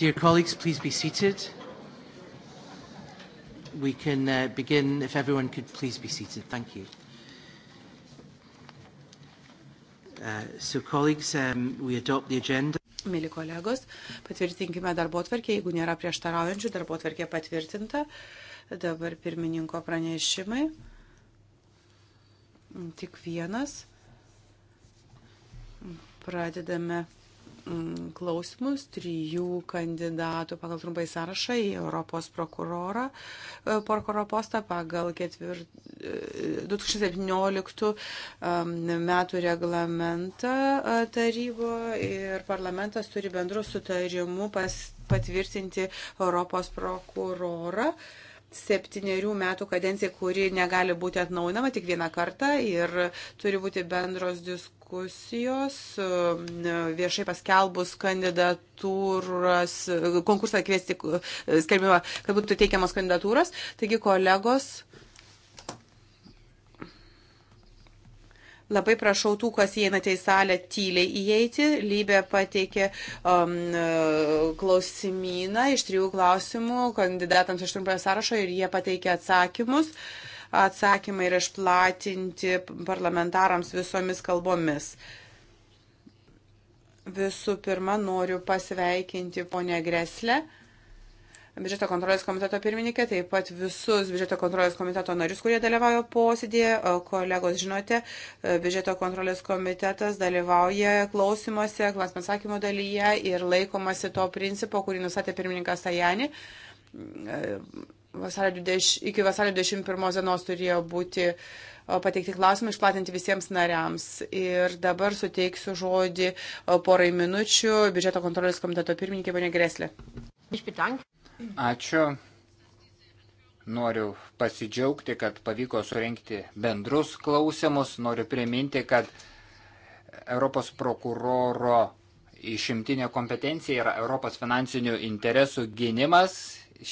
Dear colleagues, please be seated. We can uh, begin if everyone could please be seated. Thank you. Uh, so, colleagues, um, we adopt the agenda. Mėly kolegos, patvirtinkime darbo tvarkę, jeigu nėra prieštaraujančių, darbo tvarkė patvirtinta. Dabar pirmininko pranešimai. Tik vienas. Pradedame Mm, klausimus trijų kandidatų pagal trumpai sąrašą į Europos prokurorą, e, prokuroro postą pagal ketvirt, e, 2017 metų reglamentą e, tarybo ir parlamentas turi bendrų sutarimų pas, patvirtinti Europos prokurorą. Uh, septyniarių metų kadencija, kuri negali būti atnaunama tik vieną kartą ir turi būti bendros diskusijos, e, viešai paskelbus kandidatūras, konkursą kviesti, e, skelbimą, kad būtų teikiamos kandidatūros. Taigi, kolegos, Labai prašau tų, kas įeinate į salę, tyliai įeiti. Lybė pateikė um, e, klausimyną iš trijų klausimų kandidatams iš trumpojo sąrašo ir jie pateikė atsakymus. Atsakymai yra išplatinti parlamentarams visomis kalbomis. Visų pirma, noriu pasveikinti ponę Greslę biudžeto kontrolės komiteto pirmininkė, taip pat visus biudžeto kontrolės komiteto narius, kurie dalyvauja posėdėje. Kolegos, žinote, e, biudžeto kontrolės komitetas dalyvauja klausimuose, klausimų atsakymo dalyje ir laikomasi to principo, kurį nusatė pirmininkas Tajani. E, vasario 20, iki vasario 21 dienos turėjo būti e, pateikti klausimai, išplatinti visiems nariams. Ir dabar suteiksiu žodį porai minučių biudžeto kontrolės komiteto pirmininkė Bonė Greslė. Išpitank. Ačiū. Noriu pasidžiaugti, kad pavyko surenkti bendrus klausimus. Noriu priminti, kad Europos prokuroro išimtinė kompetencija yra Europos finansinių interesų gynimas.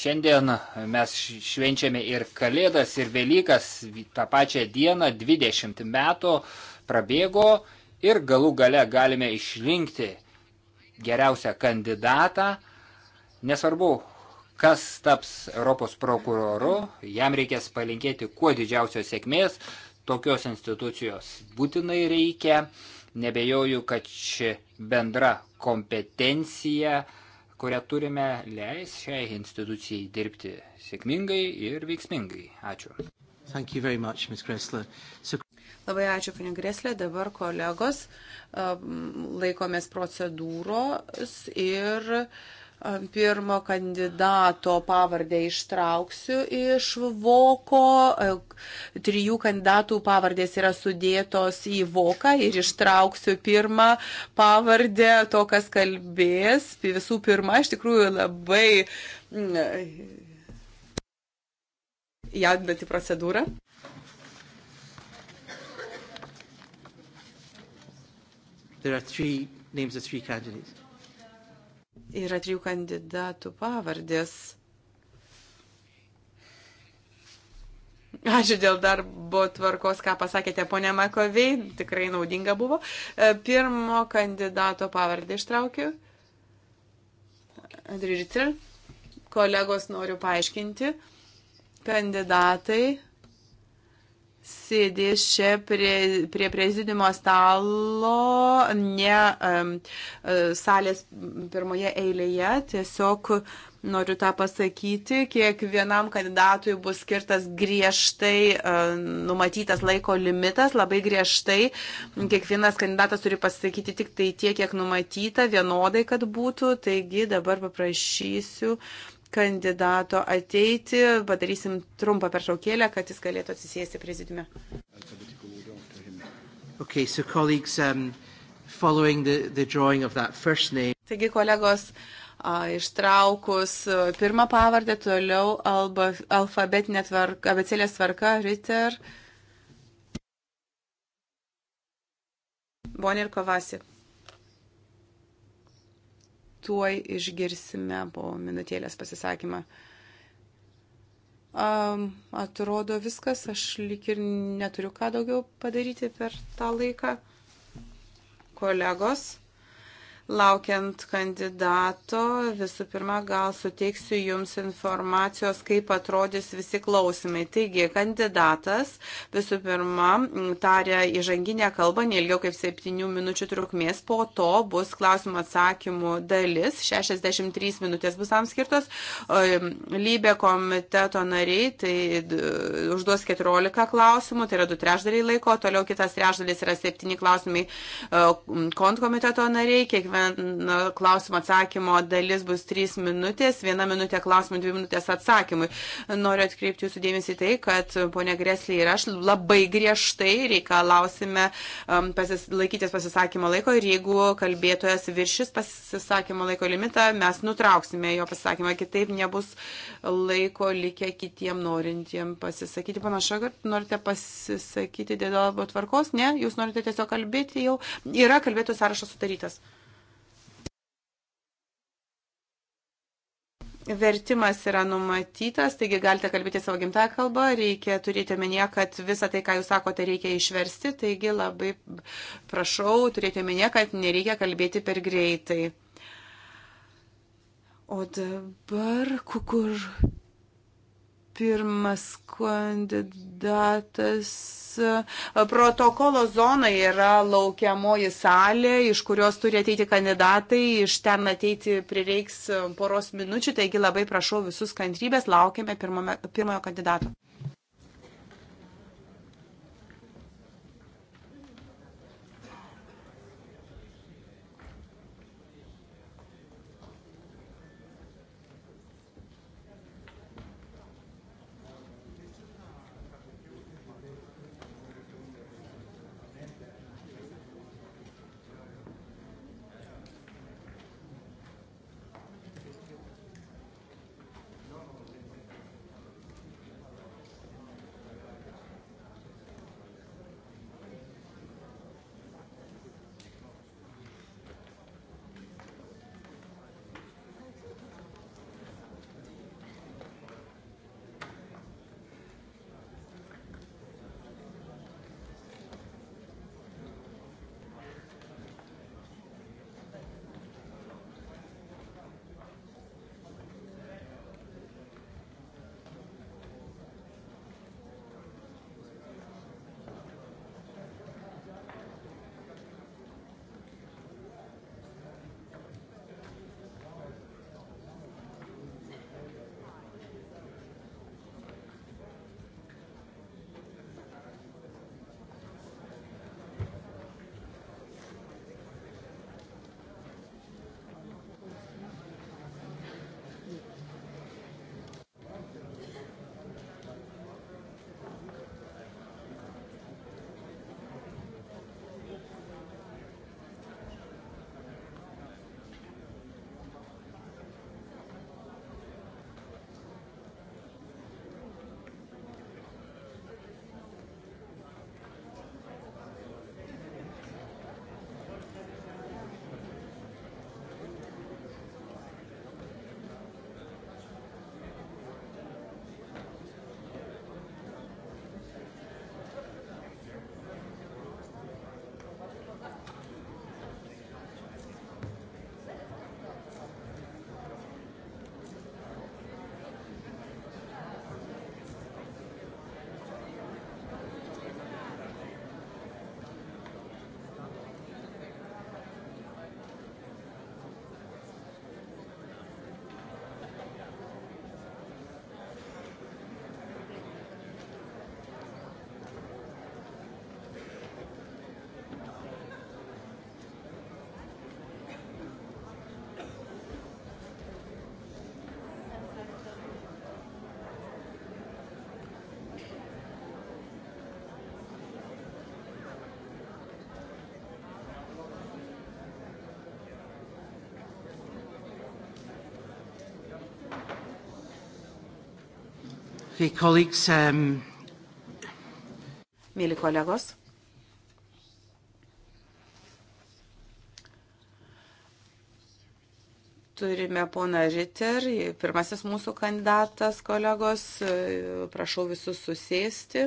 Šiandien mes švenčiame ir Kalėdas, ir Velykas tą pačią dieną, 20 metų prabėgo ir galų gale galime išrinkti geriausią kandidatą. Nesvarbu, kas taps Europos prokuroru, jam reikės palinkėti kuo didžiausios sėkmės, tokios institucijos būtinai reikia, nebejoju, kad ši bendra kompetencija, kurią turime, leis šiai institucijai dirbti sėkmingai ir veiksmingai. Ačiū. Thank you very much, Ms. Gressler. So... Labai ačiū, ponė Greslė. Dabar kolegos um, laikomės procedūros ir uh, pirmo kandidato pavardę ištrauksiu iš voko. Trijų kandidatų pavardės yra sudėtos į voką ir ištrauksiu pirmą pavardę to, kas kalbės. Visų pirma, iš tikrųjų labai mm, jaudinanti procedūra. There are three names of three candidates yra trijų kandidatų pavardės. Ačiū dėl darbo tvarkos, ką pasakėte, ponė Makovei, tikrai naudinga buvo. E, pirmo kandidato pavardę ištraukiu. Andrižicil, kolegos noriu paaiškinti, kandidatai sėdės čia prie, prie prezidimo stalo, ne um, salės pirmoje eilėje, tiesiog noriu tą pasakyti, kiekvienam kandidatui bus skirtas griežtai e, numatytas laiko limitas, labai griežtai. Kiekvienas kandidatas turi pasakyti tik tai tiek, kiek numatyta, vienodai, kad būtų. Taigi dabar paprašysiu kandidato ateiti. Padarysim trumpą pertraukėlę, kad jis galėtų atsisėsti prezidiume. Okay, so colleagues, um, following the, the drawing of that first name. Taigi, kolegos, a, ištraukus pirmą pavardę, toliau alba, alfabetinė tvarka, abecėlės tvarka, Ritter, Bonir Kovasi tuoj išgirsime po minutėlės pasisakymą. Um, atrodo viskas, aš lik ir neturiu ką daugiau padaryti per tą laiką. Kolegos. Laukiant kandidato, visų pirma, gal suteiksiu Jums informacijos, kaip atrodys visi klausimai. Taigi, kandidatas visų pirma tarė įžanginę kalbą, neilgiau kaip 7 minučių trukmės, po to bus klausimų atsakymų dalis, 63 minutės bus tam skirtos. Lybė komiteto nariai, tai užduos 14 klausimų, tai yra 2 trešdaliai laiko, toliau kitas trešdalis yra 7 klausimai kont komiteto nariai, kiekvienas mano klausimo atsakymo dalis bus 3 minutės, 1 minutė klausimui, 2 minutės atsakymui. Noriu atkreipti jūsų dėmesį tai, kad ponia Greslė ir aš labai griežtai reikalausime um, pasis, laikytis pasisakymo laiko ir jeigu kalbėtojas viršis pasisakymo laiko limitą, mes nutrauksime jo pasisakymą, kitaip nebus laiko likę kitiem norintiem pasisakyti. Panašu, kad norite pasisakyti dėl darbo tvarkos, ne, jūs norite tiesiog kalbėti jau, yra kalbėtojų sąrašas sudarytas. Vertimas yra numatytas, taigi galite kalbėti savo gimtąją kalbą, reikia turėti omenyje, kad visą tai, ką jūs sakote, reikia išversti, taigi labai prašau turėti omenyje, kad nereikia kalbėti per greitai. O dabar kukur pirmas kandidatas. E, protokolo zona yra laukiamoji salė, iš kurios turi ateiti kandidatai, iš ten ateiti prireiks poros minučių, taigi labai prašau visus kantrybės, laukiame pirmame, pirmojo kandidato. Okay, colleagues, um... Mėly kolegos. Turime poną Ritter, pirmasis mūsų kandidatas, kolegos. Prašau visus susėsti.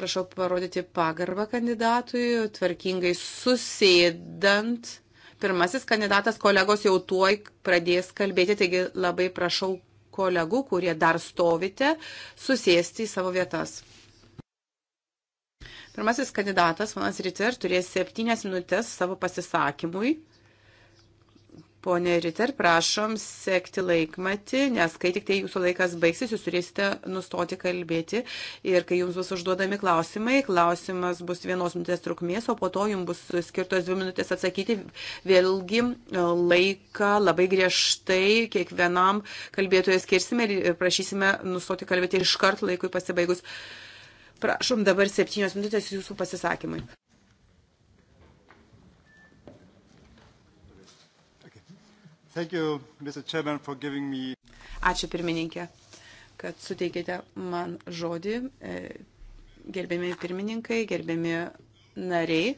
Prašau parodyti pagarbą kandidatui, tvarkingai susėdant. Pirmasis kandidatas kolegos jau tuoj pradės kalbėti, taigi labai prašau kolegų, kurie dar stovite, susėsti į savo vietas. Pirmasis kandidatas, manas Ritter, turės septynias minutės savo pasisakymui. Pone Riter, prašom sekti laikmatį, nes kai tik tai jūsų laikas baigsis, jūs turėsite nustoti kalbėti ir kai jums bus užduodami klausimai, klausimas bus vienos minutės trukmės, o po to jums bus skirtos dvi minutės atsakyti. Vėlgi e, laiką labai griežtai kiekvienam kalbėtojui skirsime ir prašysime nustoti kalbėti iškart laikui pasibaigus. Prašom dabar septynios minutės jūsų pasisakymui. You, Chairman, me... Ačiū pirmininkė, kad suteikėte man žodį. E, gerbiami pirmininkai, gerbiami nariai.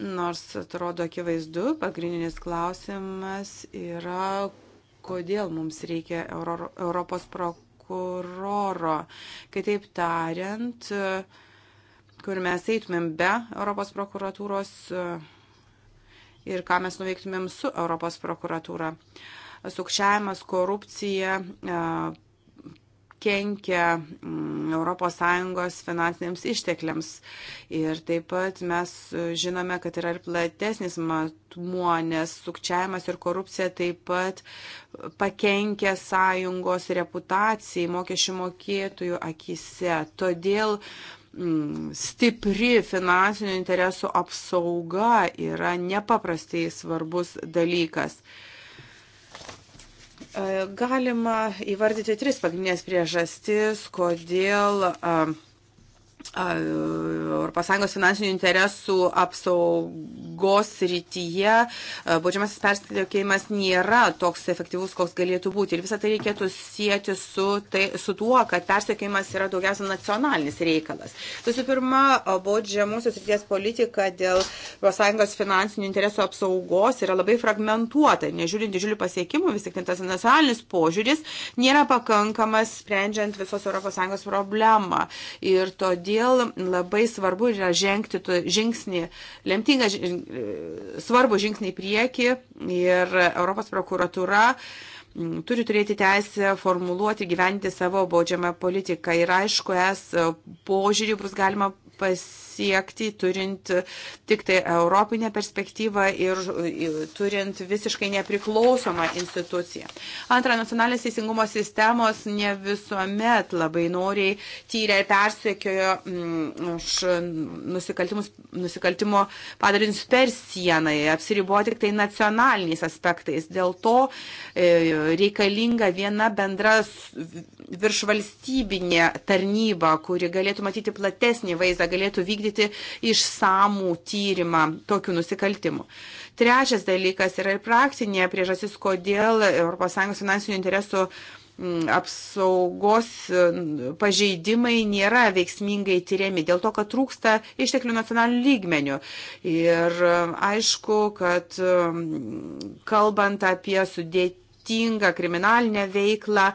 Nors atrodo akivaizdu, pagrindinis klausimas yra, kodėl mums reikia Euro, Europos prokuroro. Kitaip tariant, kur mes eitumėm be Europos prokuratūros ir ką mes nuveiktumėm su Europos prokuratūra. Sukčiavimas, korupcija e, kenkia mm, ES finansiniams ištekliams. Ir taip pat mes žinome, kad yra ir platesnis matmuo, nes sukčiavimas ir korupcija taip pat pakenkia sąjungos reputacijai mokesčių mokėtojų akise. Todėl Mm, stipri finansinių interesų apsauga yra nepaprastai svarbus dalykas. E, galima įvardyti tris pagrindinės priežastis, kodėl uh, ES finansinių interesų apsaugos rytyje baudžiamasis persitikėjimas nėra toks efektyvus, koks galėtų būti. Ir visą tai reikėtų sieti su, tai, su tuo, kad persitikėjimas yra daugiausia nacionalinis reikalas. Visų pirma, baudžiamusios ryties politika dėl ES finansinių interesų apsaugos yra labai fragmentuota. Nežiūrint didžiulių pasiekimų, vis tik tas nacionalinis požiūris nėra pakankamas sprendžiant visos ES problemą. Ir todėl Todėl labai svarbu yra žengti žingsnį, lemtingą e, svarbų žingsnį į priekį ir Europos prokuratura turi turėti teisę formuluoti, gyventi savo baudžiamą politiką. Ir aišku, es požiūrį bus galima pasirinkti pasiekti, turint tik tai europinę perspektyvą ir turint visiškai nepriklausomą instituciją. Antra, nacionalinės teisingumo sistemos ne visuomet labai noriai tyrė ir persekiojo mm, už nusikaltimo padarinius per sieną, apsiribuo tik tai nacionaliniais aspektais. Dėl to e, reikalinga viena bendra viršvalstybinė tarnyba, kuri galėtų matyti platesnį vaizdą, galėtų vykdyti vykdyti išsamų tyrimą tokių nusikaltimų. Trečias dalykas yra ir praktinė priežasis, kodėl ES finansinių interesų mm, apsaugos pažeidimai nėra veiksmingai tyriami dėl to, kad trūksta išteklių nacionalinių lygmenių. Ir aišku, kad kalbant apie sudėti turtingą kriminalinę veiklą,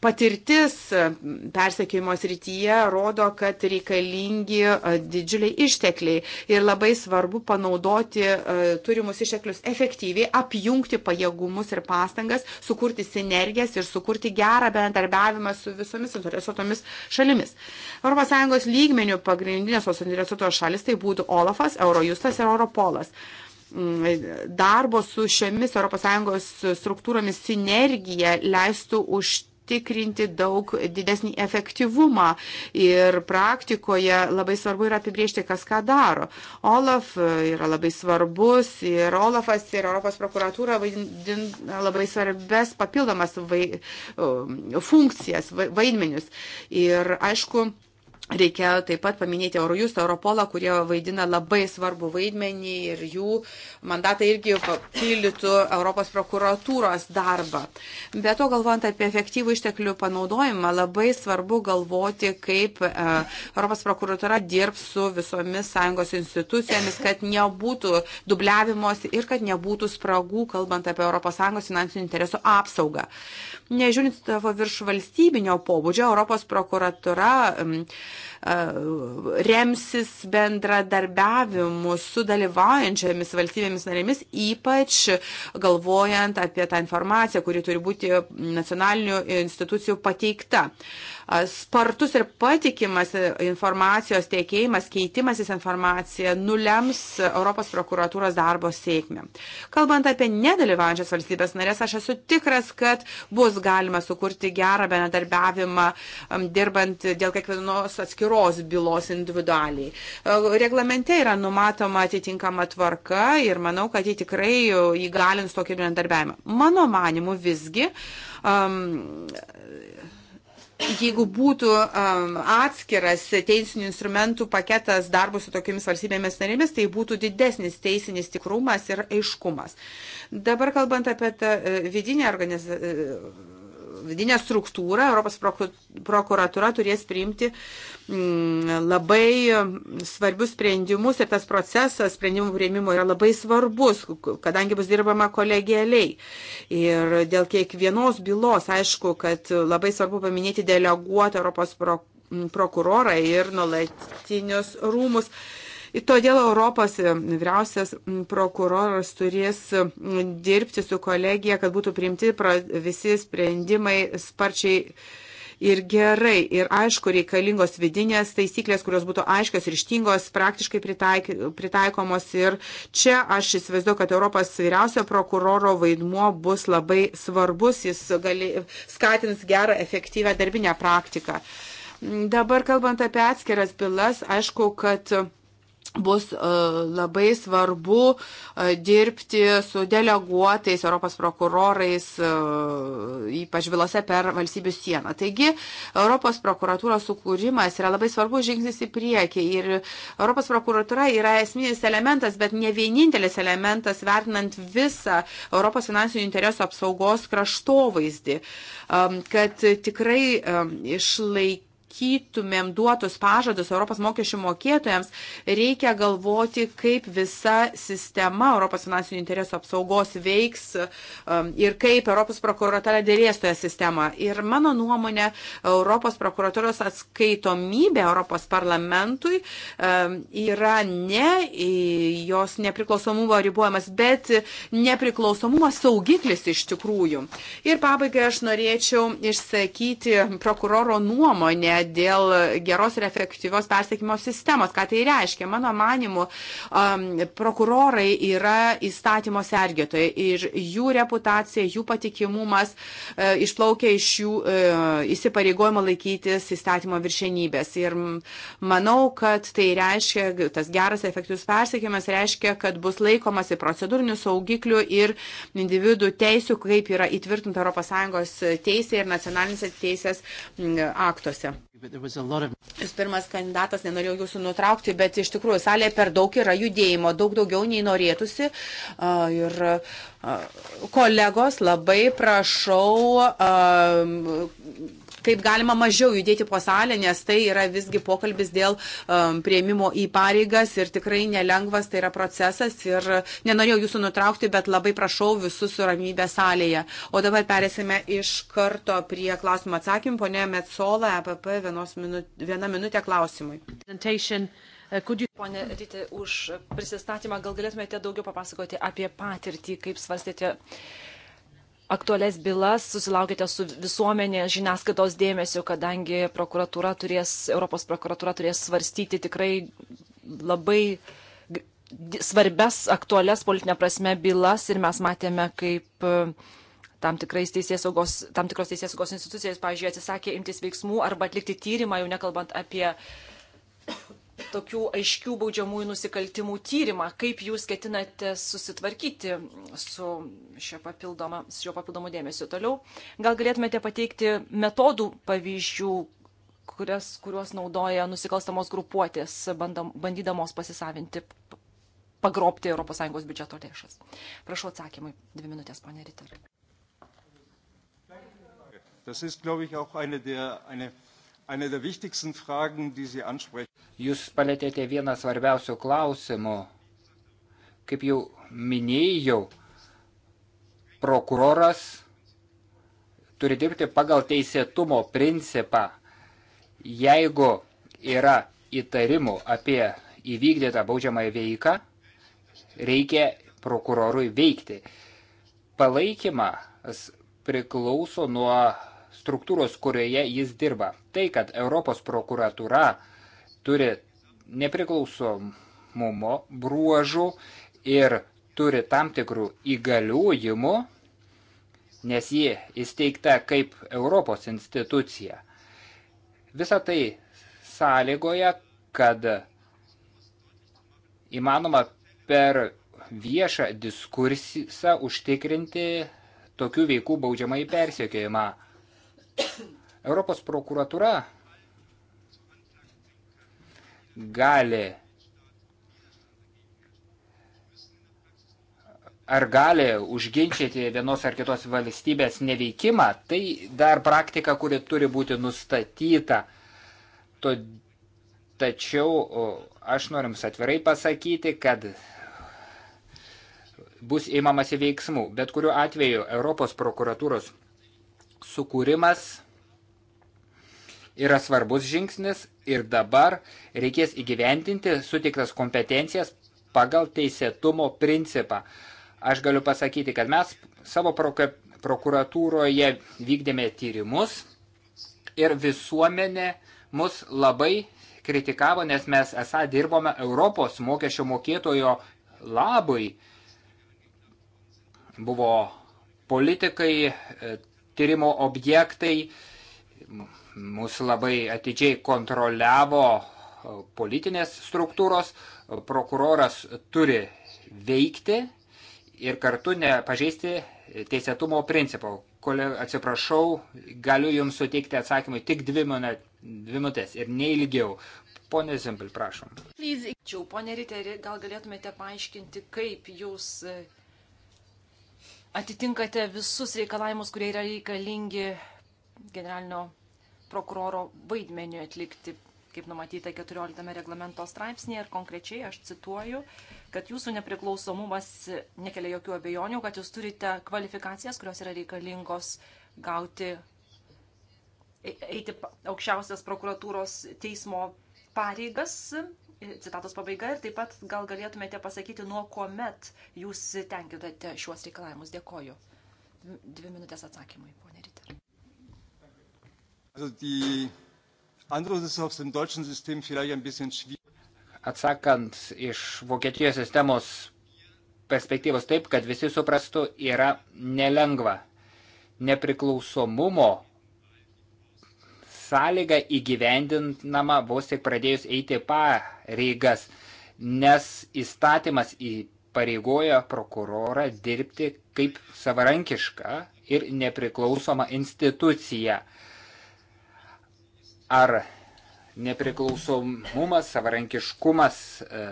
patirtis persekiojimo srityje rodo, kad reikalingi didžiuliai ištekliai ir labai svarbu panaudoti turimus išteklius efektyviai, apjungti pajėgumus ir pastangas, sukurti sinergijas ir sukurti gerą bendarbiavimą su visomis interesuotomis šalimis. ES lygmenių pagrindinės tos interesuotos šalis tai būtų Olafas, Eurojustas ir Europolas. Mm, darbo su šiomis ES struktūromis sinergija leistų užtikrinti tikrinti daug didesnį efektyvumą ir praktikoje labai svarbu yra apibriežti, kas ką daro. Olaf yra labai svarbus ir Olafas ir Europos prokuratūra vaidina labai svarbes papildomas vai, um, funkcijas, vaidmenius. Ir aišku, Reikia taip pat paminėti Eurojust, Europolą, kurie vaidina labai svarbų vaidmenį ir jų mandatai irgi papildytų Europos prokuratūros darbą. Be to, galvojant apie efektyvų išteklių panaudojimą, labai svarbu galvoti, kaip e, Europos prokuratūra dirbs su visomis sąjungos institucijomis, kad nebūtų dubliavimos ir kad nebūtų spragų, kalbant apie ES finansinių interesų apsaugą. Nežiūrint savo virš valstybinio pobūdžio, Europos prokuratūra remsis bendradarbiavimu su dalyvaujančiamis valstybėmis narėmis, ypač galvojant apie tą informaciją, kuri turi būti nacionalinių institucijų pateikta. Spartus ir patikimas informacijos tiekėjimas, keitimasis informacija nulems Europos prokuratūros darbo sėkmę. Kalbant apie nedalyvaujančias valstybės narės, aš esu tikras, kad bus galima sukurti gerą bendradarbiavimą, dirbant dėl kiekvienos atskiros bylos individualiai. E, reglamente yra numatoma atitinkama tvarka ir manau, kad jie tikrai įgalins tokį bendradarbiavimą. Mano manimu visgi um, jeigu būtų um, atskiras teisinių instrumentų paketas darbų su tokiamis valstybėmis narėmis, tai būtų didesnis teisinis tikrumas ir aiškumas. Dabar kalbant apie tą e, vidinę organiz... E, vidinę struktūrą, Europos prokuratura turės priimti mm, labai svarbius sprendimus ir tas procesas sprendimų prieimimo yra labai svarbus, kadangi bus dirbama kolegialiai. Ir dėl kiekvienos bylos, aišku, kad labai svarbu paminėti deleguotą Europos prokurorą prokurorą ir nuolatinius rūmus. Ir todėl Europos e, vyriausias prokuroras turės dirbti su kolegija, kad būtų priimti visi sprendimai sparčiai ir gerai. Ir aišku, reikalingos vidinės taisyklės, kurios būtų aiškios ir ištingos, praktiškai pritaik, pritaikomos. Ir čia aš įsivaizduoju, kad Europos vyriausio prokuroro vaidmuo bus labai svarbus, jis gali, skatins gerą, efektyvę darbinę praktiką. Dabar kalbant apie atskiras bylas, aišku, kad bus e, labai svarbu e, dirbti su deleguotais Europos prokurorais, e, ypač vilose per valstybių sieną. Taigi Europos prokuratūros sukūrimas yra labai svarbus žingsnis į priekį ir Europos prokuratūra yra esminis elementas, bet ne vienintelis elementas vertinant visą Europos finansinių interesų apsaugos kraštovaizdį, kad tikrai išlaikyti išlaikytumėm duotus pažadus Europos mokesčių mokėtojams, reikia galvoti, kaip visa sistema Europos finansinių interesų apsaugos veiks um, ir kaip Europos prokuratūra dėlės toje sistema. Ir mano nuomonė, Europos prokuratūros atskaitomybė Europos parlamentui um, yra ne jos nepriklausomumo ribojimas, bet nepriklausomumo saugiklis iš tikrųjų. Ir pabaigai aš norėčiau išsakyti prokuroro nuomonę dėl geros ir efektyvios persiekimo sistemos. Ką tai reiškia? Mano manimu, um, prokurorai yra įstatymo sergėtojai ir jų reputacija, jų patikimumas uh, išplaukia iš jų uh, įsipareigojimo laikytis įstatymo viršenybės. Ir manau, kad tai reiškia, tas geras efektyvus persiekimas reiškia, kad bus laikomasi procedūrinių saugiklių ir individų teisų, kaip yra įtvirtinta ES teisė ir nacionalinėse teisės aktuose. Jūs pirmas kandidatas, nenorėjau jūsų nutraukti, bet iš tikrųjų salėje per daug yra judėjimo, daug daugiau nei norėtųsi. Ir kolegos, labai prašau kaip galima mažiau judėti po salę, nes tai yra visgi pokalbis dėl um, prieimimo į pareigas ir tikrai nelengvas tai yra procesas ir nenorėjau jūsų nutraukti, bet labai prašau visus su ramybė salėje. O dabar perėsime iš karto prie klausimų atsakymų. Pone Metsola, EPP, minu, viena minutė klausimui. Uh, Pone Rytė, už prisistatymą gal galėtumėte daugiau papasakoti apie patirtį, kaip svarstėte aktualias bylas susilaukėte su visuomenės žiniasklaidos dėmesio, kadangi prokuratūra turės, Europos prokuratūra turės svarstyti tikrai labai svarbes, aktualias politinė prasme bylas ir mes matėme, kaip e, tam, teisės saugos, tam tikros teisės saugos institucijos, pavyzdžiui, atsisakė imtis veiksmų arba atlikti tyrimą, jau nekalbant apie tokių aiškių baudžiamųjų nusikaltimų tyrimą. Kaip jūs ketinate susitvarkyti su šio, su šio papildomu dėmesiu toliau? Gal galėtumėte pateikti metodų pavyzdžių, kurias, kuriuos naudoja nusikalstamos grupuotės, bandam, bandydamos pasisavinti, pagrobti ES biudžeto lėšas? Prašau atsakymui. Dvi minutės, ponė Ritter. Das ist, glaube ich, auch eine der, eine Jūs palėtėte vieną svarbiausių klausimų. Kaip jau minėjau, prokuroras turi dirbti pagal teisėtumo principą. Jeigu yra įtarimų apie įvykdytą baudžiamąją veiką, reikia prokurorui veikti. Palaikymas priklauso nuo struktūros, kurioje jis dirba. Tai, kad Europos prokuratūra turi nepriklausomumo bruožų ir turi tam tikrų įgaliųjimų, nes ji įsteigta kaip Europos institucija. Visa tai sąlygoja, kad įmanoma per viešą diskursą užtikrinti tokių veikų baudžiamai persiekiojimą. Europos prokuratura gali ar gali užginčyti vienos ar kitos valstybės neveikimą, tai dar praktika, kuri turi būti nustatyta. To, tačiau aš norim atvirai pasakyti, kad bus įmamasi veiksmų. Bet kuriuo atveju Europos prokuratūros sukūrimas yra svarbus žingsnis ir dabar reikės įgyventinti sutiktas kompetencijas pagal teisėtumo principą. Aš galiu pasakyti, kad mes savo prokuratūroje vykdėme tyrimus ir visuomenė mus labai kritikavo, nes mes esą dirbome Europos mokesčio mokėtojo labui. Buvo politikai, tyrimo objektai. Mūsų labai atidžiai kontroliavo politinės struktūros. Prokuroras turi veikti ir kartu nepažeisti teisėtumo principo. Kole, atsiprašau, galiu Jums suteikti atsakymui tik dvi, mane, dvi minutės ir neilgiau. Pone Zimpel, prašom. Čia, pone Riteri, gal galėtumėte paaiškinti, kaip Jūs atitinkate visus reikalavimus, kurie yra reikalingi generalinio prokuroro vaidmeniu atlikti, kaip numatyta 14 reglamento straipsnėje ir konkrečiai aš cituoju, kad jūsų nepriklausomumas nekelia jokių abejonių, kad jūs turite kvalifikacijas, kurios yra reikalingos gauti, e, eiti aukščiausias prokuratūros teismo pareigas Citatos pabaiga ir taip pat gal galėtumėte pasakyti, nuo kuomet jūs tenkinate šiuos reikalavimus. Dėkoju. Dvi minutės atsakymui, ponė Ritter. Atsakant iš Vokietijos sistemos perspektyvos taip, kad visi suprastų, yra nelengva. Nepriklausomumo sąlyga įgyvendinama vos tik pradėjus eiti pareigas, nes įstatymas įpareigoja prokurorą dirbti kaip savarankišką ir nepriklausomą instituciją. Ar nepriklausomumas, savarankiškumas e,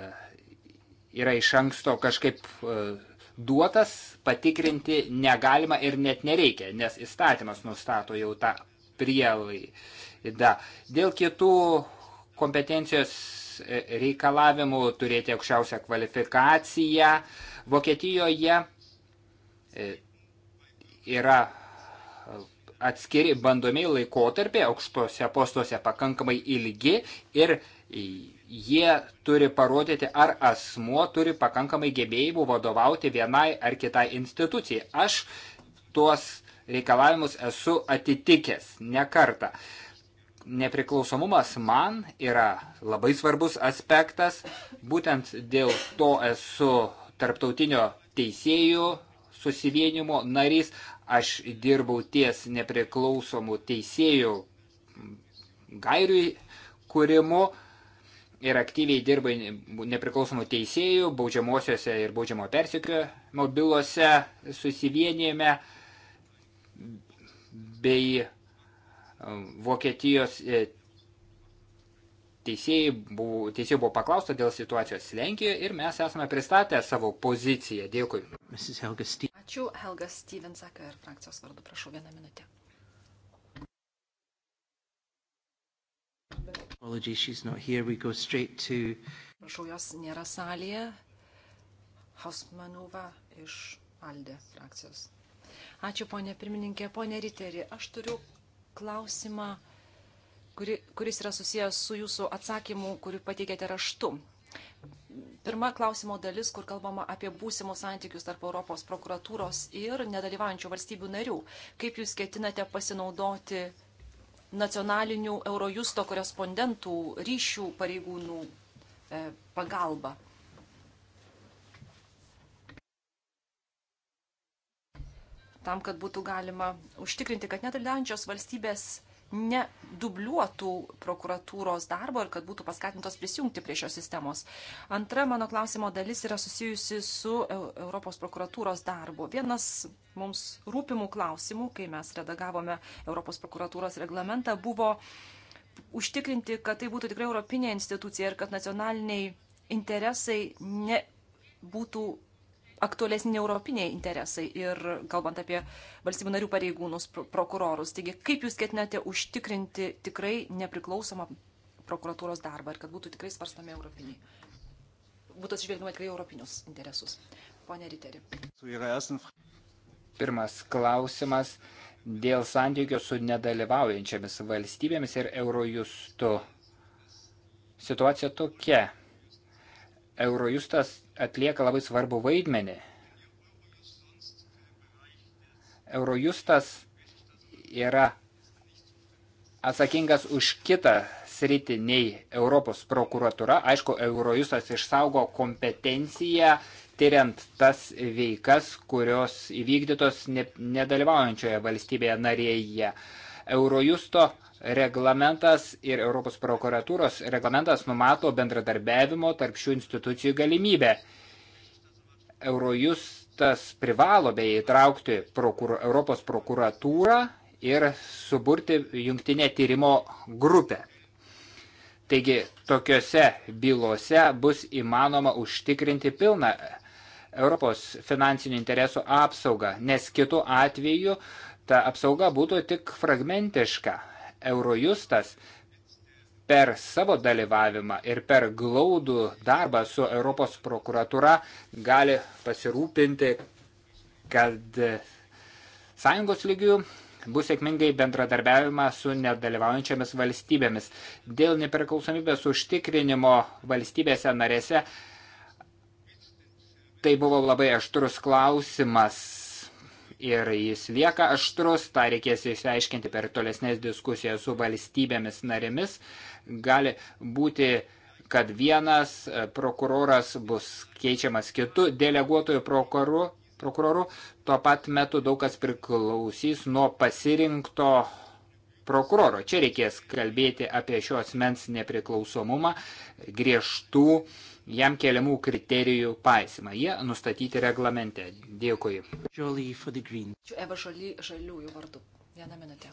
yra iš anksto kažkaip e, duotas, patikrinti negalima ir net nereikia, nes įstatymas nustato jau tą prielai, da. Dėl kitų kompetencijos reikalavimų turėti aukščiausią kvalifikaciją. Vokietijoje e, yra atskiri bandomiai laikotarpiai, aukštose postuose pakankamai ilgi ir jie turi parodyti, ar asmuo turi pakankamai gebėjimų vadovauti vienai ar kitai institucijai. Aš tuos reikalavimus esu atitikęs ne kartą nepriklausomumas man yra labai svarbus aspektas, būtent dėl to esu tarptautinio teisėjų susivienimo narys, aš dirbau ties nepriklausomų teisėjų gairių kūrimu ir aktyviai dirba nepriklausomų teisėjų, baudžiamosiose ir baudžiamo persikio bylose susivienijame bei Vokietijos e, teisėjai buvo, teisėjai buvo paklausta dėl situacijos Lenkijoje ir mes esame pristatę savo poziciją. Dėkui. Helga Ačiū, Helga Stevens, sakė ir frakcijos vardu, prašau vieną minutę. Prašau, jos nėra salėje. Hausmanuva iš Alde frakcijos. Ačiū, ponė pirmininkė, ponė Riterį. Aš turiu klausimą, kuri, kuris yra susijęs su jūsų atsakymu, kurį pateikėte raštu. Pirma klausimo dalis, kur kalbama apie būsimus santykius tarp Europos prokuratūros ir nedalyvaujančių valstybių narių. Kaip jūs ketinate pasinaudoti nacionalinių Eurojusto korespondentų ryšių pareigūnų e, pagalba? tam, kad būtų galima užtikrinti, kad nedalyvaujančios valstybės nedubliuotų prokuratūros darbo ir kad būtų paskatintos prisijungti prie šios sistemos. Antra mano klausimo dalis yra susijusi su e, Europos prokuratūros darbu. Vienas mums rūpimų klausimų, kai mes redagavome Europos prokuratūros reglamentą, buvo užtikrinti, kad tai būtų tikrai europinė institucija ir kad nacionaliniai interesai nebūtų aktualesni europiniai interesai ir kalbant apie valstybių narių pareigūnus, prokurorus. Taigi, kaip jūs ketinate užtikrinti tikrai nepriklausomą prokuratūros darbą ir kad būtų tikrai svarstami europiniai, būtų atsižvelgiama tikrai europinius interesus. Pone Riteri. Pirmas klausimas dėl santykių su nedalyvaujančiamis valstybėmis ir Eurojustu. Situacija tokia Eurojustas atlieka labai svarbu vaidmenį. Eurojustas yra atsakingas už kitą sritį nei Europos prokuratura. Aišku, Eurojustas išsaugo kompetenciją tyriant tas veikas, kurios įvykdytos nedalyvaujančioje valstybėje narėje. Eurojusto uh, reglamentas ir Europos prokuratūros reglamentas numato bendradarbiavimo tarp šių institucijų galimybę. Eurojustas privalo beje įtraukti prokur Europos prokuratūrą ir suburti jungtinę tyrimo grupę. Taigi tokiuose bylose bus įmanoma užtikrinti pilną Europos finansinių interesų apsaugą, nes kitu atveju ta apsauga būtų tik fragmentiška. Eurojustas per savo dalyvavimą ir per glaudų darbą su Europos prokuratūra gali pasirūpinti, kad sąjungos lygių bus sėkmingai bendradarbiavimą su nedalyvaujančiamis valstybėmis. Dėl nepriklausomybės užtikrinimo valstybėse narėse tai buvo labai aštrus klausimas ir jis lieka aštrus, tą reikės išsiaiškinti per tolesnės diskusijas su valstybėmis narėmis. Gali būti, kad vienas e, prokuroras bus keičiamas kitu deleguotojų prokuroru, prokuroru. tuo pat metu daug kas priklausys nuo pasirinkto prokuroro. Čia reikės kalbėti apie šios mens nepriklausomumą, griežtų uh, jam keliamų kriterijų paisimą. Jie nustatyti reglamente. Dėkui. Čia Eva žali, Žaliųjų vardu. Vieną minutę.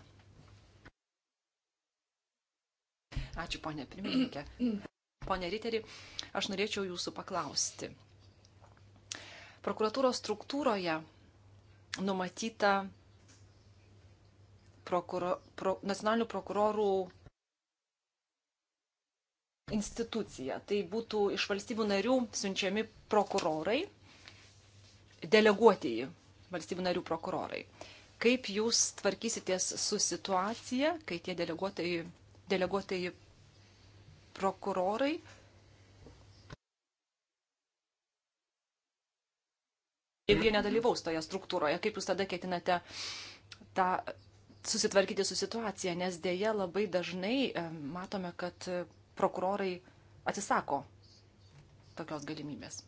Ačiū, ponė pirmininkė. Pone Riterį, aš norėčiau jūsų paklausti. Prokuratūros struktūroje numatyta prokuro, pro, nacionalinių prokurorų institucija. Tai būtų iš valstybių narių siunčiami prokurorai, deleguotieji valstybių narių prokurorai. Kaip jūs tvarkysitės su situacija, kai tie deleguotieji, deleguotieji prokurorai jeigu jie nedalyvaus toje struktūroje, kaip jūs tada ketinate tą susitvarkyti su situacija, nes dėja labai dažnai matome, kad prokurorai atsisako tokios galimybės.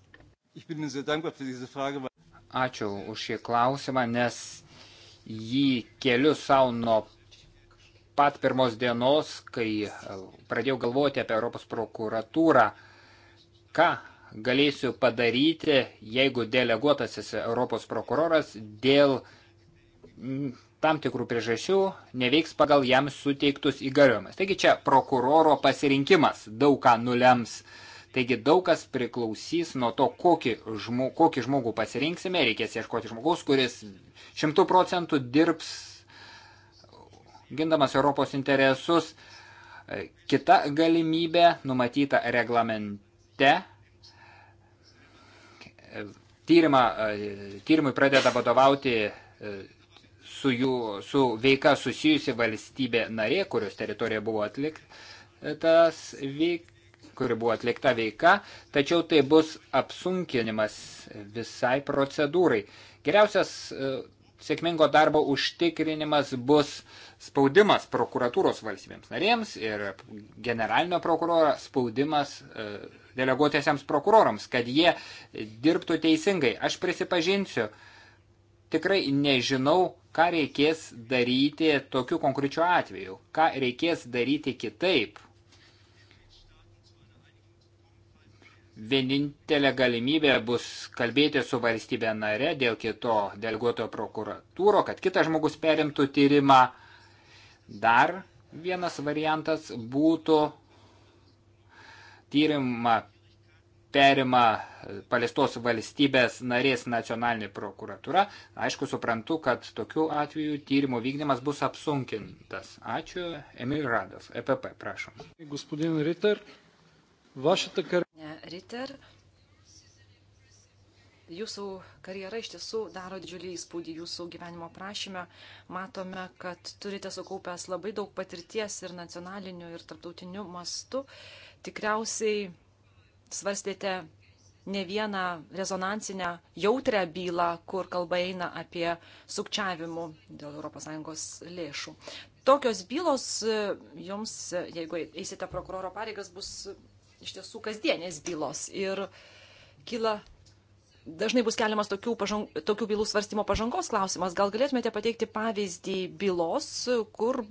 Ačiū už šį klausimą, nes jį keliu savo nuo pat pirmos dienos, kai e, pradėjau galvoti apie Europos prokuratūrą, ką galėsiu padaryti, jeigu deleguotasis Europos prokuroras dėl tam tikrų priežasčių neveiks pagal jam suteiktus įgaliojimus. Taigi čia prokuroro pasirinkimas daug ką nulems. Taigi daug kas priklausys nuo to, kokį, žmo, kokį žmogų pasirinksime. Reikės ieškoti žmogaus, kuris šimtų procentų dirbs gindamas Europos interesus. Kita galimybė numatyta reglamente tyrimą, tyrimui pradeda vadovauti su jų su veika susijusi valstybė narė, kurios teritorija buvo atliktas veik, kuri buvo atlikta veika, tačiau tai bus apsunkinimas visai procedūrai. Geriausias e, sėkmingo darbo užtikrinimas bus spaudimas prokuratūros valstybėms narėms ir generalinio prokuroro spaudimas e, deleguotėsiams prokurorams, kad jie dirbtų teisingai. Aš prisipažinsiu, tikrai nežinau, ką reikės daryti tokiu konkrečiu atveju, ką reikės daryti kitaip. Vienintelė galimybė bus kalbėti su valstybė nare dėl kito deleguoto prokuratūro, kad kitas žmogus perimtų tyrimą. Dar vienas variantas būtų tyrimą perima palestos valstybės narės nacionalinė prokuratura. Aišku, suprantu, kad tokiu atveju tyrimo vykdymas bus apsunkintas. Ačiū, Emil Radas, EPP, prašom. Господин Ритер, вашата карьера... Ритер, jūsų karjera iš tiesų daro didžiulį įspūdį jūsų gyvenimo prašymę. Matome, kad turite sukaupęs labai daug patirties ir nacionaliniu, ir tarptautiniu mastu. Tikriausiai svarstėte ne vieną rezonansinę, jautrę bylą, kur kalba eina apie sukčiavimų dėl ES lėšų. Tokios bylos e, jums, e, jeigu eisite prokuroro pareigas, bus iš tiesų kasdienės bylos. Ir kyla dažnai bus keliamas tokių, pažang, tokių bylų svarstymo pažangos klausimas. Gal galėtumėte pateikti pavyzdį bylos, kur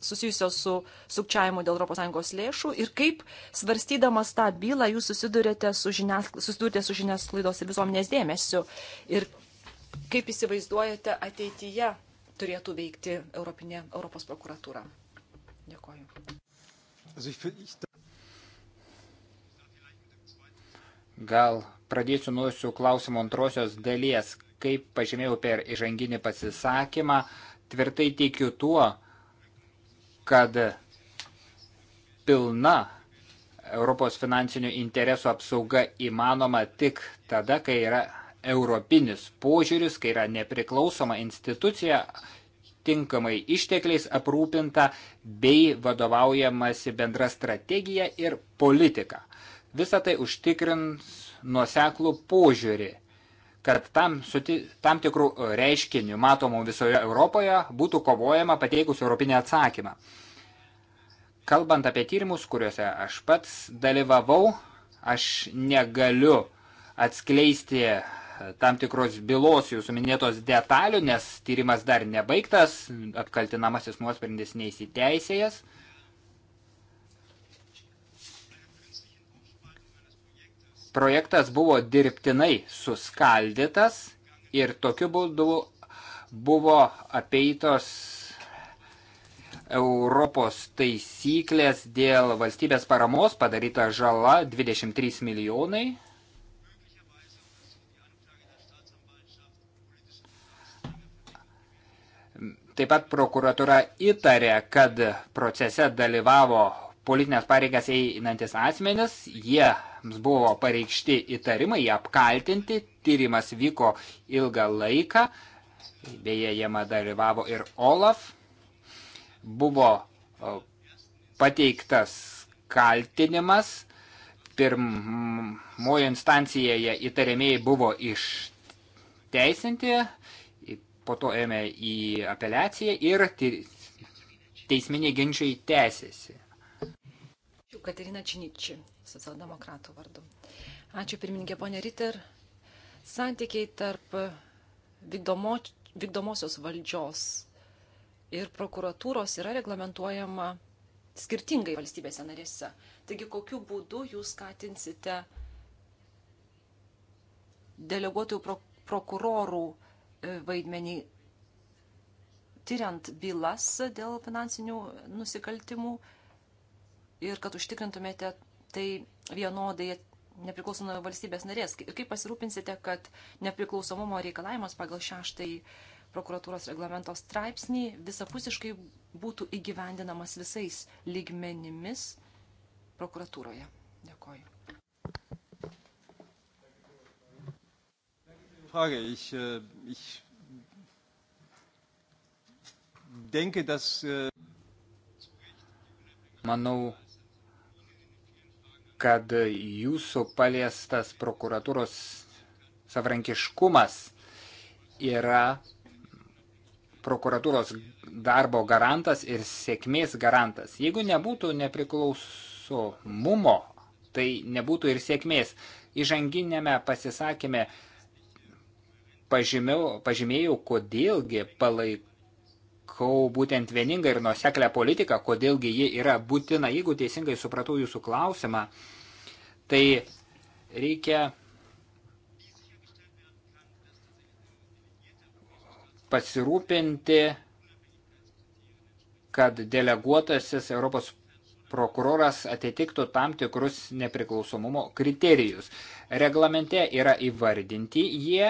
susijusios su sukčiavimu dėl ES lėšų ir kaip svarstydamas tą bylą jūs susidurėte su, žiniaskla, susidurėte su žiniasklaidos ir visuomenės dėmesiu ir kaip įsivaizduojate ateityje turėtų veikti Europinė, Europos prokuratūra. Dėkoju. Gal pradėsiu nuo jūsų klausimo antrosios dalies. Kaip pažymėjau per įžanginį pasisakymą, tvirtai teikiu tuo, kad pilna Europos finansinių interesų apsauga įmanoma tik tada, kai yra europinis požiūris, kai yra nepriklausoma institucija, tinkamai ištekliais aprūpinta bei vadovaujamasi bendra strategija ir politika. Visą tai užtikrins nuoseklų požiūrį kad tam, suti, tam tikrų e, reiškinių matomų visoje Europoje būtų kovojama pateikus europinį atsakymą. Kalbant apie tyrimus, kuriuose aš pats dalyvavau, aš negaliu atskleisti e, tam tikros bylos jūsų minėtos detalių, nes tyrimas dar nebaigtas, apkaltinamasis nuosprendis neįsiteisėjęs. projektas buvo dirbtinai suskaldytas ir tokiu būdu buvo apeitos Europos taisyklės dėl valstybės paramos padaryta žala 23 milijonai. Taip pat prokuratura įtarė, kad procese dalyvavo politinės pareigas einantis asmenis, jie buvo pareikšti įtarimai, jie apkaltinti, tyrimas vyko ilgą laiką, beje, jame dalyvavo ir Olaf, buvo pateiktas kaltinimas, pirmojo instancijoje įtariamieji buvo išteisinti, po to ėmė į apeliaciją ir teisminiai ginčiai tęsiasi. Katerina Činičiai, socialdemokratų vardu. Ačiū pirmininkė ponė Ritter. Santykiai tarp vykdomo, vykdomosios valdžios ir prokuratūros yra reglamentuojama skirtingai valstybėse narėse. Taigi, kokiu būdu jūs skatinsite deleguotojų pro, prokurorų e, vaidmenį tyriant bylas dėl finansinių nusikaltimų ir kad užtikrintumėte tai vienodai nepriklausomai valstybės narės. Ir kaip pasirūpinsite, kad nepriklausomumo reikalavimas pagal šeštąjį prokuratūros reglamento straipsnį visapusiškai būtų įgyvendinamas visais lygmenimis prokuratūroje. Dėkoju. Frage. Ich, äh, ich denke, dass. Äh, Manau, kad jūsų paliestas prokuratūros savrankiškumas yra prokuratūros darbo garantas ir sėkmės garantas. Jeigu nebūtų nepriklausomumo, tai nebūtų ir sėkmės. Įžanginėme pasisakymė pažymėjau, pažymėjau kodėlgi palaik palaikau būtent vieningą ir nuoseklę politiką, kodėlgi ji yra būtina. Jeigu teisingai supratau jūsų klausimą, tai reikia pasirūpinti, kad deleguotasis Europos prokuroras atitiktų tam tikrus nepriklausomumo kriterijus. Reglamente yra įvardinti jie,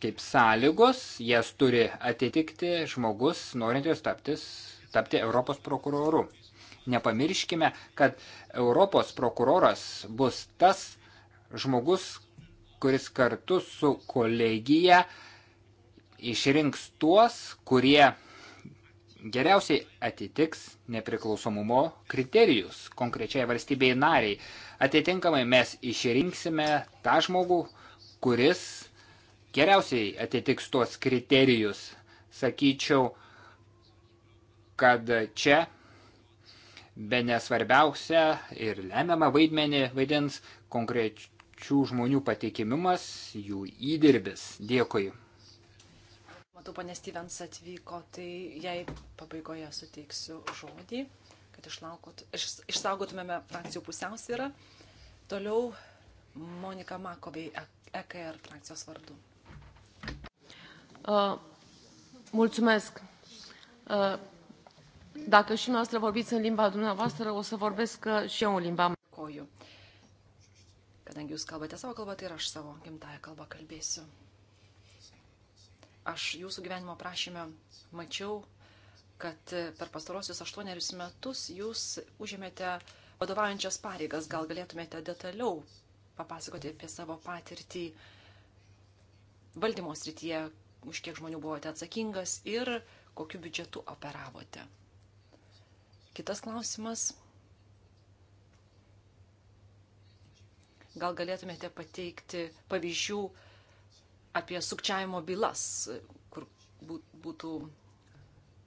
kaip sąlygos, jas turi atitikti žmogus, norintis taptis, tapti Europos prokuroru. Nepamirškime, kad Europos prokuroras bus tas žmogus, kuris kartu su kolegija išrinks tuos, kurie geriausiai atitiks nepriklausomumo kriterijus konkrečiai valstybei nariai. Atitinkamai mes išrinksime tą žmogų, kuris geriausiai atitiks tuos kriterijus. Sakyčiau, kad čia be nesvarbiausia ir lemiamą vaidmenį vaidins konkrečių žmonių patikimimas, jų įdirbis. Dėkui. Matau, ponė Stevens atvyko, tai jai pabaigoje suteiksiu žodį, kad išlaukot, iš, išsaugotumėme frakcijų pusiausvyrą. Toliau Monika Makovai, e-, EKR frakcijos vardu. Uh, mulțumesc. Uh, dacă și noastră vorbiți în limba dumneavoastră, o să vorbesc uh, și eu în limba mea. Koju. Kadangi jūs kalbate savo kalbą, tai ir aš savo gimtają kalbą kalbėsiu. Aš jūsų gyvenimo prašymę mačiau, kad e, per pastarosius aštuonerius metus jūs užėmėte vadovaujančias pareigas. Gal galėtumėte detaliau papasakoti apie savo patirtį valdymo srityje, už kiek žmonių buvote atsakingas ir kokiu biudžetu operavote. Kitas klausimas. Gal galėtumėte pateikti pavyzdžių apie sukčiavimo bylas, kur būtų,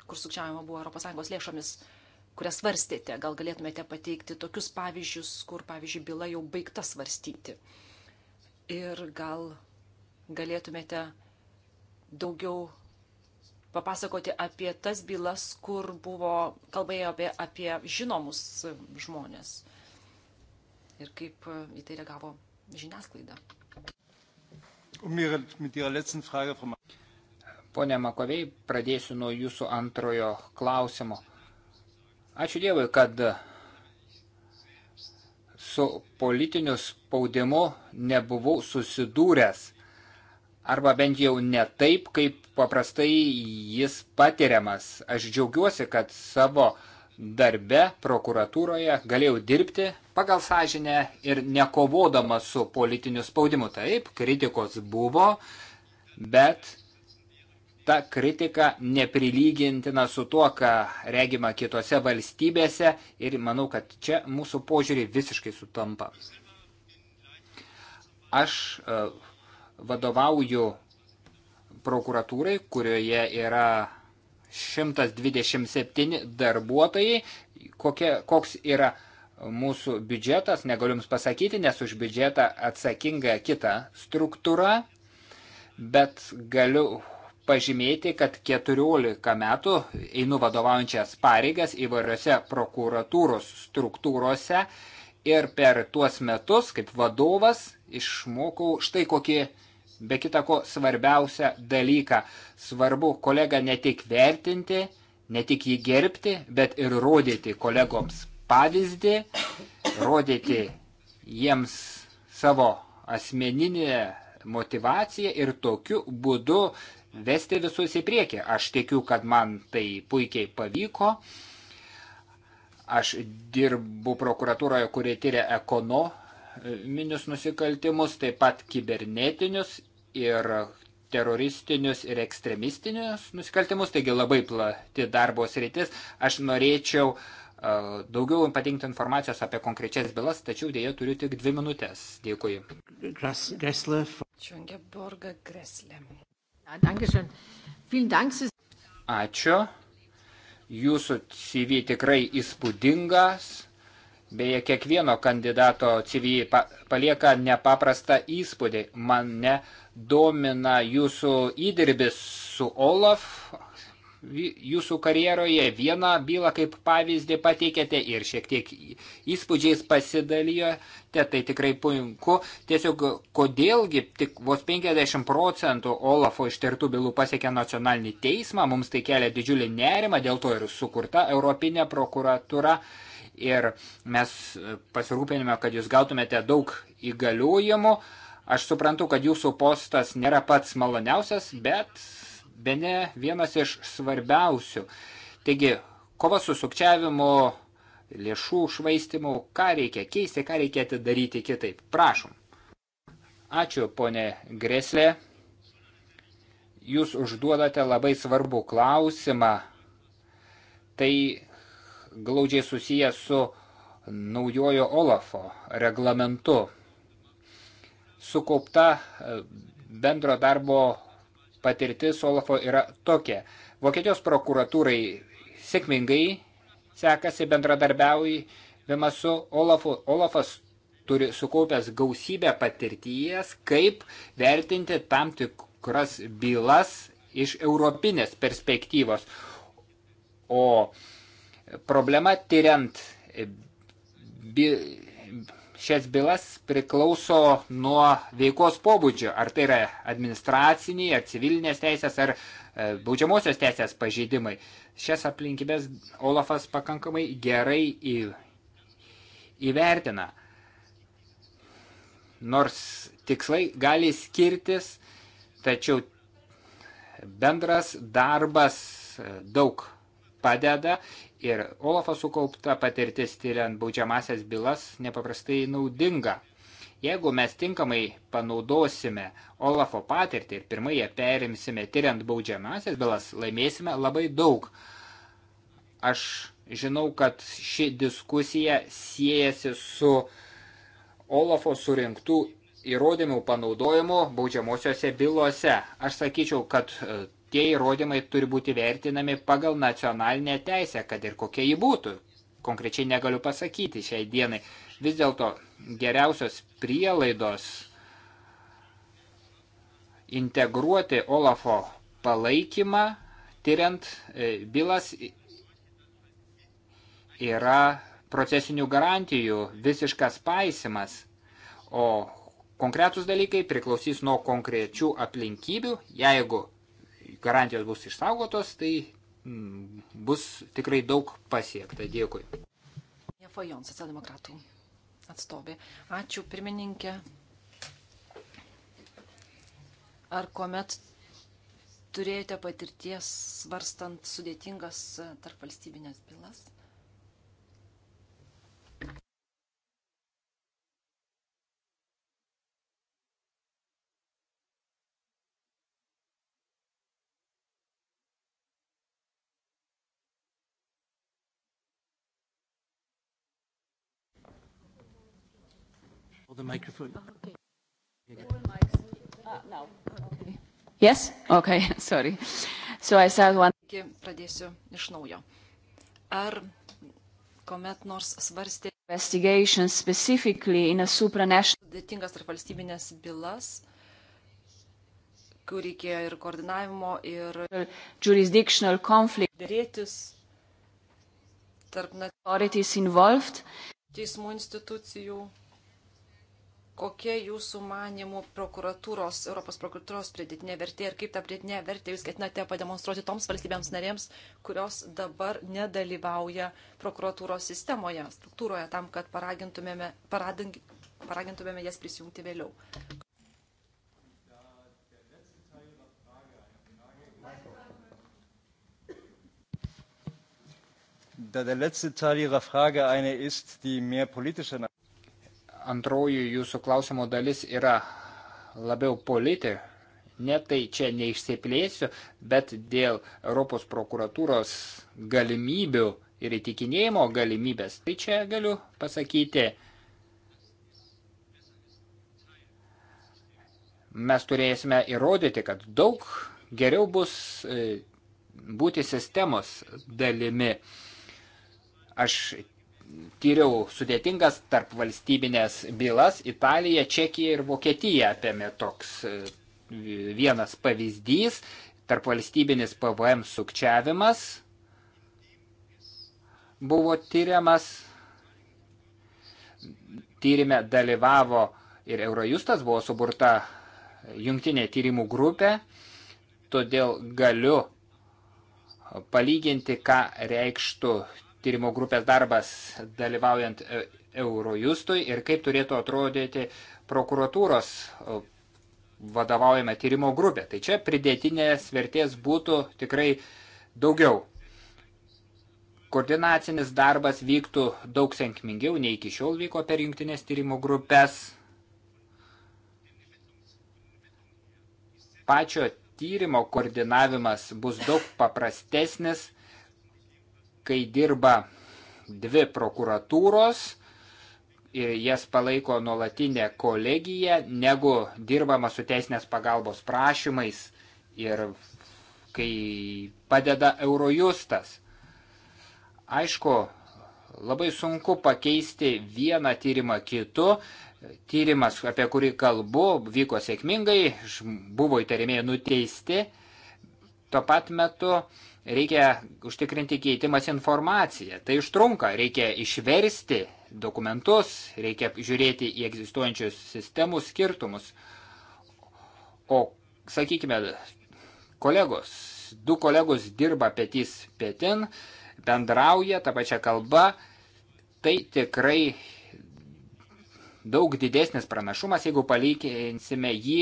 kur sukčiavimo buvo ES lėšomis, kurias svarstėte. Gal galėtumėte pateikti tokius pavyzdžius, kur, pavyzdžiui, byla jau baigta svarstyti. Ir gal galėtumėte daugiau papasakoti apie tas bylas, kur buvo kalbėjo apie, apie žinomus žmonės ir kaip e, į tai reagavo žiniasklaida. Pone Makovei, pradėsiu nuo jūsų antrojo klausimo. Ačiū Dievui, kad su politiniu spaudimu nebuvau susidūręs arba bent jau ne taip, kaip paprastai jis patiriamas. Aš džiaugiuosi, kad savo darbe prokuratūroje galėjau dirbti pagal sąžinę ir nekovodama su politiniu spaudimu. Taip, kritikos buvo, bet ta kritika neprilygintina su tuo, ką regima kitose valstybėse ir manau, kad čia mūsų požiūrį visiškai sutampa. Aš uh, vadovauju prokuratūrai, kurioje yra 127 darbuotojai. Kokie, koks yra mūsų biudžetas, negaliu Jums pasakyti, nes už biudžetą atsakinga kita struktūra, bet galiu pažymėti, kad 14 metų einu vadovaujančias pareigas įvairiose prokuratūros struktūrose ir per tuos metus kaip vadovas išmokau štai kokį be kita ko svarbiausią dalyką. Svarbu kolegą ne tik vertinti, ne tik jį gerbti, bet ir rodyti kolegoms pavyzdį, rodyti jiems savo asmeninę motivaciją ir tokiu būdu vesti visus į priekį. Aš tikiu, kad man tai puikiai pavyko. Aš dirbu prokuratūroje, kurie tyria ekonominius nusikaltimus, taip pat kibernetinius ir teroristinius ir ekstremistinius nusikaltimus, taigi labai plati darbo sritis. Aš norėčiau uh, daugiau patinkti informacijos apie konkrečias bylas, tačiau dėja turiu tik dvi minutės. Dėkui. Greslė. Čiongeborga Greslė. Ačiū. Jūsų CV tikrai įspūdingas. Beje, kiekvieno kandidato CV palieka nepaprastą įspūdį. Mane uh, domina jūsų įdirbis su Olaf jūsų karjeroje. Vieną bylą kaip pavyzdį pateikėte ir šiek tiek įspūdžiais pasidalijote, tai tikrai puiku. Tiesiog kodėlgi tik vos 50 procentų Olafo ištirtų bylų pasiekia nacionalinį teismą, mums tai kelia didžiulį nerimą, dėl to ir sukurta Europinė prokuratura. Ir mes pasirūpinime, kad jūs gautumėte daug įgaliojimų. Uh, Aš suprantu, kad jūsų postas nėra pats maloniausias, bet bene vienas iš svarbiausių. Taigi, kova su sukčiavimu, lėšų švaistimu, ką reikia keisti, ką reikia atidaryti kitaip. Prašom. Ačiū, ponė Greslė. Jūs užduodate labai svarbų klausimą. Tai glaudžiai susijęs su naujojo Olafo reglamentu sukaupta e, bendro darbo patirtis Olafo yra tokia. Vokietijos prokuratūrai sėkmingai sekasi bendradarbiaujimas su Olafu. Olafas turi sukaupęs gausybę patirties, kaip vertinti tam tikras bylas iš europinės perspektyvos. O problema tyriant by, šias bylas priklauso nuo veikos pobūdžio, ar tai yra administraciniai, ar civilinės teisės, ar e, baudžiamosios teisės pažeidimai. Šias aplinkybės Olafas pakankamai gerai į, įvertina. Nors tikslai gali skirtis, tačiau bendras darbas e, daug padeda ir Olafo sukaupta patirtis tyriant baudžiamasias bylas nepaprastai naudinga. Jeigu mes tinkamai panaudosime Olafo patirtį ir pirmai ją perimsime tyriant baudžiamasias bylas, laimėsime labai daug. Aš žinau, kad ši diskusija siejasi su Olafo surinktų įrodymų panaudojimu baudžiamosiose bylose. Aš sakyčiau, kad tie įrodymai turi būti vertinami pagal nacionalinę teisę, kad ir kokia ji būtų. Konkrečiai negaliu pasakyti šiai dienai. Vis dėlto geriausios prielaidos integruoti Olafo palaikymą, tyriant e, bylas, yra procesinių garantijų visiškas paisimas, o konkretus dalykai priklausys nuo konkrečių aplinkybių, jeigu garantijos bus išsaugotos, tai mm, bus tikrai daug pasiekta. Dėkui. Nefajon, socialdemokratų atstovė. Ačiū, pirmininkė. Ar kuomet turėjote patirties svarstant sudėtingas tarp valstybinės bylas? the microphone. Oh, okay. Ah, no. okay. Yes? Okay, sorry. So I said one. Pradėsiu iš naujo. Ar kuomet nors svarstė investigations specifically in a supranational. Dėtingas tarp valstybinės bylas, kur reikėjo ir koordinavimo, ir jurisdictional conflict. Dėrėtis tarp authorities involved. Teismų institucijų kokia jūsų manimų prokuratūros, Europos prokuratūros pridėtinė vertė ir kaip tą pridėtinę vertę jūs ketinate pademonstruoti toms valstybėms narėms, kurios dabar nedalyvauja prokuratūros sistemoje, struktūroje, tam, kad paragintumėme, paradink, paragintumėme jas prisijungti vėliau. Da der letzte Teil Ihrer Frage eine ist, die mehr politischer antroji jūsų klausimo dalis yra labiau politi, ne tai čia neišsiplėsiu, bet dėl Europos prokuratūros galimybių ir įtikinėjimo galimybės, tai čia galiu pasakyti, mes turėsime įrodyti, kad daug geriau bus e, būti sistemos dalimi. Aš tyriau sudėtingas tarp valstybinės bylas Italija, Čekija ir Vokietija apėmė toks e, vienas pavyzdys, tarp valstybinis PVM sukčiavimas buvo tyriamas, tyrime dalyvavo ir Eurojustas, buvo suburta jungtinė tyrimų grupė, todėl galiu palyginti, ką reikštų tyrimo grupės darbas dalyvaujant e, Eurojustui ir kaip turėtų atrodyti prokuratūros e, vadovaujama tyrimo grupė. Tai čia pridėtinės vertės būtų tikrai daugiau. Koordinacinis darbas vyktų daug senkmingiau nei iki šiol vyko per jungtinės tyrimo grupės. Pačio tyrimo koordinavimas bus daug paprastesnis – kai dirba dvi prokuratūros ir jas palaiko nuolatinė kolegija, negu dirbama su teisinės pagalbos prašymais ir kai padeda Eurojustas. Aišku, labai sunku pakeisti vieną tyrimą kitu. Tyrimas, apie kurį kalbu, vyko sėkmingai, buvo įtarimėjai nuteisti. Tuo pat metu uh, Reikia užtikrinti keitimas informaciją. Tai užtrunka, reikia išversti dokumentus, reikia žiūrėti į egzistuojančius sistemų skirtumus. O, sakykime, kolegos, du kolegos dirba petys petin, bendrauja tą pačią kalbą, tai tikrai daug didesnis pranašumas, jeigu palyginsime jį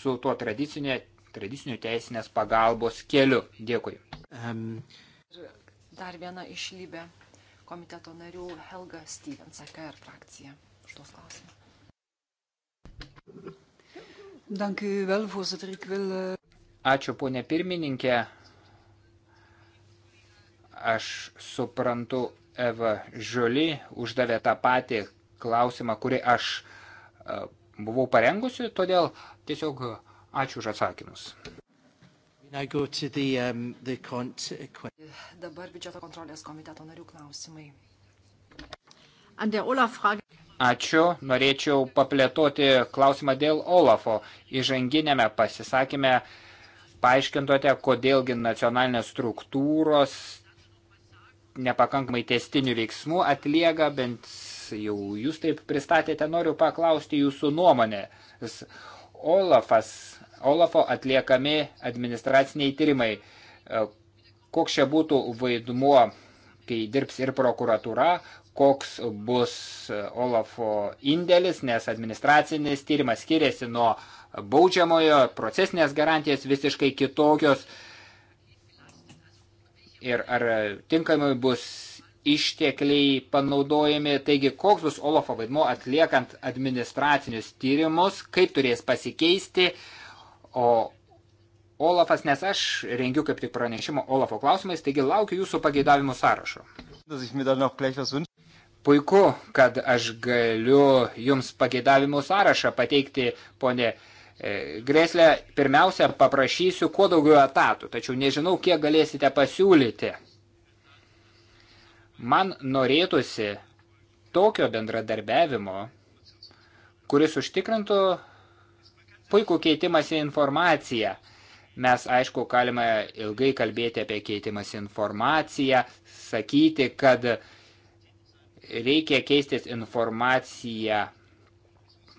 su tuo tradicinė tradicinių teisinės pagalbos keliu. Dėkui. Um. Dar viena išlybė komiteto narių Helga Stevens, AKR frakcija. Šitos klausimą. Dank u wel, voorzitter. Ik wil... Eh, Ačiū, ponė pirmininkė. Aš suprantu, Eva Žiuli uždavė tą patį klausimą, kurį aš eh, buvau parengusi, todėl tiesiog uh, Ačiū už atsakymus. The, um, the uh, Dabar biudžeto kontrolės komiteto narių klausimai. Ačiū. Norėčiau paplėtoti klausimą dėl Olafo. Įžanginėme pasisakymę paaiškintote, kodėlgi nacionalinės struktūros nepakankamai testinių veiksmų atlieka, bent jau jūs taip pristatėte, noriu paklausti jūsų nuomonę. Olafas Olafo atliekami administraciniai tyrimai. E, koks čia būtų vaidmuo, kai dirbs ir prokuratūra, koks bus Olafo indėlis, nes administracinis tyrimas skiriasi nuo baudžiamojo, procesinės garantijas visiškai kitokios. Ir ar tinkamai bus ištekliai panaudojami. Taigi, koks bus Olofo vaidmo atliekant administracinius tyrimus, kaip turės pasikeisti o Olafas, nes aš rengiu kaip tik pranešimo Olafo klausimais, taigi laukiu jūsų pageidavimų sąrašo. Puiku, kad aš galiu jums pageidavimų sąrašą pateikti, ponė e, Greslė. Pirmiausia, paprašysiu kuo daugiau etatų, tačiau nežinau, kiek galėsite pasiūlyti. Man norėtųsi tokio bendradarbiavimo, kuris užtikrintų puikų keitimąsi informaciją. Mes, aišku, galime ilgai kalbėti apie keitimąsi informaciją, sakyti, kad reikia keistis informaciją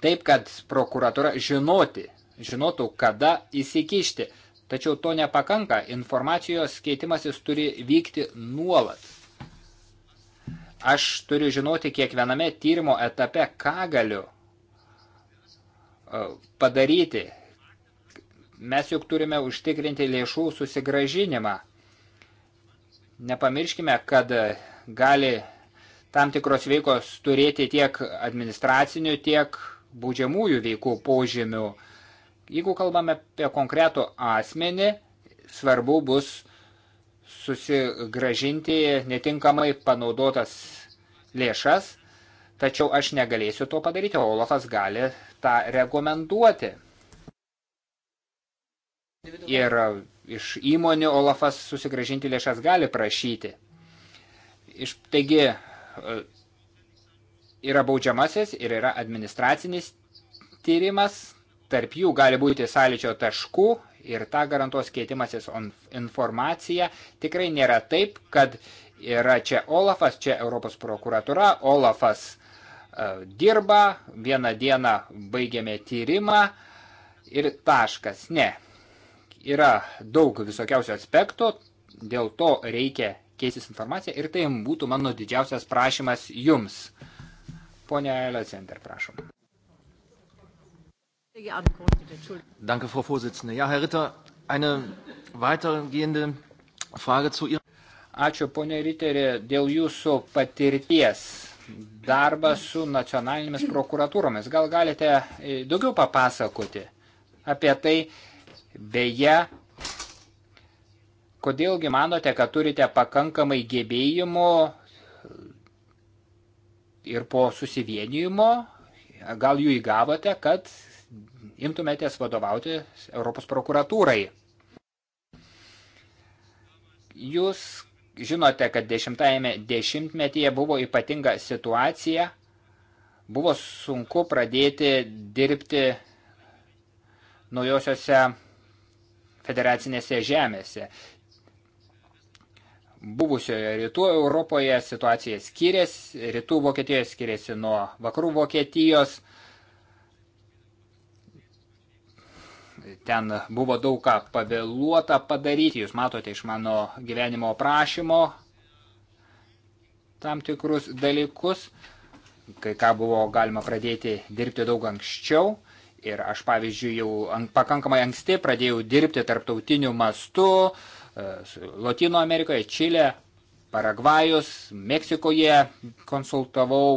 taip, kad prokuratura žinoti, žinotų, kada įsikišti. Tačiau to nepakanka, informacijos keitimasis turi vykti nuolat. Aš turiu žinoti kiekviename tyrimo etape, ką galiu padaryti. Mes juk turime užtikrinti lėšų susigražinimą. Nepamirškime, kad gali tam tikros veikos turėti tiek administracinių, tiek baudžiamųjų veikų požymių. Jeigu kalbame apie konkretų asmenį, svarbu bus susigražinti netinkamai panaudotas lėšas, tačiau aš negalėsiu to padaryti, o Olafas gali tą rekomenduoti. Ir iš įmonių Olafas susigražinti lėšas gali prašyti. Iš, taigi e, yra baudžiamasis ir yra administracinis tyrimas, tarp jų gali būti sąlyčio taškų ir tą garantuos keitimasis informacija. Tikrai nėra taip, kad yra čia Olafas, čia Europos prokuratura, Olafas E, dirba, vieną dieną baigiame tyrimą ir taškas. Ne. Yra daug visokiausių aspektų, dėl to reikia keistis informaciją ir tai būtų mano didžiausias prašymas jums. Pone Lecenter, prašom. Danke, Frau Vorsitzende. Ja, Herr Ritter, eine weitergehende Frage zu Ihrer. Ačiū, ponė Riterė, dėl jūsų patirties darbą su nacionalinėmis prokuratūromis. Gal galite e, daugiau papasakoti apie tai, beje, kodėlgi manote, kad turite pakankamai gebėjimų ir po susivienijimo, gal jų įgavote, kad imtumėtės vadovauti Europos prokuratūrai. Jūs žinote, kad dešimtajame dešimtmetyje buvo ypatinga situacija, buvo sunku pradėti dirbti naujosiuose federacinėse žemėse. Buvusioje rytų Europoje situacija skiriasi, rytų Vokietijoje skiriasi nuo vakarų Vokietijos – ten buvo daug ką pavėluota padaryti. Jūs matote iš mano gyvenimo aprašymo tam tikrus dalykus, kai ką buvo galima pradėti dirbti daug anksčiau. Ir aš, pavyzdžiui, jau pakankamai anksti pradėjau dirbti tarptautiniu mastu e, Latino Amerikoje, Čilė, Paragvajus, Meksikoje konsultavau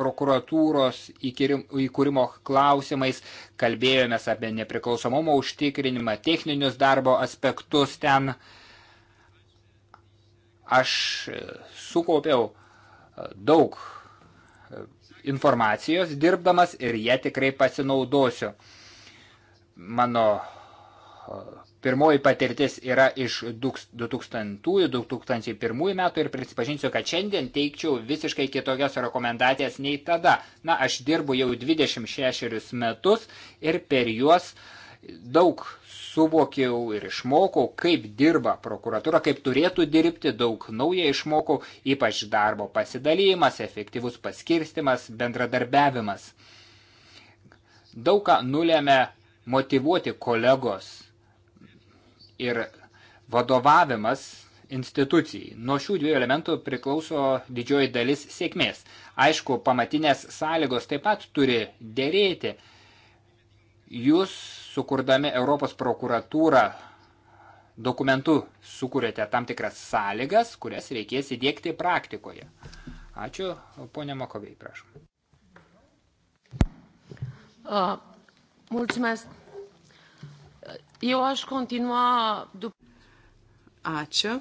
prokuratūros įkūrimo klausimais, kalbėjomės apie nepriklausomumo užtikrinimą, techninius darbo aspektus ten. Aš e, sukaupiau e, daug e, informacijos dirbdamas ir ją tikrai pasinaudosiu. Mano Pirmoji patirtis yra iš 2000-2001 metų ir prisipažinsiu, kad šiandien teikčiau visiškai kitokias rekomendacijas nei tada. Na, aš dirbu jau 26 metus ir per juos daug suvokiau ir išmokau, kaip dirba prokuratūra, kaip turėtų dirbti, daug naują išmokau, ypač darbo pasidalymas, efektyvus paskirstimas, bendradarbiavimas. Daug ką nulėmė motivuoti kolegos ir vadovavimas institucijai. Nuo šių dviejų elementų priklauso didžioji dalis sėkmės. Aišku, pamatinės sąlygos taip pat turi dėrėti. Jūs, sukurdami Europos prokuratūrą, dokumentu sukūrėte tam tikras sąlygas, kurias reikės įdėkti praktikoje. Ačiū, ponė Makovei, prašom. Uh, mulțumesc. Eu aș continua după... Ačiū.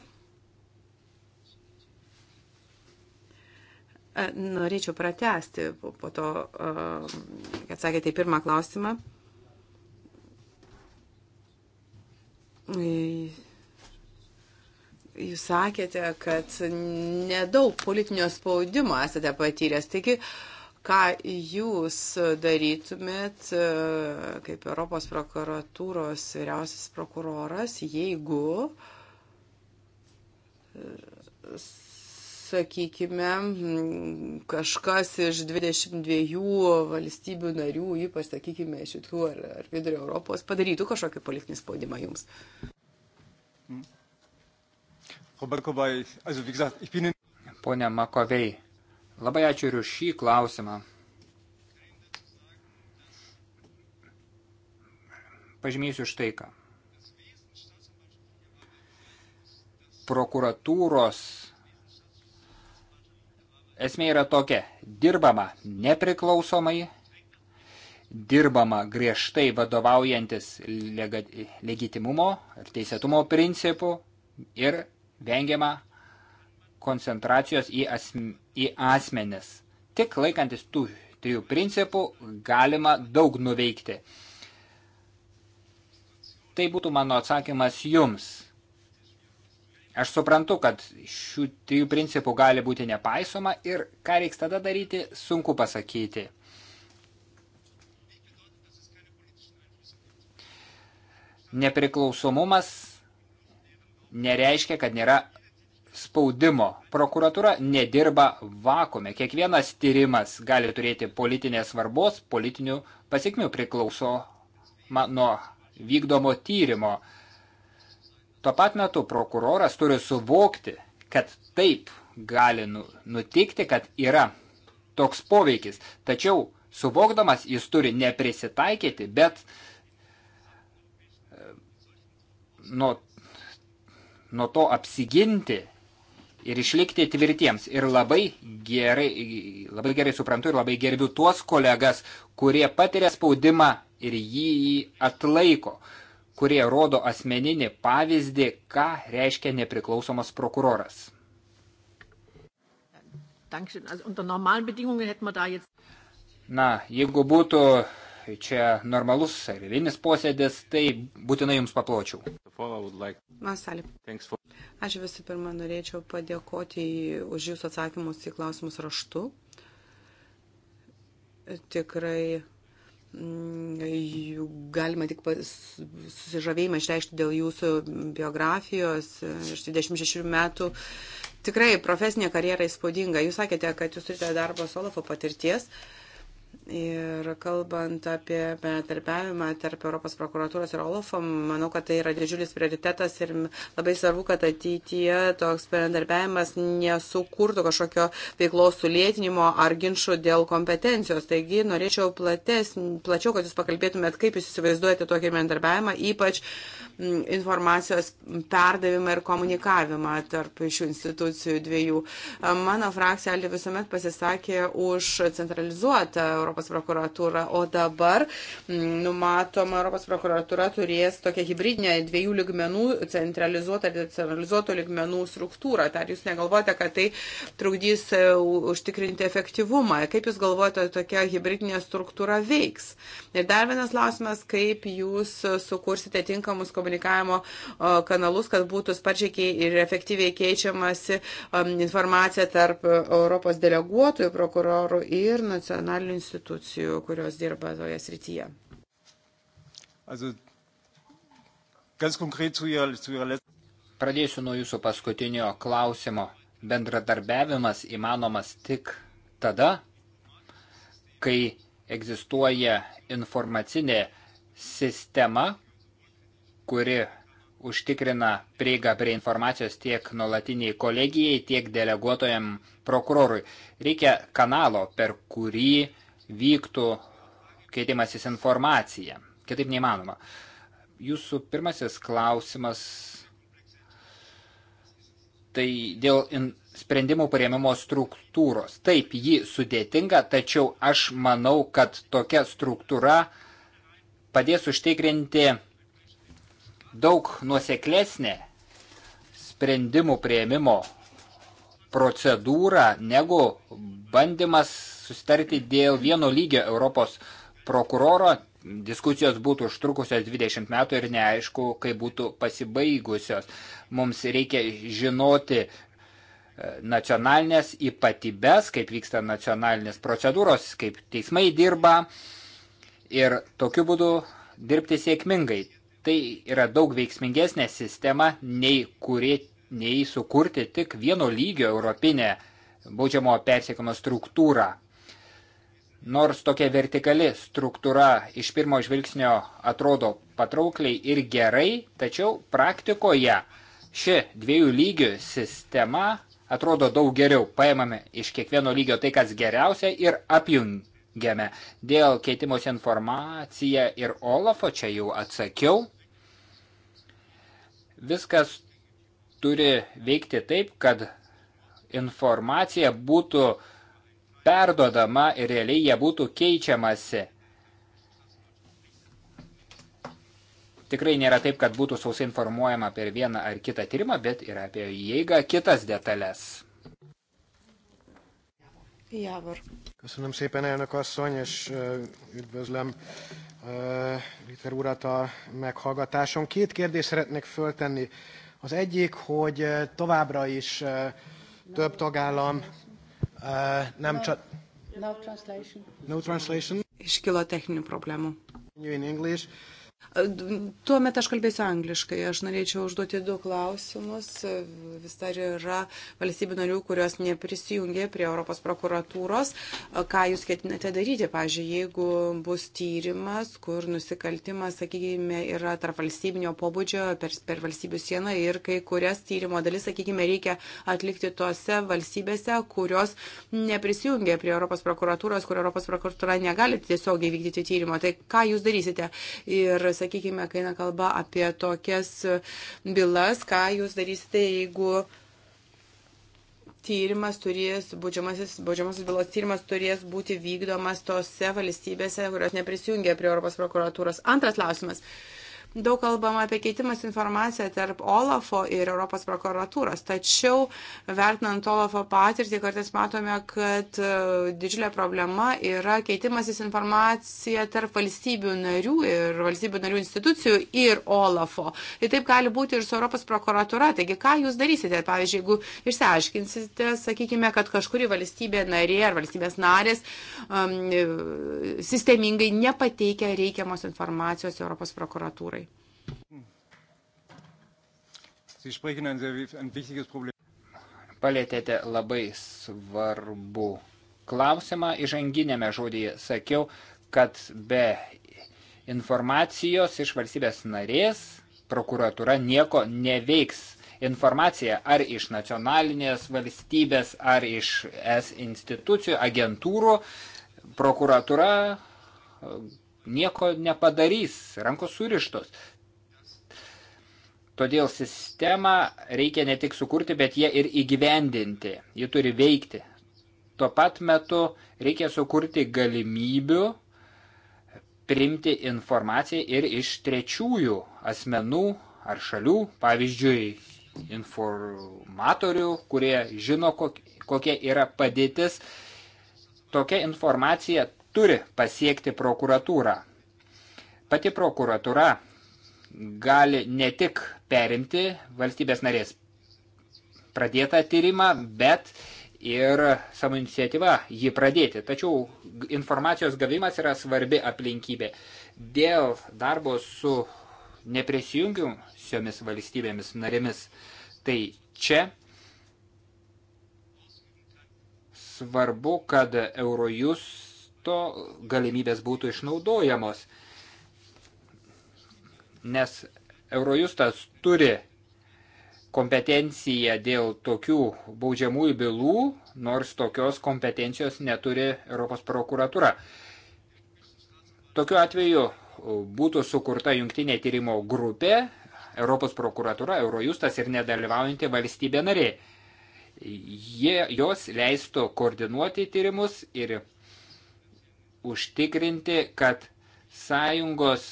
E, norėčiau pratesti po to, e, kad sakėte į pirmą klausimą. Jūs sakėte, kad nedaug politinio spaudimo esate patyręs. Taigi, uh, ką jūs darytumėt e, kaip Europos prokuratūros vyriausias prokuroras, jeigu, e, sakykime, kažkas iš 22 valstybių narių, ypač, sakykime, šitų ar, ar vidurio Europos, padarytų kažkokį politinį spaudimą jums. Frau mm. Balkobay, also wie gesagt, ich bin in Pone Makovei, Labai ačiū ir už šį klausimą. Pažymėsiu štai ką. Prokuratūros esmė yra tokia. Dirbama nepriklausomai, dirbama griežtai vadovaujantis legitimumo ir teisėtumo principų ir vengiama koncentracijos į, asm, į asmenis. Tik laikantis tų trijų principų galima daug nuveikti. Tai būtų mano atsakymas jums. Aš suprantu, kad šių trijų principų gali būti nepaisoma ir ką reiks tada daryti, sunku pasakyti. Nepriklausomumas nereiškia, kad nėra spaudimo. Prokuratūra nedirba vakume. Kiekvienas tyrimas gali turėti politinės svarbos, politinių pasiekmių priklauso nuo vykdomo tyrimo. Tuo pat metu prokuroras turi suvokti, kad taip gali nu, nutikti, kad yra toks poveikis. Tačiau suvokdamas jis turi neprisitaikyti, bet e, nuo, nuo to apsiginti ir išlikti tvirtiems. Ir labai gerai, labai gerai suprantu ir labai gerbiu tuos kolegas, kurie patiria spaudimą ir jį atlaiko, kurie rodo asmeninį pavyzdį, ką reiškia nepriklausomas prokuroras. Na, jeigu būtų čia normalus ar eilinis posėdis, tai būtinai jums papločiau. Masali. Aš visų pirma norėčiau padėkoti už jūsų atsakymus į klausimus raštu. Tikrai mm, galima tik susižavėjimą išreikšti dėl jūsų biografijos iš 26 metų. Tikrai profesinė karjera įspūdinga. Jūs sakėte, kad jūs turite darbo su Olafo patirties. Ir kalbant apie bendarbiavimą tarp Europos prokuratūros ir Olofo, manau, kad tai yra didžiulis prioritetas ir labai svarbu, kad ateityje toks bendarbiavimas nesukurtų kažkokio veiklos sulėtinimo ar ginčių dėl kompetencijos. Taigi norėčiau plates, plačiau, kad jūs pakalbėtumėt, kaip jūs įsivaizduojate tokį bendarbiavimą, ypač informacijos perdavimą ir komunikavimą tarp šių institucijų dviejų. Mano frakcija visuomet pasisakė už centralizuotą Europos Europos prokuratūra. O dabar mm, numatoma Europos prokuratūra turės tokią hybridinę dviejų ligmenų, centralizuotą ir decentralizuotą ligmenų struktūrą. Ar jūs negalvojate, kad tai trukdys e, užtikrinti efektyvumą? Kaip jūs galvojate, tokia hybridinė struktūra veiks? Ir dar vienas klausimas, kaip jūs sukursite tinkamus komunikavimo kanalus, kad būtų sparčiai ir efektyviai keičiamasi um, informacija tarp Europos deleguotojų prokurorų ir nacionalinių institucijų institucijų, kurios dirba toje srityje. Also, Pradėsiu nuo jūsų paskutinio klausimo. Bendradarbiavimas įmanomas tik tada, kai egzistuoja informacinė sistema, kuri užtikrina prieigą prie informacijos tiek nuolatiniai kolegijai, tiek deleguotojam prokurorui. Reikia kanalo, per kurį vyktų keitimasis informacija. Kitaip neįmanoma. Jūsų pirmasis klausimas tai dėl in, sprendimų prieimimo struktūros. Taip, ji sudėtinga, tačiau aš manau, kad tokia struktūra padės užtikrinti daug nuoseklesnė sprendimų prieimimo procedūra negu bandymas susitarti dėl vieno lygio Europos prokuroro. Diskusijos būtų užtrukusios 20 metų ir neaišku, kai būtų pasibaigusios. Mums reikia žinoti e, nacionalinės ypatybės, kaip vyksta nacionalinės procedūros, kaip teismai dirba ir tokiu būdu dirbti sėkmingai. Tai yra daug veiksmingesnė sistema nei, kuri, nei sukurti tik vieno lygio europinę baudžiamo persiekimo struktūrą. Nors tokia vertikali struktūra iš pirmo žvilgsnio atrodo patraukliai ir gerai, tačiau praktikoje ši dviejų lygių sistema atrodo daug geriau. Paimame iš kiekvieno lygio tai, kas geriausia ir apjungiame. Dėl keitimos informacija ir Olafo čia jau atsakiau. Viskas turi veikti taip, kad informacija būtų uh, perduodama ir realiai jie būtų keičiamasi. Tikrai nėra taip, kad būtų sausai informuojama per vieną ar kitą tyrimą, bet ir apie jėgą kitas detalės. Javor. Köszönöm szépen, elnök asszony, és üdvözlöm Ritter urat a meghallgatáson. Két kérdést szeretnék föltenni. Az egyik, hogy továbbra is több tagállam Uh, nam... no, no translation. No translation. Iškilo techninių problemų. In English. Tuomet aš kalbėsiu angliškai. Aš norėčiau užduoti du klausimus. Vis dar yra valstybių narių, kurios neprisijungė prie Europos prokuratūros. Ką jūs ketinate daryti, pažiūrėjau, jeigu bus tyrimas, kur nusikaltimas, sakykime, yra tarp valstybinio pobūdžio per, per valstybių sieną ir kai kurias tyrimo dalis, sakykime, reikia atlikti tose valstybėse, kurios neprisijungė prie Europos prokuratūros, kur Europos prokuratūra negali tiesiog įvykdyti tyrimo. Tai ką jūs darysite? Ir sakykime, kai eina kalba apie tokias bylas, ką jūs darysite, jeigu tyrimas turės, baudžiamasis, baudžiamasis bylos tyrimas turės būti vykdomas tose valstybėse, kurios neprisijungia prie Europos prokuratūros. Antras klausimas. Uh, Daug kalbama apie keitimas informaciją tarp Olafo ir Europos prokuratūros. Tačiau, vertinant Olafo patirtį, kartais matome, kad e, didžiulė problema yra keitimasis informacija tarp valstybių narių ir valstybių narių institucijų ir Olafo. Ir tai taip gali būti ir su Europos prokuratūra. Taigi, ką jūs darysite, pavyzdžiui, jeigu išsiaiškinsite, sakykime, kad kažkuri valstybė narė ar valstybės narės um, e, sistemingai nepateikia reikiamos informacijos Europos prokuratūrai. Palėtėte labai svarbu klausimą. Įžanginėme žodėje sakiau, kad be informacijos iš valstybės narės prokuratūra nieko neveiks. Informacija ar iš nacionalinės valstybės, ar iš es institucijų, agentūrų, prokuratūra e, nieko nepadarys, rankos surištos. Todėl sistemą reikia ne tik sukurti, bet ją ir įgyvendinti. Ji turi veikti. Tuo pat metu reikia sukurti galimybių priimti informaciją ir iš trečiųjų asmenų ar šalių, pavyzdžiui, informatorių, kurie žino, kokia yra padėtis. Tokia informacija turi pasiekti prokuratūrą. Pati prokuratūra gali ne tik perimti valstybės narės pradėtą tyrimą, bet ir savo iniciatyvą jį pradėti. Tačiau informacijos gavimas yra svarbi aplinkybė. Dėl darbo su neprisijungiusiomis valstybėmis narėmis, tai čia svarbu, kad Eurojusto galimybės būtų išnaudojamos nes Eurojustas turi kompetenciją dėl tokių baudžiamųjų bylų, nors tokios kompetencijos neturi Europos prokuratūra. Tokiu atveju būtų sukurta jungtinė tyrimo grupė, Europos prokuratūra, Eurojustas ir nedalyvaujanti valstybė narė. Jie, jos leistų koordinuoti tyrimus ir užtikrinti, kad sąjungos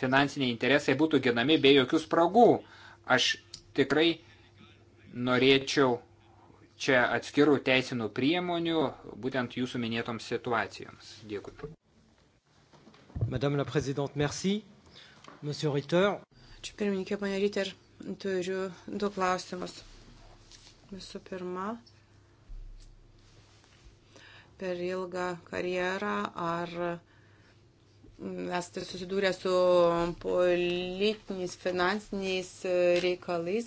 finansiniai interesai būtų ginami be jokių spragų. Aš tikrai norėčiau čia atskirų teisinų priemonių būtent jūsų minėtoms situacijoms. Dėkui. Madame la Présidente, merci. Monsieur Ritter. Ačiū pirmininkė, ponia Ritter, turiu du klausimus. Visų pirma, per ilgą karjerą ar uh, esate tai susidūrę su politiniais, finansiniais reikalais,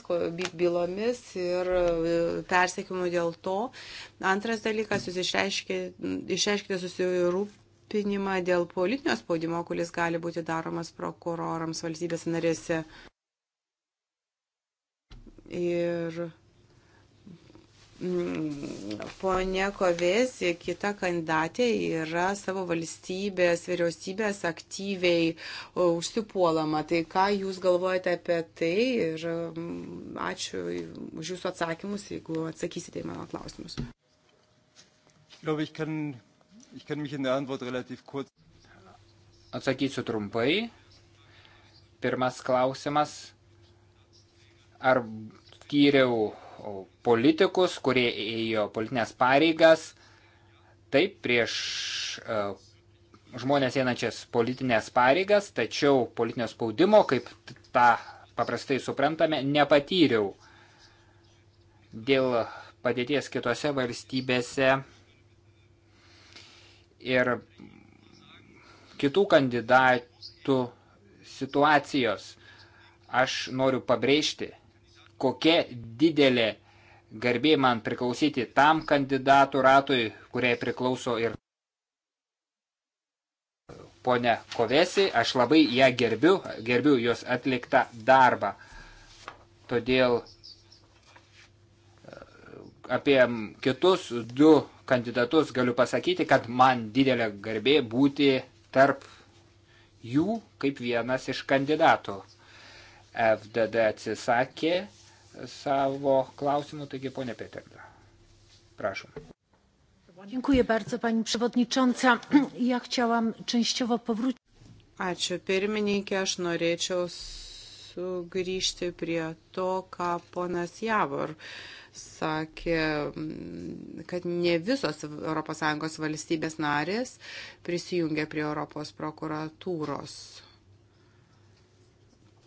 bylomis ir e, persekimu dėl to. Antras dalykas, jūs išreiškite susirūpinimą dėl politinio spaudimo, kuris gali būti daromas prokurorams valstybės narėse. Ir Mm, Pone Kovėsi, kita kandidatė yra savo valstybės, vyriausybės aktyviai užsipuolama. Tai ką Jūs galvojate apie tai ir mm, ačiū už Jūsų atsakymus, jeigu atsakysite į mano klausimus. Atsakysiu trumpai. Pirmas klausimas. Ar skyriau politikus, kurie ėjo politinės pareigas, taip prieš e, žmonės einančias politinės pareigas, tačiau politinio spaudimo, kaip tą paprastai suprantame, nepatyriau. Dėl padėties kitose valstybėse ir kitų kandidatų situacijos aš noriu pabrėžti, kokia didelė garbė man priklausyti tam kandidatų ratui, kuriai priklauso ir ponia Kovesi, aš labai ją gerbiu, gerbiu jos atliktą darbą. Todėl e, apie kitus du kandidatus galiu pasakyti, kad man didelė garbė būti tarp jų kaip vienas iš kandidatų. FDD atsisakė savo klausimų. Taigi, ponė Peterda, prašom. Dziękuję bardzo, pani przewodnicząca. Ja chciałam częściowo powrócić. Ačiū pirmininkė, aš norėčiau sugrįžti prie to, ką ponas Javor sakė, kad ne visos ES valstybės narės prisijungia prie Europos prokuratūros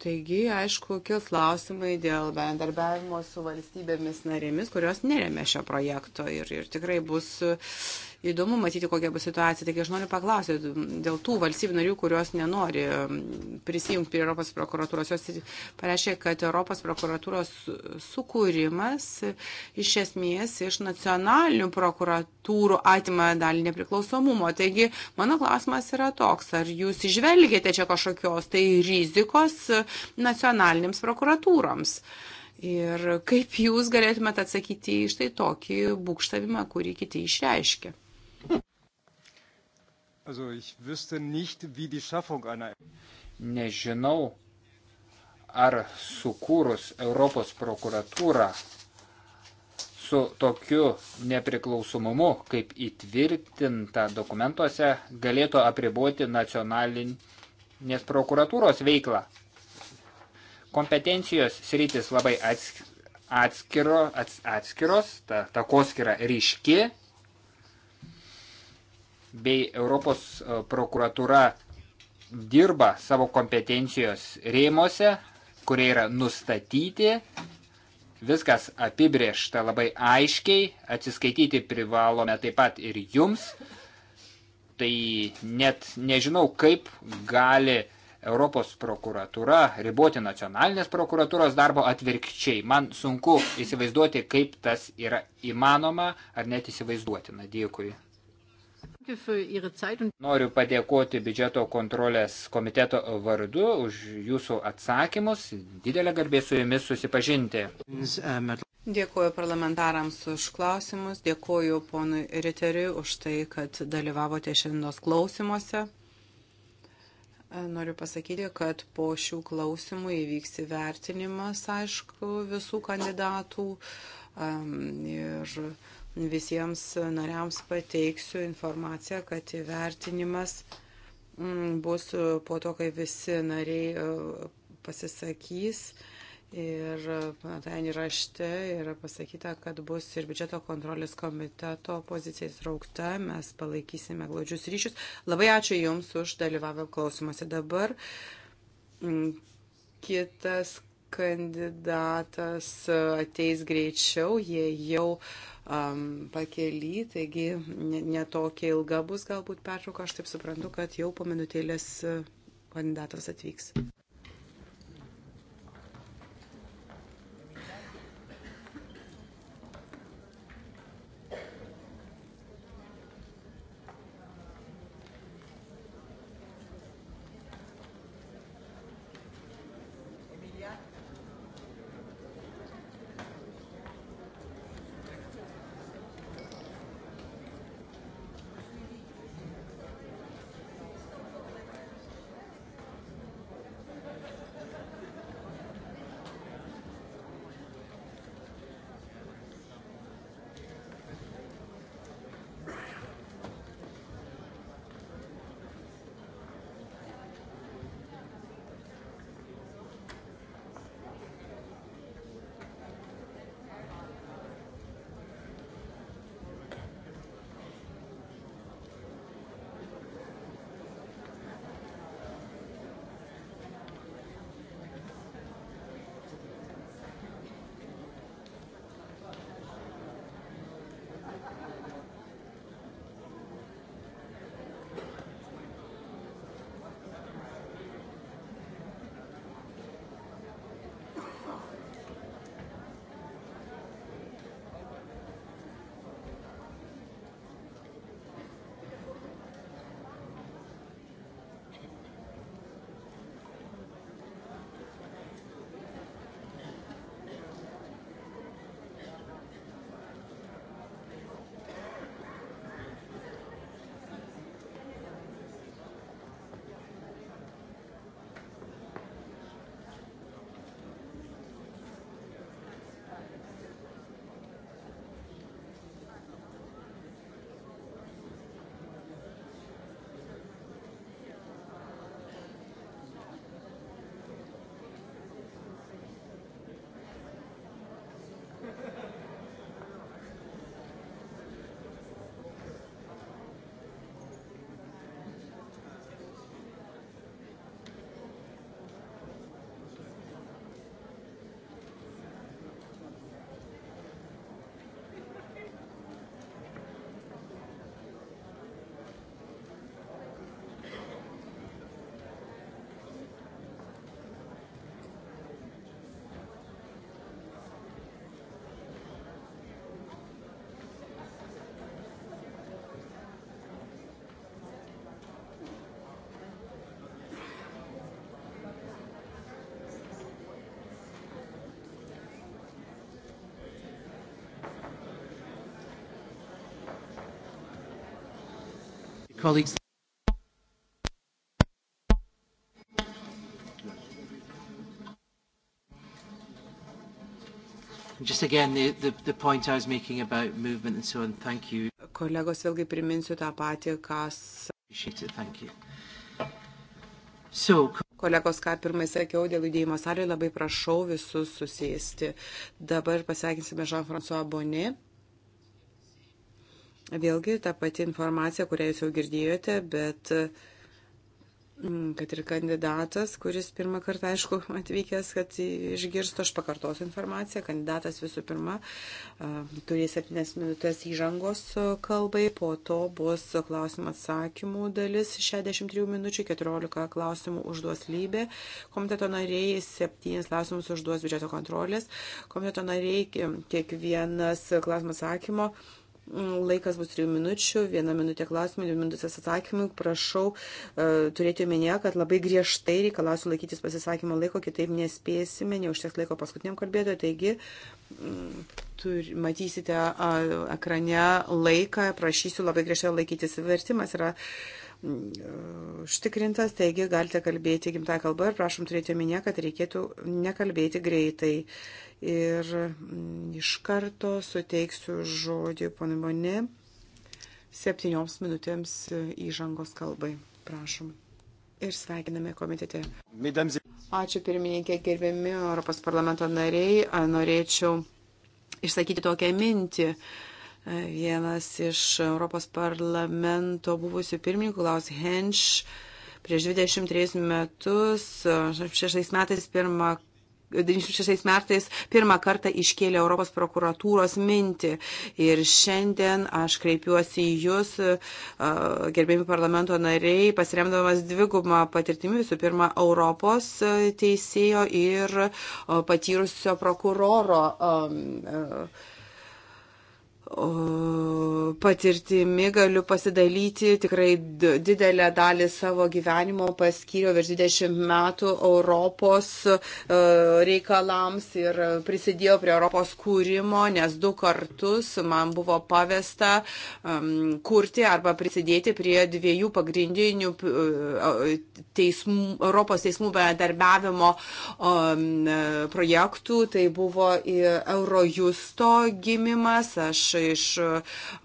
Taigi, aišku, kils klausimai dėl bendarbiavimo su valstybėmis narėmis, kurios neremia šio projekto ir, ir tikrai bus uh, įdomu matyti, kokia bus situacija. Taigi aš noriu paklausyti dėl tų valstybių narių, kurios nenori mm, prisijungti prie Europos prokuratūros. Jos pareiškia, kad Europos prokuratūros sukūrimas iš esmės iš nacionalinių prokuratūrų atima dalį nepriklausomumo. Taigi mano klausimas yra toks, ar jūs išvelgėte čia kažkokios tai rizikos nacionalinėms prokuratūroms? Ir kaip jūs galėtumėte atsakyti į štai tokį būkštavimą, kurį kiti išreiškia? Nežinau, ar sukūrus Europos prokuratūrą su tokiu nepriklausomumu, kaip įtvirtinta dokumentuose, galėtų apriboti nacionalinės prokuratūros veiklą. Kompetencijos sritis labai atskiros, ats, atskiros ta, takoskira ryški, bei Europos e, prokuratūra dirba savo kompetencijos rėmose, kurie yra nustatyti, viskas apibriešta labai aiškiai, atsiskaityti privalome taip pat ir jums. Tai net nežinau, kaip gali Europos prokuratūra riboti nacionalinės prokuratūros darbo atvirkščiai. Man sunku įsivaizduoti, kaip tas yra įmanoma ar net įsivaizduotina. Dėkui. Noriu padėkoti biudžeto kontrolės komiteto vardu už jūsų atsakymus. Didelė garbė su jumis susipažinti. Dėkuoju parlamentarams už klausimus, dėkuoju ponui Riteriui už tai, kad dalyvavote šiandienos klausimuose. Noriu pasakyti, kad po šių klausimų įvyks įvertinimas, aišku, visų kandidatų. Um, ir visiems nariams pateiksiu informaciją, kad įvertinimas mm, bus po to, kai visi nariai e, pasisakys. Ir ten rašte yra pasakyta, kad bus ir biudžeto kontrolės komiteto pozicija įtraukta, mes palaikysime glaudžius ryšius. Labai ačiū Jums už dalyvavę klausimuose. Dabar mm, kitas kandidatas ateis greičiau, jie jau um, pakely, taigi netokia ne ilga bus galbūt pertrauka, aš taip suprantu, kad jau po minutėlės uh, kandidatas atvyks. Colleagues, Just again, the, the, the point I was making about movement and so on, thank you. Kolegos, vėlgi priminsiu tą patį, kas... Appreciate it, thank you. So... Kolegos, ką pirmai sakiau, dėl judėjimo salėje labai prašau visus susėsti. Dabar pasveikinsime Jean-François Bonnet. Vėlgi ta pati informacija, kurią jūs jau girdėjote, bet mm, kad ir kandidatas, kuris pirmą kartą, aišku, atvykęs, kad išgirstų, aš pakartosiu informaciją, kandidatas visų pirma turės 7 minutės įžangos kalbai, po to bus klausimų atsakymų dalis 63 minučių, 14 klausimų užduos lybė, komiteto nariai 7 klausimus užduos biudžeto kontrolės, komiteto nariai kiekvienas klausimų atsakymo Mm, laikas bus 3 minučių, 1 minutė klausimai, 2 minutės atsakymai. Prašau e, turėti omenyje, kad labai griežtai reikalausiu laikytis pasisakymo laiko, kitaip nespėsime, neužteks laiko paskutiniam kalbėtojui. Taigi, mm, tur, matysite ekrane laiką, prašysiu labai griežtai laikytis vertimas. Yra, mm, užtikrintas, taigi galite kalbėti gimtąją kalbą ir prašom turėti omenyje, kad reikėtų nekalbėti greitai. Ir mm, iš karto suteiksiu žodį ponimone septynioms minutėms e, įžangos kalbai. Prašom. Ir sveikiname komitete. Ačiū pirmininkė, gerbiami Europos parlamento nariai. Norėčiau išsakyti tokią mintį. E, vienas iš Europos parlamento buvusių pirmininkų, Klaus Hensch, prieš 23 metus, 6 e, metais pirmą 96 metais pirmą kartą iškėlė Europos prokuratūros mintį. Ir šiandien aš kreipiuosi į Jūs, e, gerbėmi parlamento nariai, pasiremdamas dvigumą patirtimi visų pirma Europos e, teisėjo ir e, patyrusio prokuroro. Um, uh, patirtimi galiu pasidalyti. Tikrai didelę dalį savo gyvenimo paskyriau virš 20 metų Europos e, reikalams ir prisidėjau prie Europos kūrimo, nes du kartus man buvo pavesta kurti arba prisidėti prie dviejų pagrindinių e, teismų, Europos teismų bendarbiavimo e, projektų. Tai buvo Eurojusto gimimas. Aš iš, e,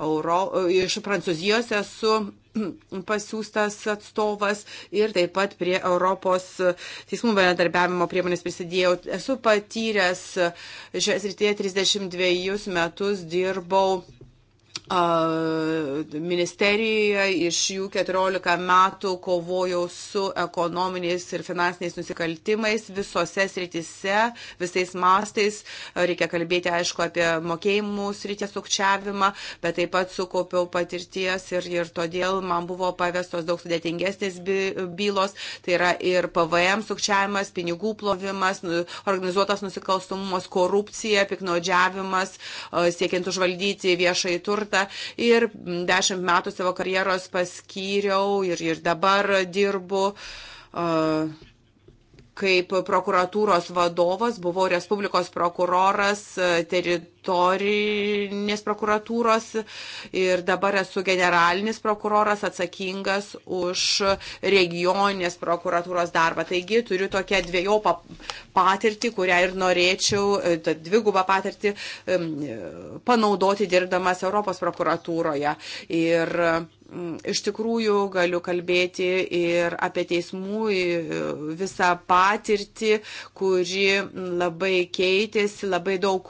Euro, e, iš Prancūzijos esu pasiūstas atstovas ir taip pat prie Europos e, teismų bendradarbiavimo priemonės prisidėjau. Esu patyręs šioje srityje 32 metus dirbau ministerijoje iš jų 14 metų kovojau su ekonominiais ir finansiniais nusikaltimais visose sritise, visais mastais. Reikia kalbėti, aišku, apie mokėjimų sritę sukčiavimą, bet taip pat sukaupiau patirties ir, ir todėl man buvo pavestos daug sudėtingesnės bylos. Tai yra ir PVM sukčiavimas, pinigų plovimas, nu, organizuotas nusikalstumumas, korupcija, piknaudžiavimas, siekiant užvaldyti viešai turtą kartą ir dešimt metų savo karjeros paskyriau ir, ir dabar dirbu. Uh, kaip prokuratūros vadovas, buvau Respublikos prokuroras teritorinės prokuratūros ir dabar esu generalinis prokuroras atsakingas už regioninės prokuratūros darbą. Taigi turiu tokią dviejopą patirtį, kurią ir norėčiau, tą dvigubą patirtį panaudoti dirbdamas Europos prokuratūroje. Ir Mm, iš tikrųjų galiu kalbėti ir apie teismų visą patirtį, kuri labai keitėsi, labai daug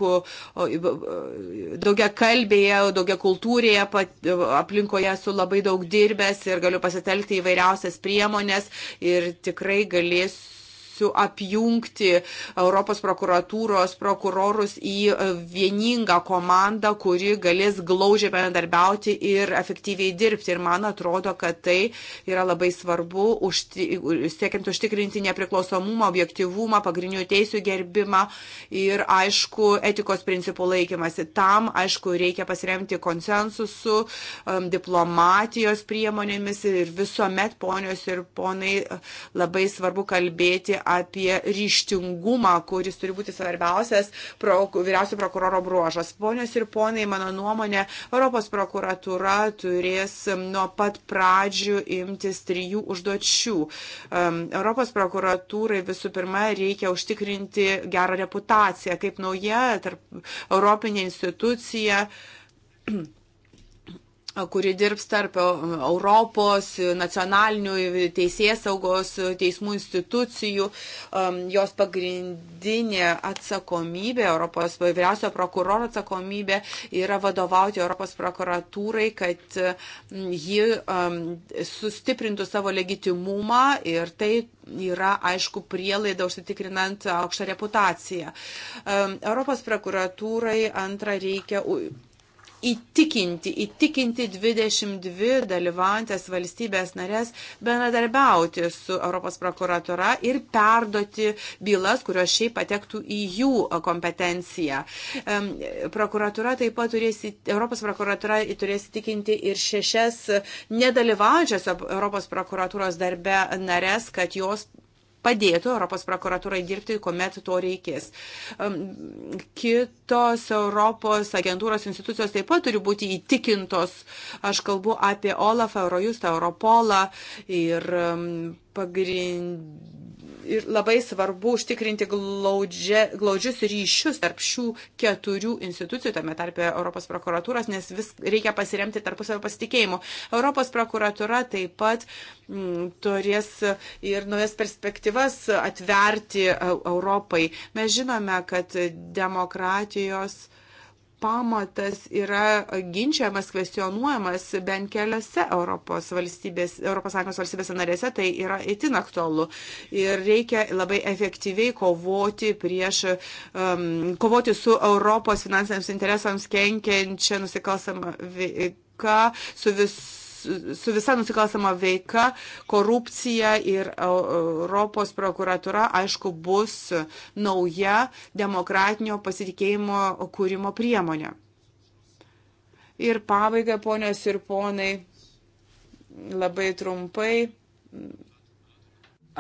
daugia kalbėje, daugia kultūrėje aplinkoje esu labai daug dirbęs ir galiu pasitelkti įvairiausias priemonės ir tikrai galėsiu siūlysiu apjungti Europos prokuratūros prokurorus į vieningą komandą, kuri galės glaužiai bendarbiauti ir efektyviai dirbti. Ir man atrodo, kad tai yra labai svarbu, užti, siekiant užtikrinti nepriklausomumą, objektivumą, pagrindinių teisų gerbimą ir, aišku, etikos principų laikymasi. Tam, aišku, reikia pasiremti konsensusu, um, diplomatijos priemonėmis ir visuomet, ponios ir ponai, labai svarbu kalbėti apie ryštingumą, kuris turi būti svarbiausias pro, vyriausio prokuroro bruožas. Ponios ir ponai, mano nuomonė, Europos prokuratura turės nuo pat pradžių imtis trijų užduočių. Um, Europos prokuratūrai visų pirma reikia užtikrinti gerą reputaciją kaip nauja tarp, europinė institucija kuri dirbs tarp Europos nacionalinių teisės saugos teismų institucijų. Um, jos pagrindinė atsakomybė, Europos vyriausio prokuroro atsakomybė yra vadovauti Europos prokuratūrai, kad mm, ji um, sustiprintų savo legitimumą ir tai yra, aišku, prielaida užsitikrinant aukštą reputaciją. Um, Europos prokuratūrai antrą reikia įtikinti, įtikinti 22 dalyvaujantes valstybės narės bendradarbiauti su Europos prokuratura ir perduoti bylas, kurios šiaip patektų į jų kompetenciją. Prokuratura taip pat turės, Europos prokuratura turės įtikinti ir šešias nedalyvaujančias Europos prokuratūros darbe narės, kad jos padėtų Europos prokuratūrai dirbti, kuomet to reikės. Kitos Europos agentūros institucijos taip pat turi būti įtikintos. Aš kalbu apie Olafą, Eurojustą, Europolą ir pagrindinį Ir labai svarbu užtikrinti glaudžia, glaudžius ryšius tarp šių keturių institucijų, tame tarpe Europos prokuratūros, nes vis reikia pasiremti tarpusavio pasitikėjimu. Europos prokuratūra taip pat m, mm, turės ir naujas perspektyvas atverti e, Europai. Mes žinome, kad demokratijos pamatas yra ginčiamas, kvestionuojamas bent keliose Europos valstybės, ES valstybėse narėse, tai yra itin aktualu. Ir reikia labai efektyviai kovoti prieš, um, kovoti su Europos finansiniams interesams kenkiančia nusikalstama veika, su visų su visa nusikalstama veika, korupcija ir Europos prokuratura, aišku, bus nauja demokratinio pasitikėjimo kūrimo priemonė. Ir pabaiga, ponios ir ponai, labai trumpai.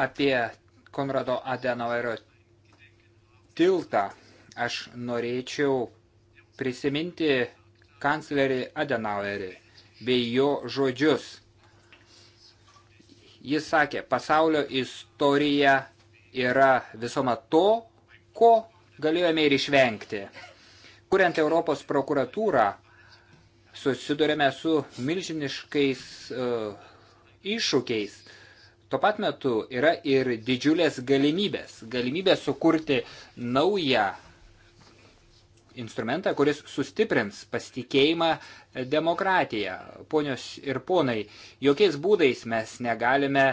Apie Konrado Adenauerio tiltą aš norėčiau prisiminti kanclerį Adenauerį bei jo žodžius. Jis sakė, pasaulio istorija yra visoma to, ko galėjome ir išvengti. Kuriant Europos prokuratūrą, susidurėme su milžiniškais uh, iššūkiais. Tuo pat metu yra ir didžiulės galimybės. Galimybė sukurti naują instrumentą, kuris sustiprins pasitikėjimą demokratiją. Ponios ir ponai, jokiais būdais mes negalime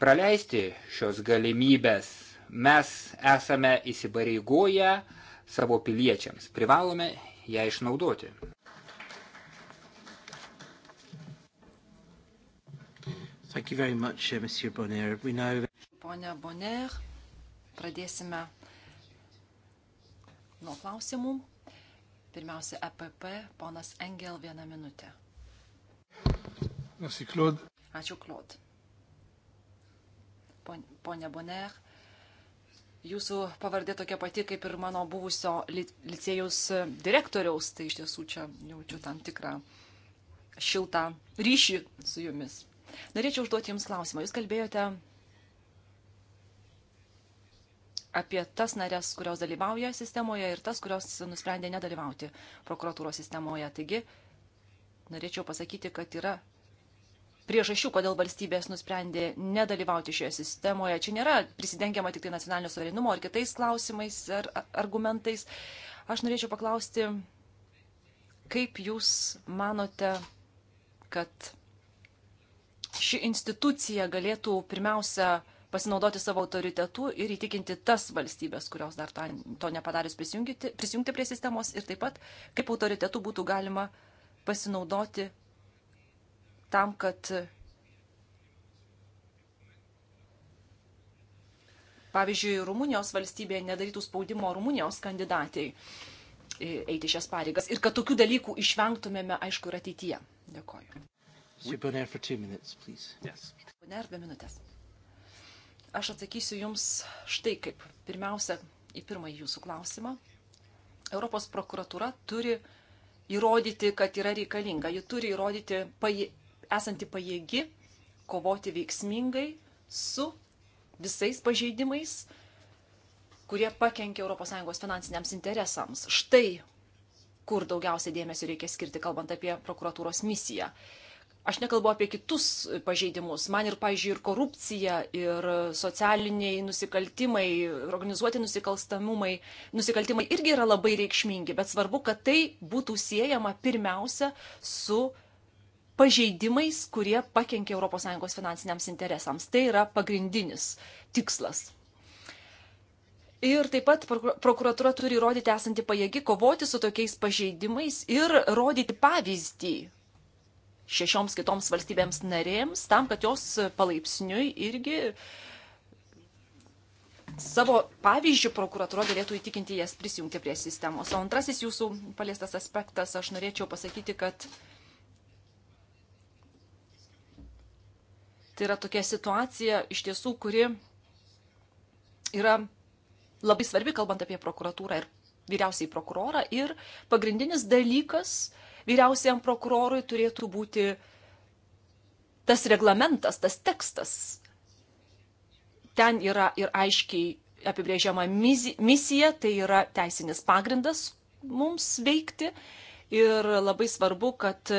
praleisti šios galimybės. Mes esame įsibareigoję savo piliečiams. Privalome ją išnaudoti. Thank you very much, uh, Monsieur Bonner. We now... Pone Bonner, pradėsime nuo klausimų. Pirmiausia, EPP, ponas Engel, vieną minutę. Merci, Claude. Ačiū, Klod. Pone Boner, jūsų pavardė tokia pati kaip ir mano buvusio licėjus direktoriaus, tai iš tiesų čia jaučiu tam tikrą šiltą ryšį su jumis. Norėčiau užduoti Jums klausimą. Jūs kalbėjote apie tas narės, kurios dalyvauja sistemoje ir tas, kurios nusprendė nedalyvauti prokuratūros sistemoje. Taigi, norėčiau pasakyti, kad yra priežasčių, kodėl valstybės nusprendė nedalyvauti šioje sistemoje. Čia nėra prisidengiama tik tai nacionalinio suverenumo ar kitais klausimais ar argumentais. Aš norėčiau paklausti, kaip jūs manote, kad ši institucija galėtų pirmiausia pasinaudoti savo autoritetu ir įtikinti tas valstybės, kurios dar to, to nepadarius prisijungti, prisijungti prie sistemos ir taip pat, kaip autoritetu būtų galima pasinaudoti tam, kad pavyzdžiui, Rumunijos valstybė nedarytų spaudimo Rumunijos kandidatai e, eiti šias pareigas ir kad tokių dalykų išvengtumėme, aišku, ir ateityje. Dėkoju. Poner, dvi minutės. Aš atsakysiu Jums štai kaip. Pirmiausia, į pirmąjį Jūsų klausimą. Europos prokuratura turi įrodyti, kad yra reikalinga. Ji turi įrodyti paje, esanti pajėgi kovoti veiksmingai su visais pažeidimais, kurie pakenkia ES finansiniams interesams. Štai kur daugiausia dėmesio reikia skirti, kalbant apie prokuratūros misiją. Aš nekalbu apie kitus pažeidimus. Man ir, pažiūrėjau, ir korupcija, ir socialiniai nusikaltimai, organizuoti nusikalstamumai, nusikaltimai irgi yra labai reikšmingi, bet svarbu, kad tai būtų siejama pirmiausia su pažeidimais, kurie pakenkia ES finansiniams interesams. Tai yra pagrindinis tikslas. Ir taip pat prokuratura turi įrodyti esanti pajėgi kovoti su tokiais pažeidimais ir rodyti pavyzdį šešioms kitoms valstybėms narėms, tam, kad jos palaipsniui irgi savo pavyzdžių prokuratūra galėtų įtikinti jas prisijungti prie sistemos. O antrasis jūsų paliestas aspektas, aš norėčiau pasakyti, kad tai yra tokia situacija iš tiesų, kuri yra labai svarbi, kalbant apie prokuratūrą ir vyriausiai prokurorą. Ir pagrindinis dalykas, uh, vyriausiam prokurorui turėtų būti tas reglamentas, tas tekstas. Ten yra ir aiškiai apibrėžiama misija, tai yra teisinis pagrindas mums veikti. Ir labai svarbu, kad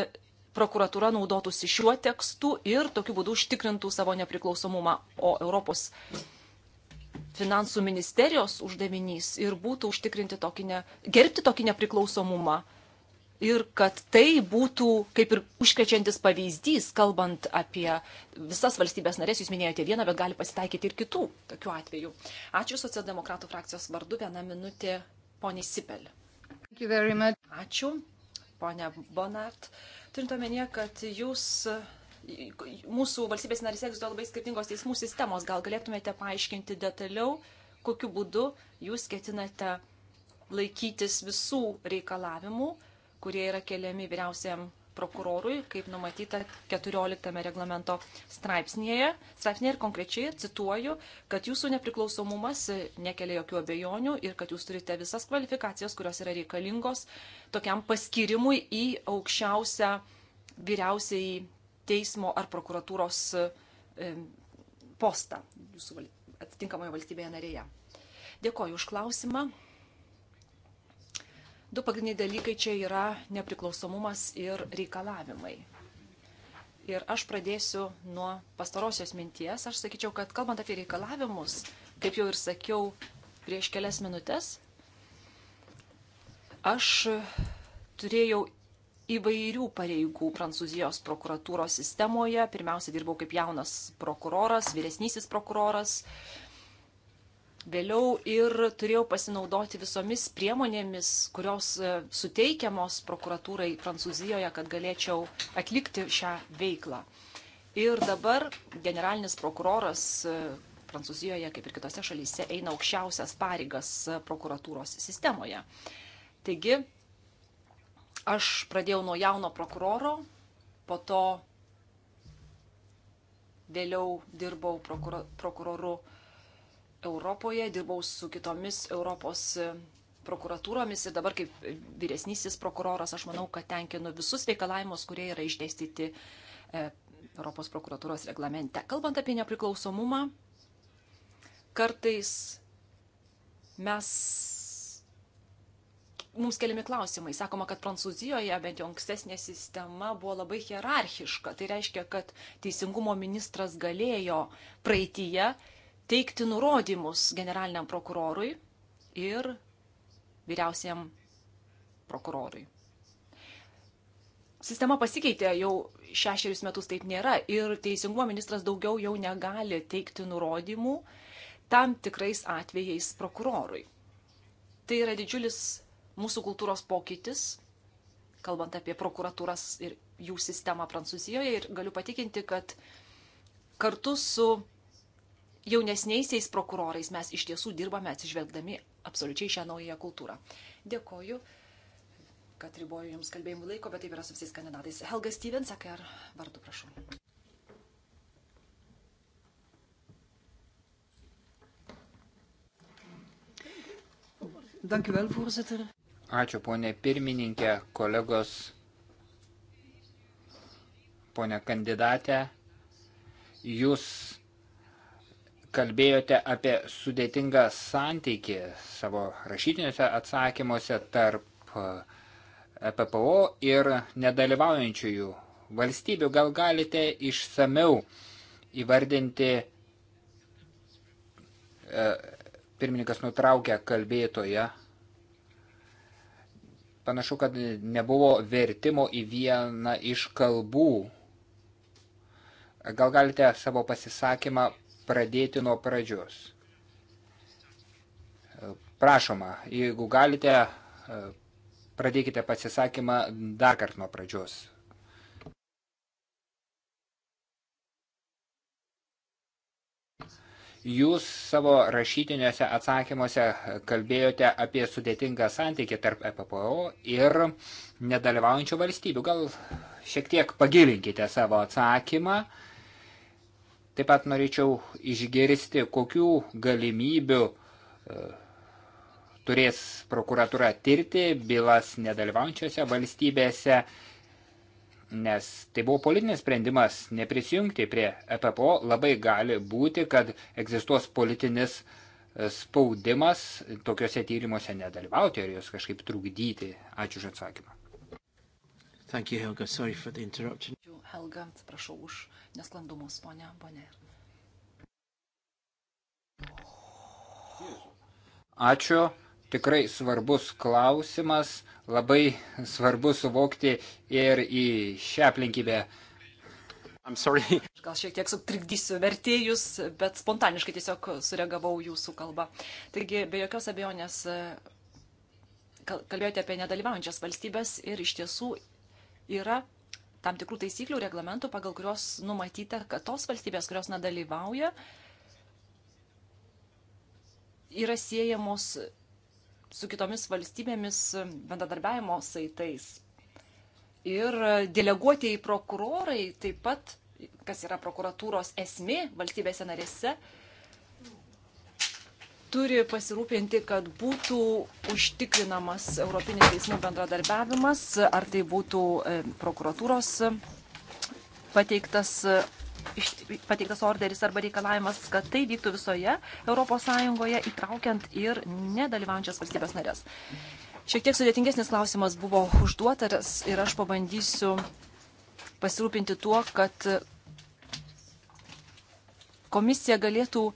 prokuratūra naudotųsi šiuo tekstu ir tokiu būdu užtikrintų savo nepriklausomumą. O Europos finansų ministerijos uždavinys ir būtų užtikrinti tokį ne, gerbti tokį nepriklausomumą ir kad tai būtų kaip ir užkrečiantis pavyzdys, kalbant apie visas valstybės narės, jūs minėjote vieną, bet gali pasitaikyti ir kitų tokių atvejų. Ačiū Socialdemokratų frakcijos vardu, vieną minutę, poniai Sipel. Ačiū, ponia Bonart. Turint omenyje, kad jūs mūsų valstybės narėse egzistuoja labai skirtingos teismų sistemos, gal galėtumėte paaiškinti detaliau, kokiu būdu jūs ketinate laikytis visų reikalavimų kurie yra keliami vyriausiam prokurorui, kaip numatyta 14 reglamento straipsnėje. Straipsnėje ir konkrečiai cituoju, kad jūsų nepriklausomumas nekelia jokių abejonių ir kad jūs turite visas kvalifikacijas, kurios yra reikalingos tokiam paskirimui į aukščiausią vyriausiai teismo ar prokuratūros postą jūsų atitinkamoje valstybėje narėje. Dėkoju už klausimą. Du pagrindiniai dalykai čia yra nepriklausomumas ir reikalavimai. Ir aš pradėsiu nuo pastarosios minties. Aš sakyčiau, kad kalbant apie reikalavimus, kaip jau ir sakiau prieš kelias minutės, aš turėjau įvairių pareigų Prancūzijos prokuratūros sistemoje. Pirmiausia, dirbau kaip jaunas prokuroras, vyresnysis prokuroras, vėliau ir turėjau pasinaudoti visomis priemonėmis, kurios e, suteikiamos prokuratūrai Prancūzijoje, kad galėčiau atlikti šią veiklą. Ir dabar generalinis prokuroras e, Prancūzijoje, kaip ir kitose šalyse, eina aukščiausias pareigas e, prokuratūros sistemoje. Taigi, aš pradėjau nuo jauno prokuroro, po to vėliau dirbau prokuro, prokuroru Europoje, dirbau su kitomis Europos prokuratūromis ir dabar kaip vyresnysis prokuroras aš manau, kad tenkinu visus reikalavimus, kurie yra išdėstyti e, Europos prokuratūros reglamente. Kalbant apie nepriklausomumą, kartais mes mums keliami klausimai. Sakoma, kad Prancūzijoje bent jau ankstesnė sistema buvo labai hierarchiška. Tai reiškia, kad teisingumo ministras galėjo praeitįje teikti nurodymus generaliniam prokurorui ir vyriausiam prokurorui. Sistema pasikeitė, jau šešerius metus taip nėra ir teisingumo ministras daugiau jau negali teikti nurodymų tam tikrais atvejais prokurorui. Tai yra didžiulis mūsų kultūros pokytis, kalbant apie prokuratūras ir jų sistemą Prancūzijoje ir galiu patikinti, kad kartu su jaunesniaisiais prokurorais mes iš tiesų dirbame atsižvelgdami absoliučiai šią naują kultūrą. Dėkoju, kad riboju Jums kalbėjimų laiko, bet taip yra su visais kandidatais. Helga Stevens, sakė, ar vardu prašau. Dank u wel, voorzitter. Ačiū, ponė pirmininkė, kolegos, ponė kandidatė. Jūs kalbėjote apie sudėtingą santykį savo rašytiniuose atsakymuose tarp EPPO ir nedalyvaujančiųjų valstybių. Gal galite išsameu įvardinti, e, pirmininkas nutraukia kalbėtoje, panašu, kad nebuvo vertimo į vieną iš kalbų. Gal galite savo pasisakymą pradėti nuo pradžios. Prašoma, jeigu galite, pradėkite pasisakymą dar kart nuo pradžios. Jūs savo rašytiniuose atsakymuose kalbėjote apie sudėtingą santykį tarp EPPO ir nedalyvaujančių valstybių. Gal šiek tiek pagilinkite savo atsakymą. Uh, Taip pat norėčiau išgirsti, kokių galimybių e, turės prokuratūra tirti bylas nedalyvaujančiose valstybėse, nes tai buvo politinis sprendimas neprisijungti prie EPPO, labai gali būti, kad egzistuos politinis e, spaudimas tokiuose tyrimuose nedalyvauti ar jūs kažkaip trukdyti. Ačiū už atsakymą. Thank you, Helga. Sorry for the interruption. Helga, atsiprašau už nesklandumus, ponia Bonė. Ačiū. Tikrai svarbus klausimas. Labai svarbu suvokti ir į šią aplinkybę. Gal šiek tiek sutrikdysiu vertėjus, bet spontaniškai tiesiog sureagavau jūsų kalbą. Taigi, be jokios abejonės, kalbėjote apie nedalyvaujančias valstybės ir iš tiesų yra tam tikrų taisyklių, reglamentų, pagal kurios numatyta, kad tos valstybės, kurios nedalyvauja, yra siejamos su kitomis valstybėmis bendradarbiavimo saitais. Ir deleguotieji prokurorai taip pat, kas yra prokuratūros esmė valstybėse narėse, turi pasirūpinti, kad būtų užtikrinamas Europinis teismų bendradarbiavimas, ar tai būtų e, prokuratūros e, pateiktas, e, pateiktas orderis arba reikalavimas, kad tai vyktų visoje ES, įtraukiant ir nedalyvaujančias valstybės narės. Šiek tiek sudėtingesnis klausimas buvo užduotas ir aš pabandysiu pasirūpinti tuo, kad komisija galėtų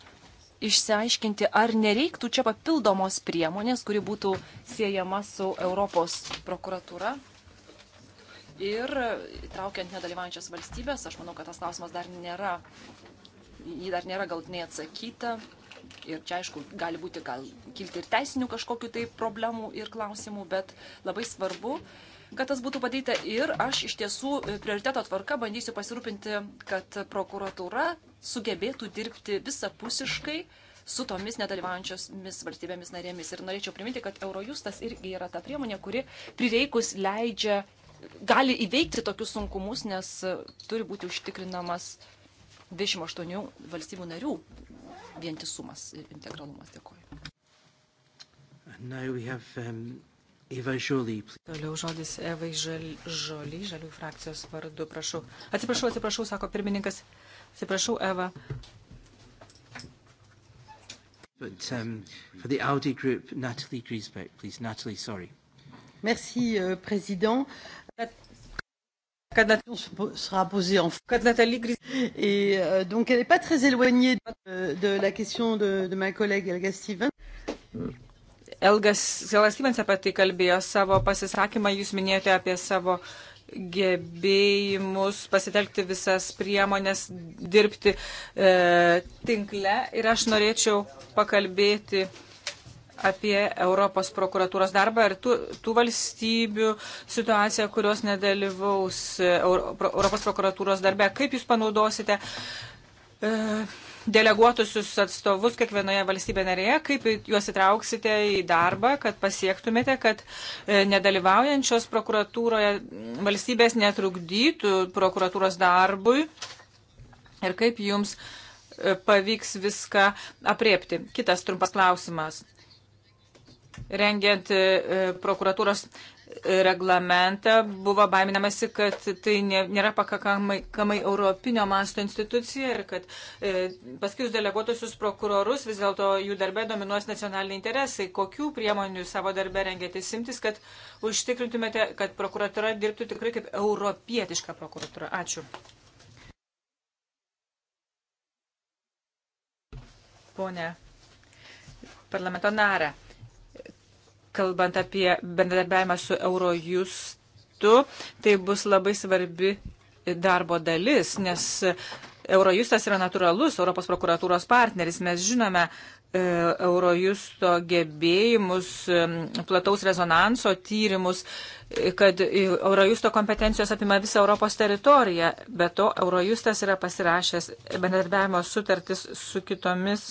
išsiaiškinti, ar nereiktų čia papildomos priemonės, kuri būtų siejama su Europos prokuratūra. Ir traukiant nedalyvaujančias valstybės, aš manau, kad tas klausimas dar nėra, jį dar nėra galtinai atsakyta. Ir čia, aišku, gali būti gal kilti ir teisinių kažkokiu tai problemų ir klausimų, bet labai svarbu, uh, kad tas būtų padaryta ir aš iš tiesų e, prioriteto tvarka bandysiu pasirūpinti, kad prokuratūra sugebėtų dirbti visapusiškai su tomis nedalyvaujančiomis valstybėmis narėmis. Ir norėčiau priminti, kad Eurojustas irgi yra ta priemonė, kuri prireikus leidžia, gali įveikti tokius sunkumus, nes e, turi būti užtikrinamas 28 valstybių narių vientisumas ir integralumas. Dėkuoju. Have, um, Žoly, Toliau žodis Evai Žaly, žali, Žalių frakcijos vardu, prašau. Atsiprašau, atsiprašau, sako pirmininkas. Atsiprašau, Eva. But um, for the Audi group, Natalie Griesbeck, please. Natalie, sorry. Merci, euh, Président. Kad, Nat sera posée en... Kad Nathalie Griesbeck. Et euh, donc, elle n'est pas très éloignée de, de la question de, de ma collègue Elga Steven. Mm. Elgas Selastyvens apie tai kalbėjo savo pasisakymą, jūs minėjote apie savo gebėjimus pasitelkti visas priemonės, dirbti e, tinkle. Ir aš norėčiau pakalbėti apie Europos prokuratūros darbą ir tų, tų valstybių situaciją, kurios nedalyvaus e, Europos prokuratūros darbe. Kaip jūs panaudosite e, deleguotusius atstovus kiekvienoje valstybė narėje, kaip juos įtrauksite į darbą, kad pasiektumėte, kad e, nedalyvaujančios prokuratūroje valstybės netrukdytų prokuratūros darbui ir kaip jums e, pavyks viską apriepti. Kitas trumpas klausimas. Rengiant e, prokuratūros reglamentą, buvo baiminamasi, kad tai nėra pakankamai europinio masto institucija ir kad e, paskirius deleguotusius prokurorus vis dėlto jų darbė dominuos nacionaliniai interesai. Kokių priemonių savo darbę rengėte simtis, kad užtikrintumėte, kad prokuratura dirbtų tikrai kaip europietiška prokuratura? Ačiū. Pone parlamento narę kalbant apie bendradarbiavimą su Eurojustu, tai bus labai svarbi darbo dalis, nes Eurojustas yra natūralus Europos prokuratūros partneris. Mes žinome e, Eurojusto gebėjimus, e, plataus rezonanso tyrimus, e, kad Eurojusto kompetencijos apima visą Europos teritoriją. Be to, Eurojustas yra pasirašęs bendradarbiavimo sutartis su kitomis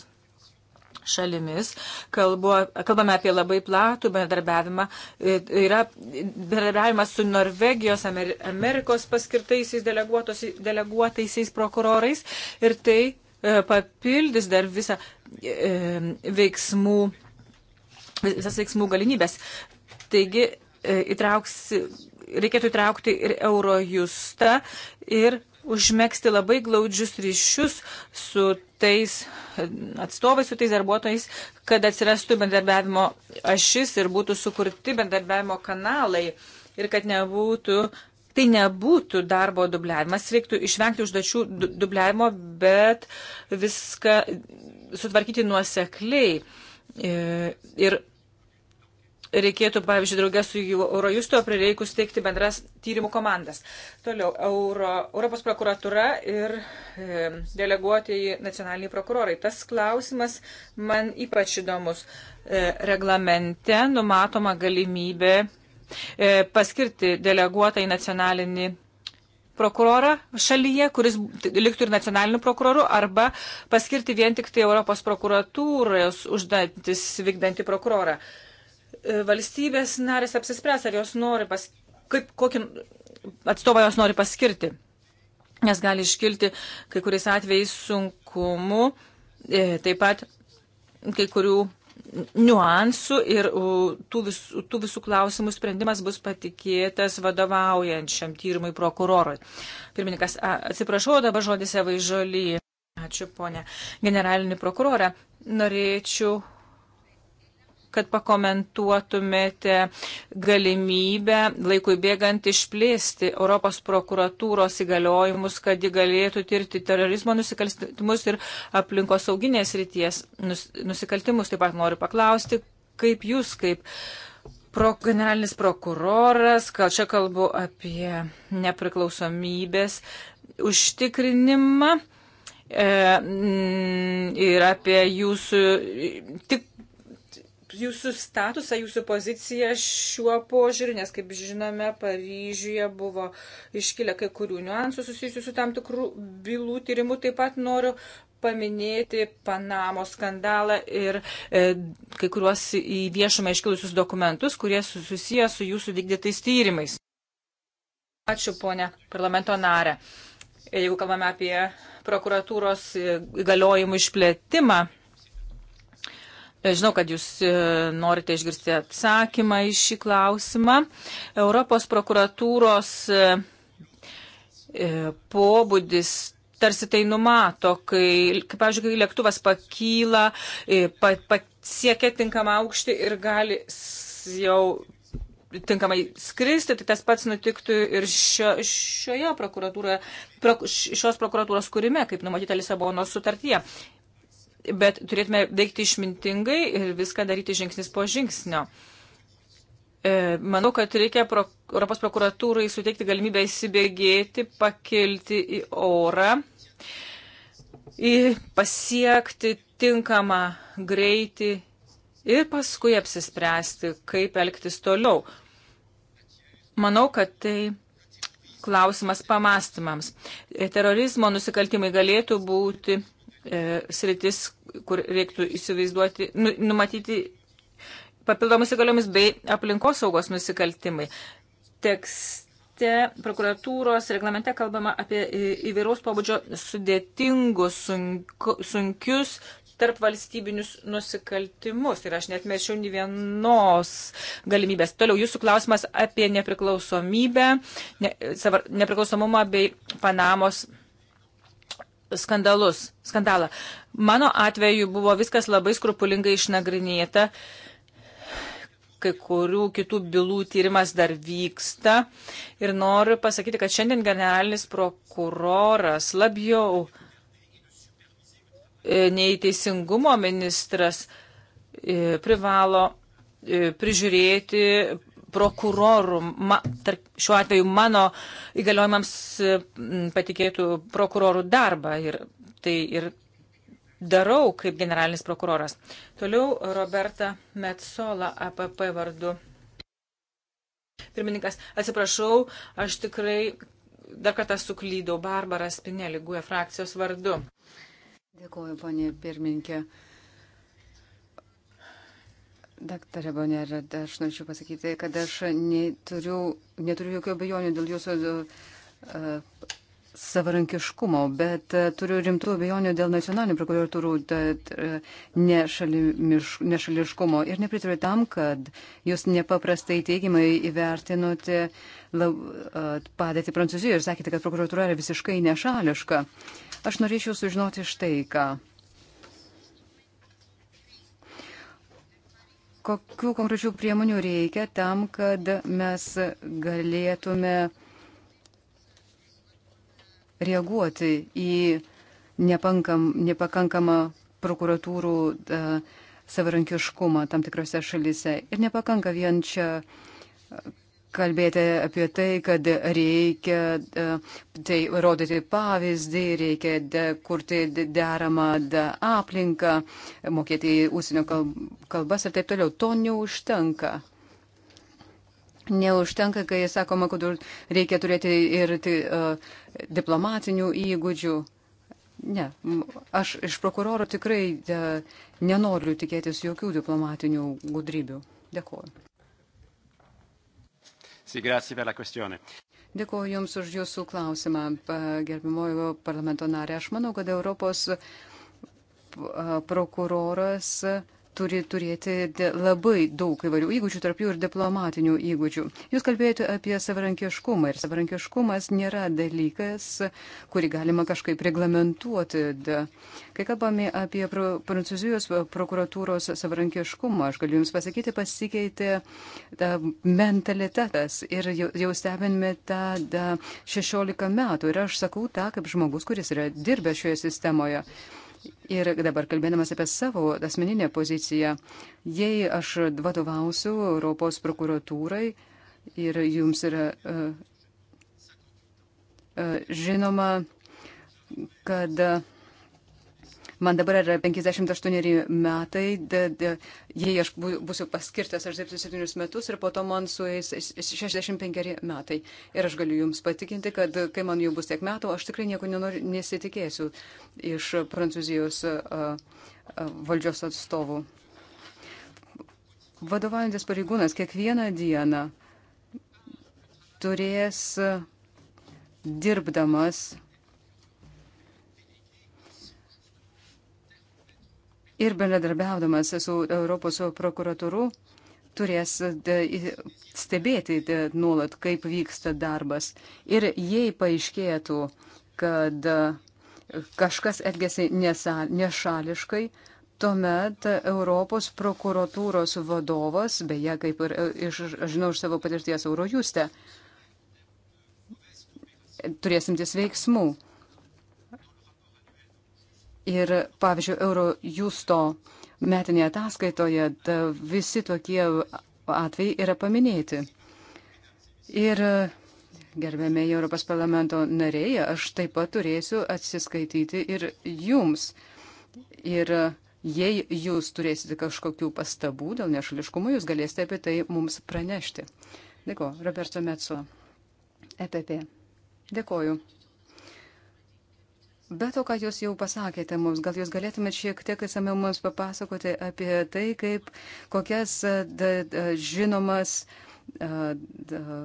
šalimis, kalbu, kalbame apie labai platų bendradarbiavimą, e, yra bendradarbiavimas su Norvegijos, Amerikos paskirtaisiais deleguotaisiais prokurorais ir tai e, papildys dar visą e, veiksmų, visas veiksmų galimybės. Taigi, įtrauks, reikėtų įtraukti ir Eurojustą, ir užmėgsti labai glaudžius ryšius su tais atstovais, su tais darbuotojais, kad atsirastų bendarbiavimo ašis ir būtų sukurti bendarbiavimo kanalai ir kad nebūtų, tai nebūtų darbo dubliavimas, reiktų išvengti užduočių dubliavimo, bet viską sutvarkyti nuosekliai. E, ir reikėtų, pavyzdžiui, draugė su jų Eurojusto prireikus teikti bendras tyrimų komandas. Toliau, Euro, Europos prokuratura ir e, deleguotieji nacionaliniai prokurorai. Tas klausimas man ypač įdomus. E, reglamente numatoma galimybė e, paskirti deleguotą į nacionalinį prokurorą šalyje, kuris liktų ir nacionaliniu prokuroru, arba paskirti vien tik tai Europos prokuratūros uždantis vykdantį prokurorą. E, E, valstybės narės apsispręs, ar jos nori, pas, kaip, kokį atstovą jos nori paskirti. Nes gali iškilti kai kuriais atvejais sunkumų, e, taip pat kai kurių niuansų ir tų visų, tų visų klausimų sprendimas bus patikėtas vadovaujančiam tyrimui prokurorui. Pirmininkas, a, atsiprašau, dabar žodis Evai Žoly. Ačiū, ponė. Generalinį prokurorą norėčiau kad pakomentuotumėte galimybę laikui bėgant išplėsti Europos prokuratūros įgaliojimus, kad ji galėtų tirti terorizmo nusikaltimus ir aplinkos sauginės ryties nusikaltimus. Taip pat noriu paklausti, kaip jūs, kaip pro, generalinis prokuroras, gal čia kalbu apie nepriklausomybės užtikrinimą e, ir apie jūsų tik jūsų statusą, jūsų poziciją šiuo požiūriu, nes, kaip žinome, Paryžiuje buvo iškilę kai kurių niuansų susijusių su tam tikrų bylų tyrimu. Taip pat noriu paminėti Panamo skandalą ir e, kai kuriuos į viešumą iškilusius dokumentus, kurie susiję su jūsų vykdytais tyrimais. Ačiū, ponė parlamento narė. E, jeigu kalbame apie prokuratūros e, įgaliojimų išplėtimą, E, žinau, kad jūs e, norite išgirsti atsakymą į šį klausimą. Europos prokuratūros e, pobūdis tarsi tai numato, kai, kaip, pavyzdžiui, kai lėktuvas pakyla, pasiekia pa, tinkamą aukštį ir gali jau tinkamai skristi, tai tas pats nutiktų ir šio, šioje prokuratūroje, pro, šios prokuratūros kūrime, kaip numatyta Lisabono sutartyje bet turėtume veikti išmintingai ir viską daryti žingsnis po žingsnio. E, manau, kad reikia pro, Europos prokuratūrai suteikti galimybę įsibėgėti, pakilti į orą, į pasiekti tinkamą greitį ir paskui apsispręsti, kaip elgtis toliau. Manau, kad tai klausimas pamastymams. E, terorizmo nusikaltimai galėtų būti E, sritis, kur reiktų įsivaizduoti, nu, numatyti papildomus įgaliomis bei aplinkosaugos nusikaltimai. Tekste prokuratūros reglamente kalbama apie įvairaus pobūdžio sudėtingus, sunku, sunkius tarp valstybinius nusikaltimus. Ir aš net mečiau nei vienos galimybės. Toliau jūsų klausimas apie nepriklausomybę, ne, savar, nepriklausomumą bei Panamos skandalus, skandalą. Mano atveju buvo viskas labai skrupulingai išnagrinėta, kai kurių kitų bylų tyrimas dar vyksta. Ir noriu pasakyti, kad šiandien generalinis prokuroras labiau e, nei teisingumo ministras e, privalo e, prižiūrėti prokurorų, ma, tarp, šiuo atveju mano įgaliojimams e, patikėtų prokurorų darbą ir tai ir darau kaip generalinis prokuroras. Toliau Roberta Metsola APP vardu. Pirmininkas, atsiprašau, aš tikrai dar kartą suklydau Barbara Spinelį, GUE frakcijos vardu. Dėkuoju, ponė pirmininkė. Uh, Daktarė Boner, aš norėčiau pasakyti, kad aš neturiu, neturiu jokių abejonių dėl jūsų uh, savarankiškumo, bet uh, turiu rimtų abejonių dėl nacionalinių prokuratūrų uh, nešališkumo ir nepritariu tam, kad jūs nepaprastai teigiamai įvertinote lab, uh, padėtį Prancūzijoje ir sakėte, kad prokuratūra yra visiškai nešališka. Aš norėčiau sužinoti štai ką. Uh, kokių konkrečių priemonių reikia tam, kad mes galėtume reaguoti į nepankam, nepakankamą prokuratūrų uh, savarankiškumą tam tikrose šalise. Ir nepakanka vien čia kalbėti apie tai, kad reikia e, tai rodyti pavyzdį, reikia de, kurti deramą de aplinką, mokėti ūsienio kalbas ir taip toliau. To neužtenka. Neužtenka, kai sakoma, kad reikia turėti ir uh, diplomatinių įgūdžių. Ne, aš iš prokuroro tikrai uh, nenoriu tikėtis jokių diplomatinių gudrybių. Dėkuoju. Grazie, grazie per la questione. Dėkuoju Jums už Jūsų klausimą, gerbimojo parlamento narė. Aš manau, kad Europos prokuroras turi turėti labai daug įvairių įgūdžių, tarp jų ir diplomatinių įgūdžių. Jūs kalbėjote apie savarankiškumą ir savarankiškumas nėra dalykas, kurį galima kažkaip reglamentuoti. Kai kalbame apie Prancūzijos prokuratūros savarankiškumą, aš galiu Jums pasakyti, pasikeitė mentalitetas ir jau, jau stebinime tą 16 metų ir aš sakau tą kaip žmogus, kuris yra dirbęs šioje sistemoje. Ir dabar kalbėdamas apie savo asmeninę poziciją, jei aš vadovausiu Europos prokuratūrai ir jums yra uh, uh, žinoma, kad uh, Man dabar yra 58 metai, de, de, jei aš būsiu paskirtas, aš dirbsiu 7 metus ir po to man suės 65 metai. Ir aš galiu Jums patikinti, kad kai man jau bus tiek metų, aš tikrai nieko nenoriu, nesitikėsiu iš Prancūzijos uh, uh, valdžios atstovų. Vadovaujantis pareigūnas kiekvieną dieną turės dirbdamas ir bendradarbiaudamas su Europos prokuratūru turės e, stebėti e, nuolat, kaip vyksta darbas. Ir jei paaiškėtų, kad e, kažkas elgesi nešališkai, tuomet Europos prokuratūros vadovas, beje, kaip ir iš, žinau iš savo patirties Eurojuste, turėsimtis veiksmų. Ir, pavyzdžiui, Eurojusto metinėje ataskaitoje da, visi tokie atvejai yra paminėti. Ir gerbėmiai Europos parlamento nariai, aš taip pat turėsiu atsiskaityti ir jums. Ir jei jūs turėsite kažkokių pastabų dėl nešališkumo, jūs galėsite apie tai mums pranešti. Dėkuoju, Roberto Metso, EPP. Dėkuoju. Be to, ką jūs jau pasakėte mums, gal jūs galėtumėte šiek tiek įsamiau mums papasakoti apie tai, kaip kokias da, da, žinomas da,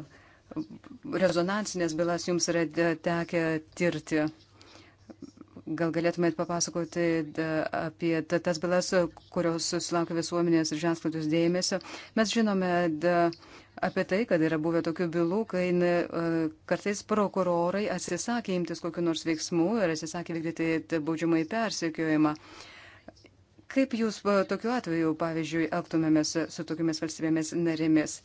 rezonansinės bylas jums yra tekę tirti. Gal galėtumėt papasakoti apie tas bylas, kurios susilaukia visuomenės ir žiniasklaidos dėmesio. Mes žinome, da, apie tai, kad yra buvę tokių bylų, kai e, kartais prokurorai atsisakė imtis kokiu nors veiksmu ir atsisakė vykdyti baudžiamai persekiojimą. Kaip jūs e, tokiu atveju, pavyzdžiui, elgtumėmės su tokiamis valstybėmis narėmis?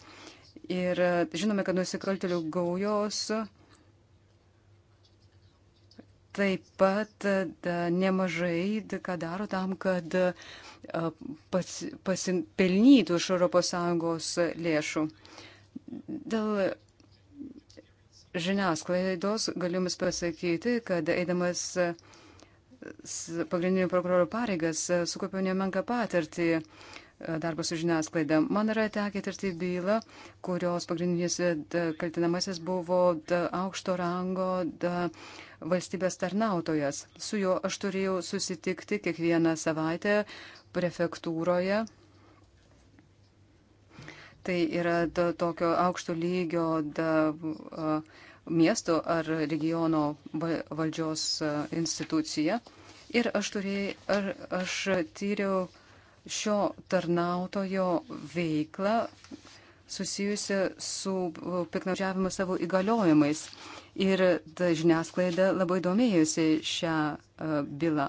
Ir e, žinome, kad nusikaltelių gaujos. Uh, taip pat da, nemažai, da, ką daro tam, kad pas, pasipelnytų iš ES lėšų. Dėl žiniasklaidos galiu Jums pasakyti, kad eidamas pagrindinių prokurorų pareigas sukaupiau nemenką patirtį darbas su žiniasklaida. Man yra tekę tirti bylą, kurios pagrindinis kaltinamasis buvo aukšto rango. Da, valstybės tarnautojas. Su juo aš turėjau susitikti kiekvieną savaitę prefektūroje. Tai yra da, tokio aukšto lygio da, a, miesto ar regiono valdžios a, institucija. Ir aš, turėjau, ar, aš tyriau šio tarnautojo veiklą susijusią su piknaudžiavimu savo įgaliojimais ir žiniasklaida labai domėjosi šią e, bylą.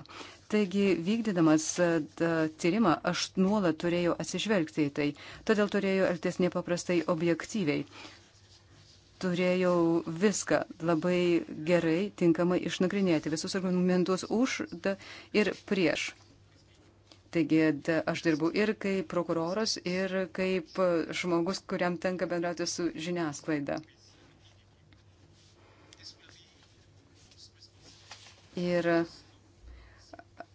Taigi, vykdydamas e, tyrimą, aš nuolat turėjau atsižvelgti į tai, todėl turėjau elgtis nepaprastai objektyviai. Turėjau viską labai gerai, tinkamai išnagrinėti, visus argumentus už ir prieš. Taigi aš dirbu ir kaip prokuroras, ir kaip žmogus, kuriam tenka bendrauti su žiniasklaida. Ir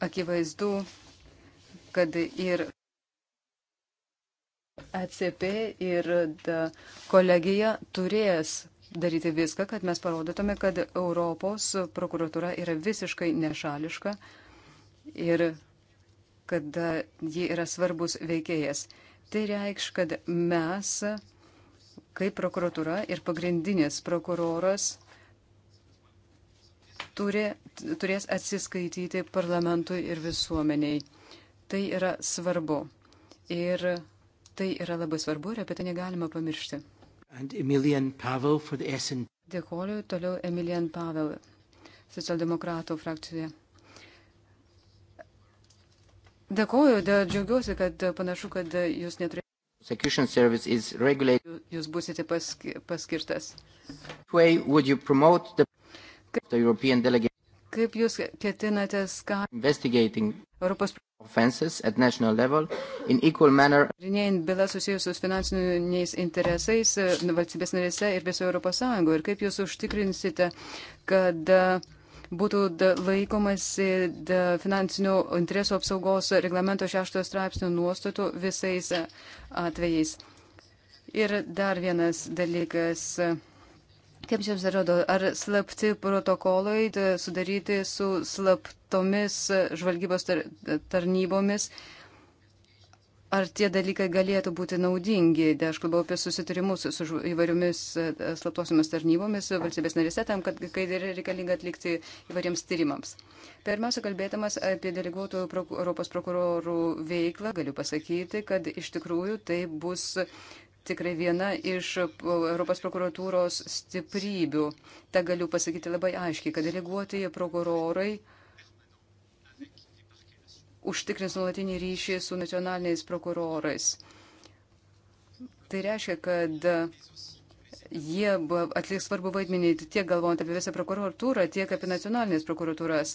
akivaizdu, kad ir ECP ir kolegija turės daryti viską, kad mes parodytume, kad Europos prokuratura yra visiškai nešališka ir kad ji yra svarbus veikėjas. Tai reikš, kad mes, kaip prokuratura ir pagrindinis prokuroras, turi, turės atsiskaityti parlamentui ir visuomeniai. Tai yra svarbu. Ir tai yra labai svarbu ir apie tai negalima pamiršti. Dėkoju toliau Emilian Pavel, socialdemokratų frakcijoje. Dėkoju, džiaugiuosi, kad panašu, kad jūs neturėjote. Jūs būsite paskirtas. The... Kaip jūs ketinate skatinti Europos Rinėjant bylas susijusius finansiniais interesais e, valstybės narėse ir visoje Europos Sąjungoje. Ir kaip jūs užtikrinsite, kad e, būtų laikomasi finansinių interesų apsaugos reglamento šeštojo straipsnio nuostatų visais e, atvejais. Ir dar vienas dalykas. Kaip jums atrodo, ar slapti protokolai e, sudaryti su slaptomis e, žvalgybos tar e, tarnybomis? Ar tie dalykai galėtų būti naudingi? De, aš kalbau apie susitarimus su įvairiomis slaptosiamis tarnybomis valstybės narėse, tam, kad kai yra reikalinga atlikti įvairiems tyrimams. Pirmiausia, kalbėdamas apie deleguotų Europos prokurorų veiklą, galiu pasakyti, kad iš tikrųjų tai bus tikrai viena iš Europos prokuratūros stiprybių. Ta galiu pasakyti labai aiškiai, kad deleguotieji prokurorai užtikrins nuolatinį ryšį su nacionaliniais prokurorais. Tai reiškia, kad jie atliks svarbu vaidmenį tiek galvojant apie visą prokuratūrą, tiek apie nacionalinės prokuratūras.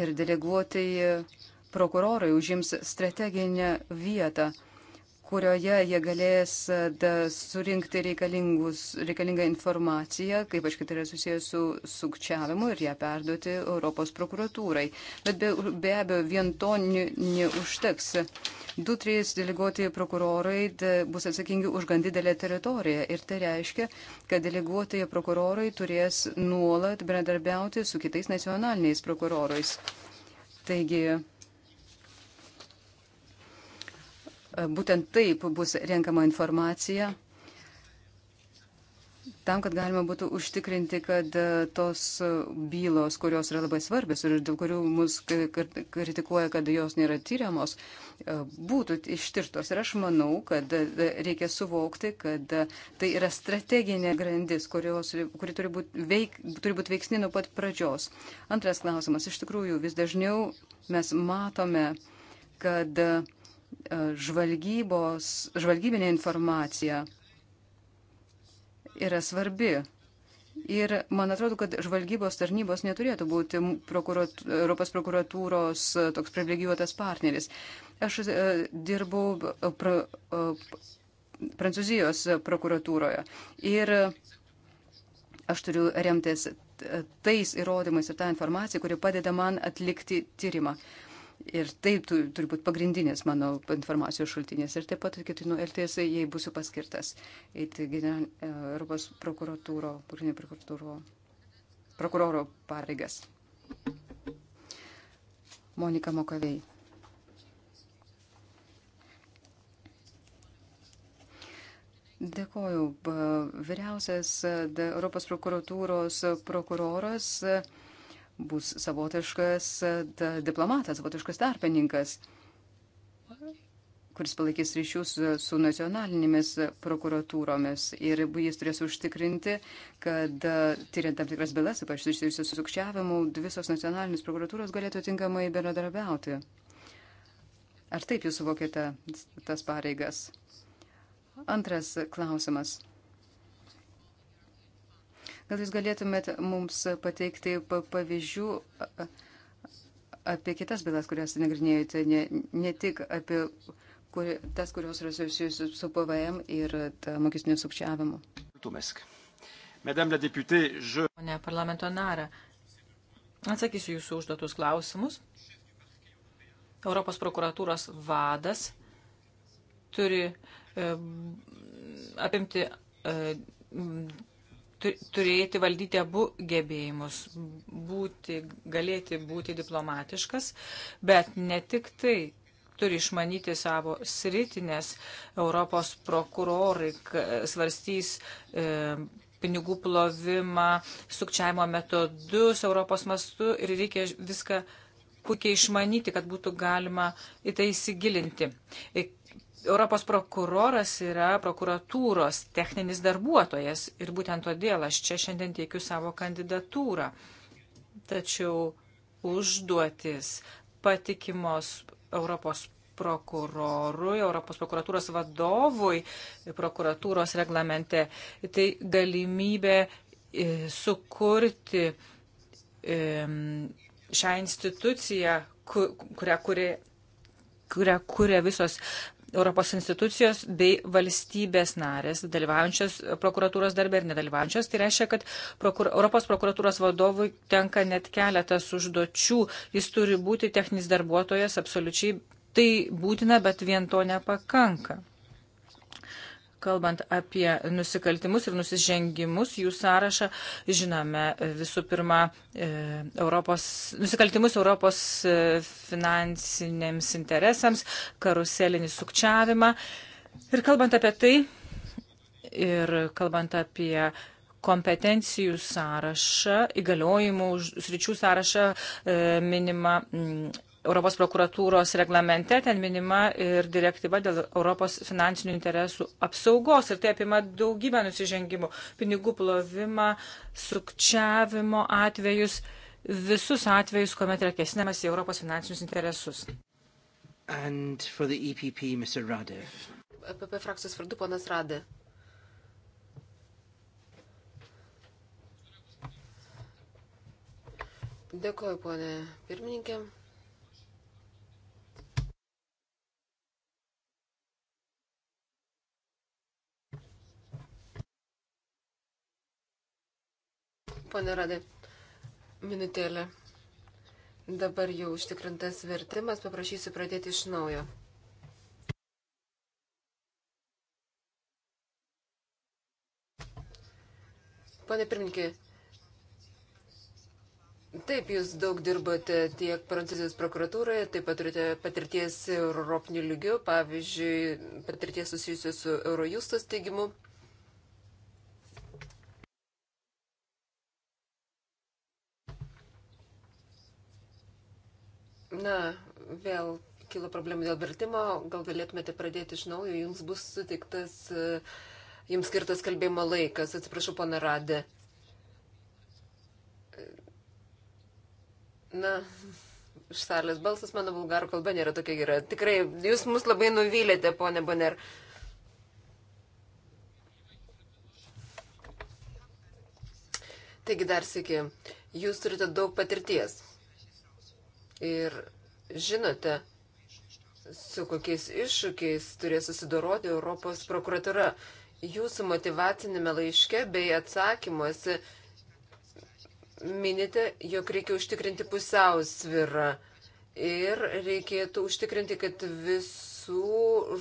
Ir deleguotai prokurorai užims strateginę vietą kurioje jie galės e, surinkti reikalingą informaciją, kaip aš kitai yra susijęs su sukčiavimu ir ją perduoti Europos prokuratūrai. Bet be, be abejo, vien to neužteks. Du, trys deleguoti prokurorai de, bus atsakingi už gan didelę teritoriją ir tai reiškia, kad deleguotieji prokurorai turės nuolat bendradarbiauti su kitais nacionaliniais prokurorais. Taigi, E, būtent taip bus renkama informacija tam, kad galima būtų užtikrinti, kad e, tos e, bylos, kurios yra labai svarbios ir dėl kurių mus kritikuoja, kad jos nėra tyriamos, būtų ištirtos. Ir aš manau, kad reikia suvokti, kad tai yra strateginė grandis, kurios, kuri turi būti veik, turi būt veiksni nuo pat pradžios. Antras klausimas. Iš tikrųjų, vis dažniau mes matome, kad uh, E, žvalgybinė informacija yra svarbi. Ir man atrodo, kad žvalgybos tarnybos neturėtų būti prokurat, Europos prokuratūros e, toks privilegijuotas partneris. Aš e, dirbau e, pra, e, Prancūzijos prokuratūroje ir aš turiu remtis tais įrodymais ir tą informaciją, kuri padeda man atlikti tyrimą. E, Ir tai turi būti pagrindinis mano informacijos šaltinis. Ir taip pat ketinu elgtis, jei būsiu paskirtas į tai e, Europos prokuratūro, prokuratūro, prokuroro pareigas. Monika Mokavei. Dėkoju. Vyriausias Europos prokuratūros prokuroras. prokuroras bus savotiškas e, diplomatas, savotiškas tarpininkas, kuris palaikys ryšius su nacionalinėmis prokuratūromis. Ir jis turės užtikrinti, kad e, tyriant tam tikras bylas, ypač susijusius su sukčiavimu, visos nacionalinės prokuratūros galėtų tinkamai bendradarbiauti. Ar taip jūs suvokėte tas pareigas? Antras klausimas. Gal jūs galėtumėt mums pateikti pavyzdžių apie kitas bylas, kurias nagrinėjote, ne, ne tik apie kuri, tas, kurios yra susijusios su PVM ir mokestiniu sukčiavimu. Tumesk. Madame la députée, je. Pone parlamento narą, atsakysiu jūsų užduotus klausimus. Europos prokuratūros vadas turi e, apimti e, turėti valdyti abu gebėjimus, būti, galėti būti diplomatiškas, bet ne tik tai turi išmanyti savo sritinės Europos prokurorai, svarstys e, pinigų plovimą, sukčiavimo metodus Europos mastu ir reikia viską puikiai išmanyti, kad būtų galima į tai įsigilinti. E, Europos prokuroras yra prokuratūros techninis darbuotojas ir būtent todėl aš čia šiandien teikiu savo kandidatūrą. Tačiau užduotis patikimos Europos prokurorui, Europos prokuratūros vadovui, prokuratūros reglamente. Tai galimybė e, sukurti e, šią instituciją, kurią kuria kuria, kuria visos Europos institucijos bei valstybės narės, dalyvaujančios prokuratūros darbė ir nedalyvaujančios. Tai reiškia, kad prokur Europos prokuratūros vadovui tenka net keletas užduočių. Jis turi būti techninis darbuotojas, absoliučiai tai būtina, bet vien to nepakanka kalbant apie nusikaltimus ir nusižengimus, jų sąrašą žinome visų pirma e, Europos, nusikaltimus Europos e, finansiniams interesams, karuselinį sukčiavimą. Ir kalbant apie tai, ir kalbant apie kompetencijų sąrašą, įgaliojimų sričių sąrašą e, minima Europos prokuratūros reglamente ten minima ir direktyva dėl Europos finansinių interesų apsaugos ir tai apima daugybę nusižengimų - pinigų plovimą, sukčiavimo atvejus, visus atvejus, kuomet yra kesinamas į Europos finansinius interesus. EPP, e EPP e frakcijos vardu ponas Radė. Dėkuoju, ponė pirmininkė. Pone Radai, minutėlė. Dabar jau užtikrintas vertimas, paprašysiu pradėti iš naujo. Pane pirmininkė, Taip, jūs daug dirbote tiek Prancūzijos prokuratūroje, taip pat turite patirties europinių lygių, pavyzdžiui, patirties susijusios su Eurojustos teigimu. Na, vėl kilo problemų dėl vertimo, gal galėtumėte pradėti iš naujo, jums bus sutiktas, e, jums skirtas kalbėjimo laikas, atsiprašau, pana Radė. Na, iš salės balsas mano bulgarų kalba nėra tokia gera. Tikrai, jūs mus labai nuvylėte, ponė Boner. Taigi dar sėki, jūs turite daug patirties ir žinote, su kokiais iššūkiais turės susidoroti Europos prokuratura. Jūsų motivacinėme laiške bei atsakymuose minite, jog reikia užtikrinti pusiausvirą ir reikėtų užtikrinti, kad visų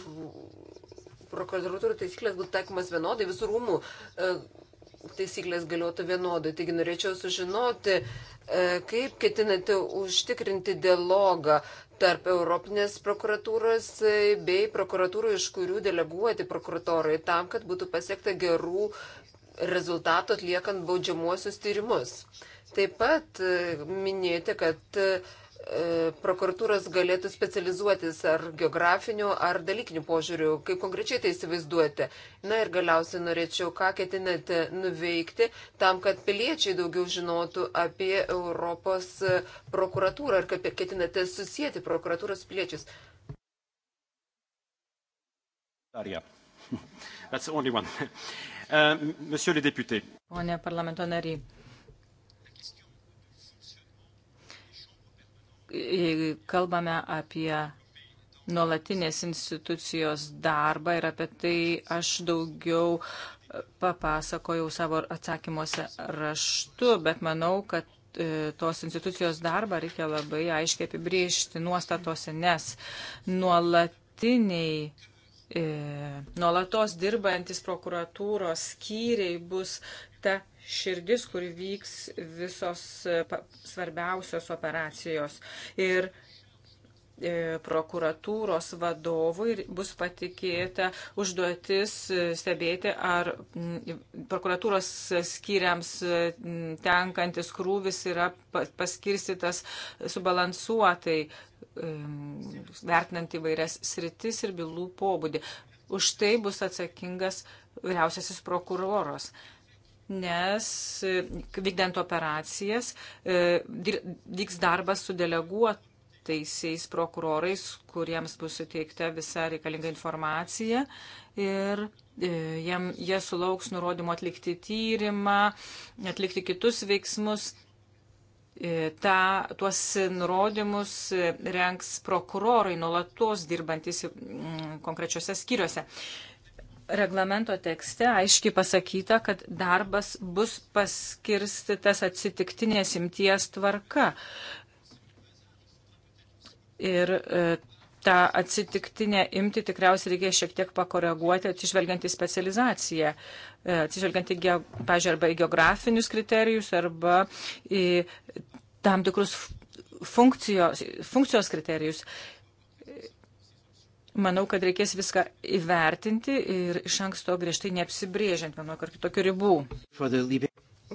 prokuratūrų taisyklės būtų taikomas vienodai, visų rūmų e, taisyklės galiotų vienodai. Taigi norėčiau sužinoti, e, kaip ketinate užtikrinti dialogą tarp Europinės prokuratūros e, bei prokuratūrų, iš kurių deleguoti prokuratorai, tam, kad būtų pasiekta gerų rezultatų atliekant baudžiamuosius tyrimus. Taip pat e, minėti, kad E, prokuratūros galėtų specializuotis ar geografiniu, ar dalykiniu požiūriu, kaip konkrečiai tai įsivaizduoti. Na ir galiausiai norėčiau, ką ketinate nuveikti tam, kad piliečiai daugiau žinotų apie Europos prokuratūrą ir kaip ketinate susijęti prokuratūros piliečius. Ar jie? That's the only one. Uh, monsieur le député. Pone parlamento nariai. kalbame apie nuolatinės institucijos darbą ir apie tai aš daugiau papasakojau savo atsakymuose raštu, bet manau, kad e, tos institucijos darbą reikia labai aiškiai apibriežti nuostatose, nes nuolatiniai, e, nuolatos dirbantis prokuratūros skyriai bus ta širdis, kur vyks visos e, svarbiausios operacijos. Ir e, prokuratūros vadovui bus patikėta užduotis e, stebėti, ar prokuratūros skyriams tenkantis krūvis yra paskirstytas subalansuotai, vertinant įvairias sritis ir bylų pobūdį. Už tai bus atsakingas vyriausiasis prokuroras nes e, vykdant operacijas e, vyks darbas su deleguotaisiais prokurorais, kuriems bus suteikta visa reikalinga informacija ir e, jiem, jie sulauks nurodymo atlikti tyrimą, atlikti kitus veiksmus. Ta, tuos nurodymus renks prokurorai nuolatos dirbantis konkrečiose skyriuose reglamento tekste aiškiai pasakyta, kad darbas bus paskirstytas atsitiktinės imties tvarka. Ir e, tą atsitiktinę imti tikriausiai reikės šiek tiek pakoreguoti, atsižvelgiant į specializaciją, e, atsižvelgiant į, pažiūrėjau, arba į geografinius kriterijus, arba į tam tikrus funkcijos, funkcijos kriterijus. E, Manau, kad reikės viską įvertinti ir iš anksto griežtai neapsibrėžiant vieno ar kitokių ribų.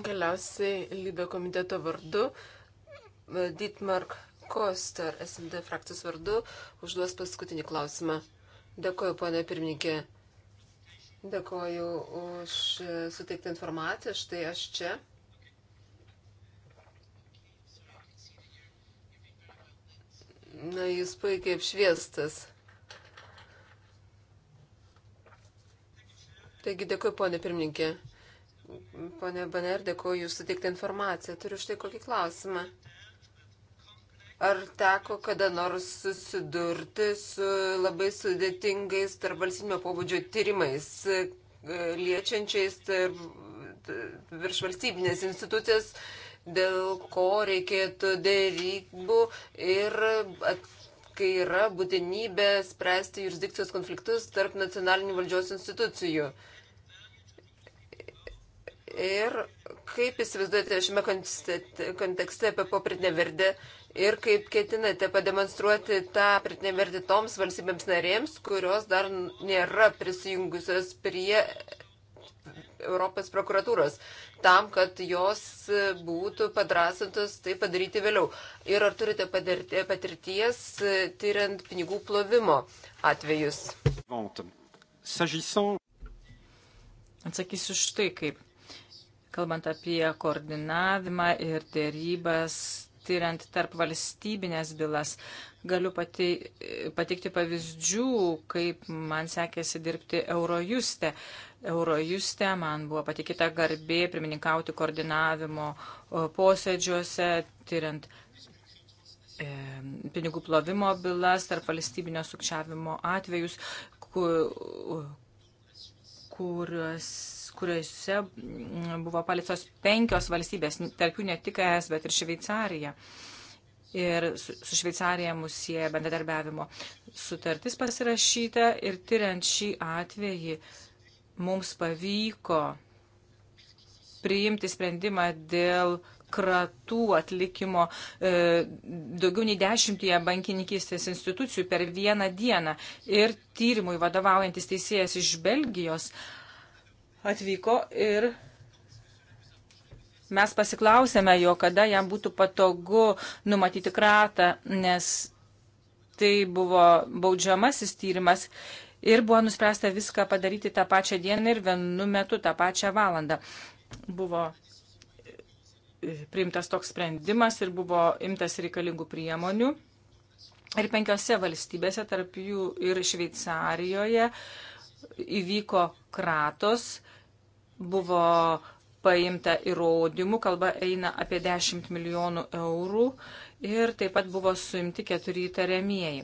Galiausiai Libė komiteto vardu e, Dietmark Koster, SMD frakcijos vardu, užduos paskutinį klausimą. Dėkuoju, ponė pirmininkė. Dėkuoju už e, suteiktą informaciją. Štai aš čia. Na, jūs puikiai apšviestas. Taigi dėkuoju, ponė pirmininkė. Pone Baner, dėkuoju jūs suteiktą informaciją. Turiu štai kokį klausimą. Ar teko kada nors susidurti su labai sudėtingais tarp valstybinio pobūdžio tyrimais, e, liečiančiais viršvalstybinės institucijas, dėl ko reikėtų dėrybų ir kai yra būtinybė spręsti jurisdikcijos konfliktus tarp nacionalinių valdžios institucijų? Ir kaip įsivaizduojate šiame kontekste apie popritinę vertę ir kaip ketinate pademonstruoti tą pritinę vertę toms valstybėms narėms, kurios dar nėra prisijungusios prie Europos prokuratūros, tam, kad jos būtų padrasintos tai padaryti vėliau. Ir ar turite patirties tyriant pinigų plovimo atvejus? Atsakysiu štai kaip kalbant apie koordinavimą ir dėrybas, tyriant tarp valstybinės bylas. Galiu pati, patikti pavyzdžių, kaip man sekėsi dirbti Eurojuste. Eurojuste man buvo patikita garbė pirmininkauti koordinavimo posėdžiuose, tyriant e, pinigų plovimo bylas, tarp valstybinio sukčiavimo atvejus, kur, kuriuos kuriuose mm, buvo paliktos penkios valstybės, tarp jų ne tik ES, bet ir Šveicarija. Ir su, su Šveicarija mus sieja bendradarbiavimo sutartis pasirašyta ir tyriant šį atvejį mums pavyko priimti sprendimą dėl kratų atlikimo e, daugiau nei dešimtyje bankininkystės institucijų per vieną dieną. Ir tyrimui vadovaujantis teisėjas iš Belgijos atvyko ir mes pasiklausėme jo, kada jam būtų patogu numatyti kratą, nes tai buvo baudžiamasis tyrimas ir buvo nuspręsta viską padaryti tą pačią dieną ir vienu metu tą pačią valandą. Buvo e, priimtas toks sprendimas ir buvo imtas reikalingų priemonių. Ir penkiose valstybėse, tarp jų ir Šveicarijoje, įvyko kratos, buvo paimta įrodymų, kalba eina apie 10 milijonų eurų ir taip pat buvo suimti keturi įtariamieji.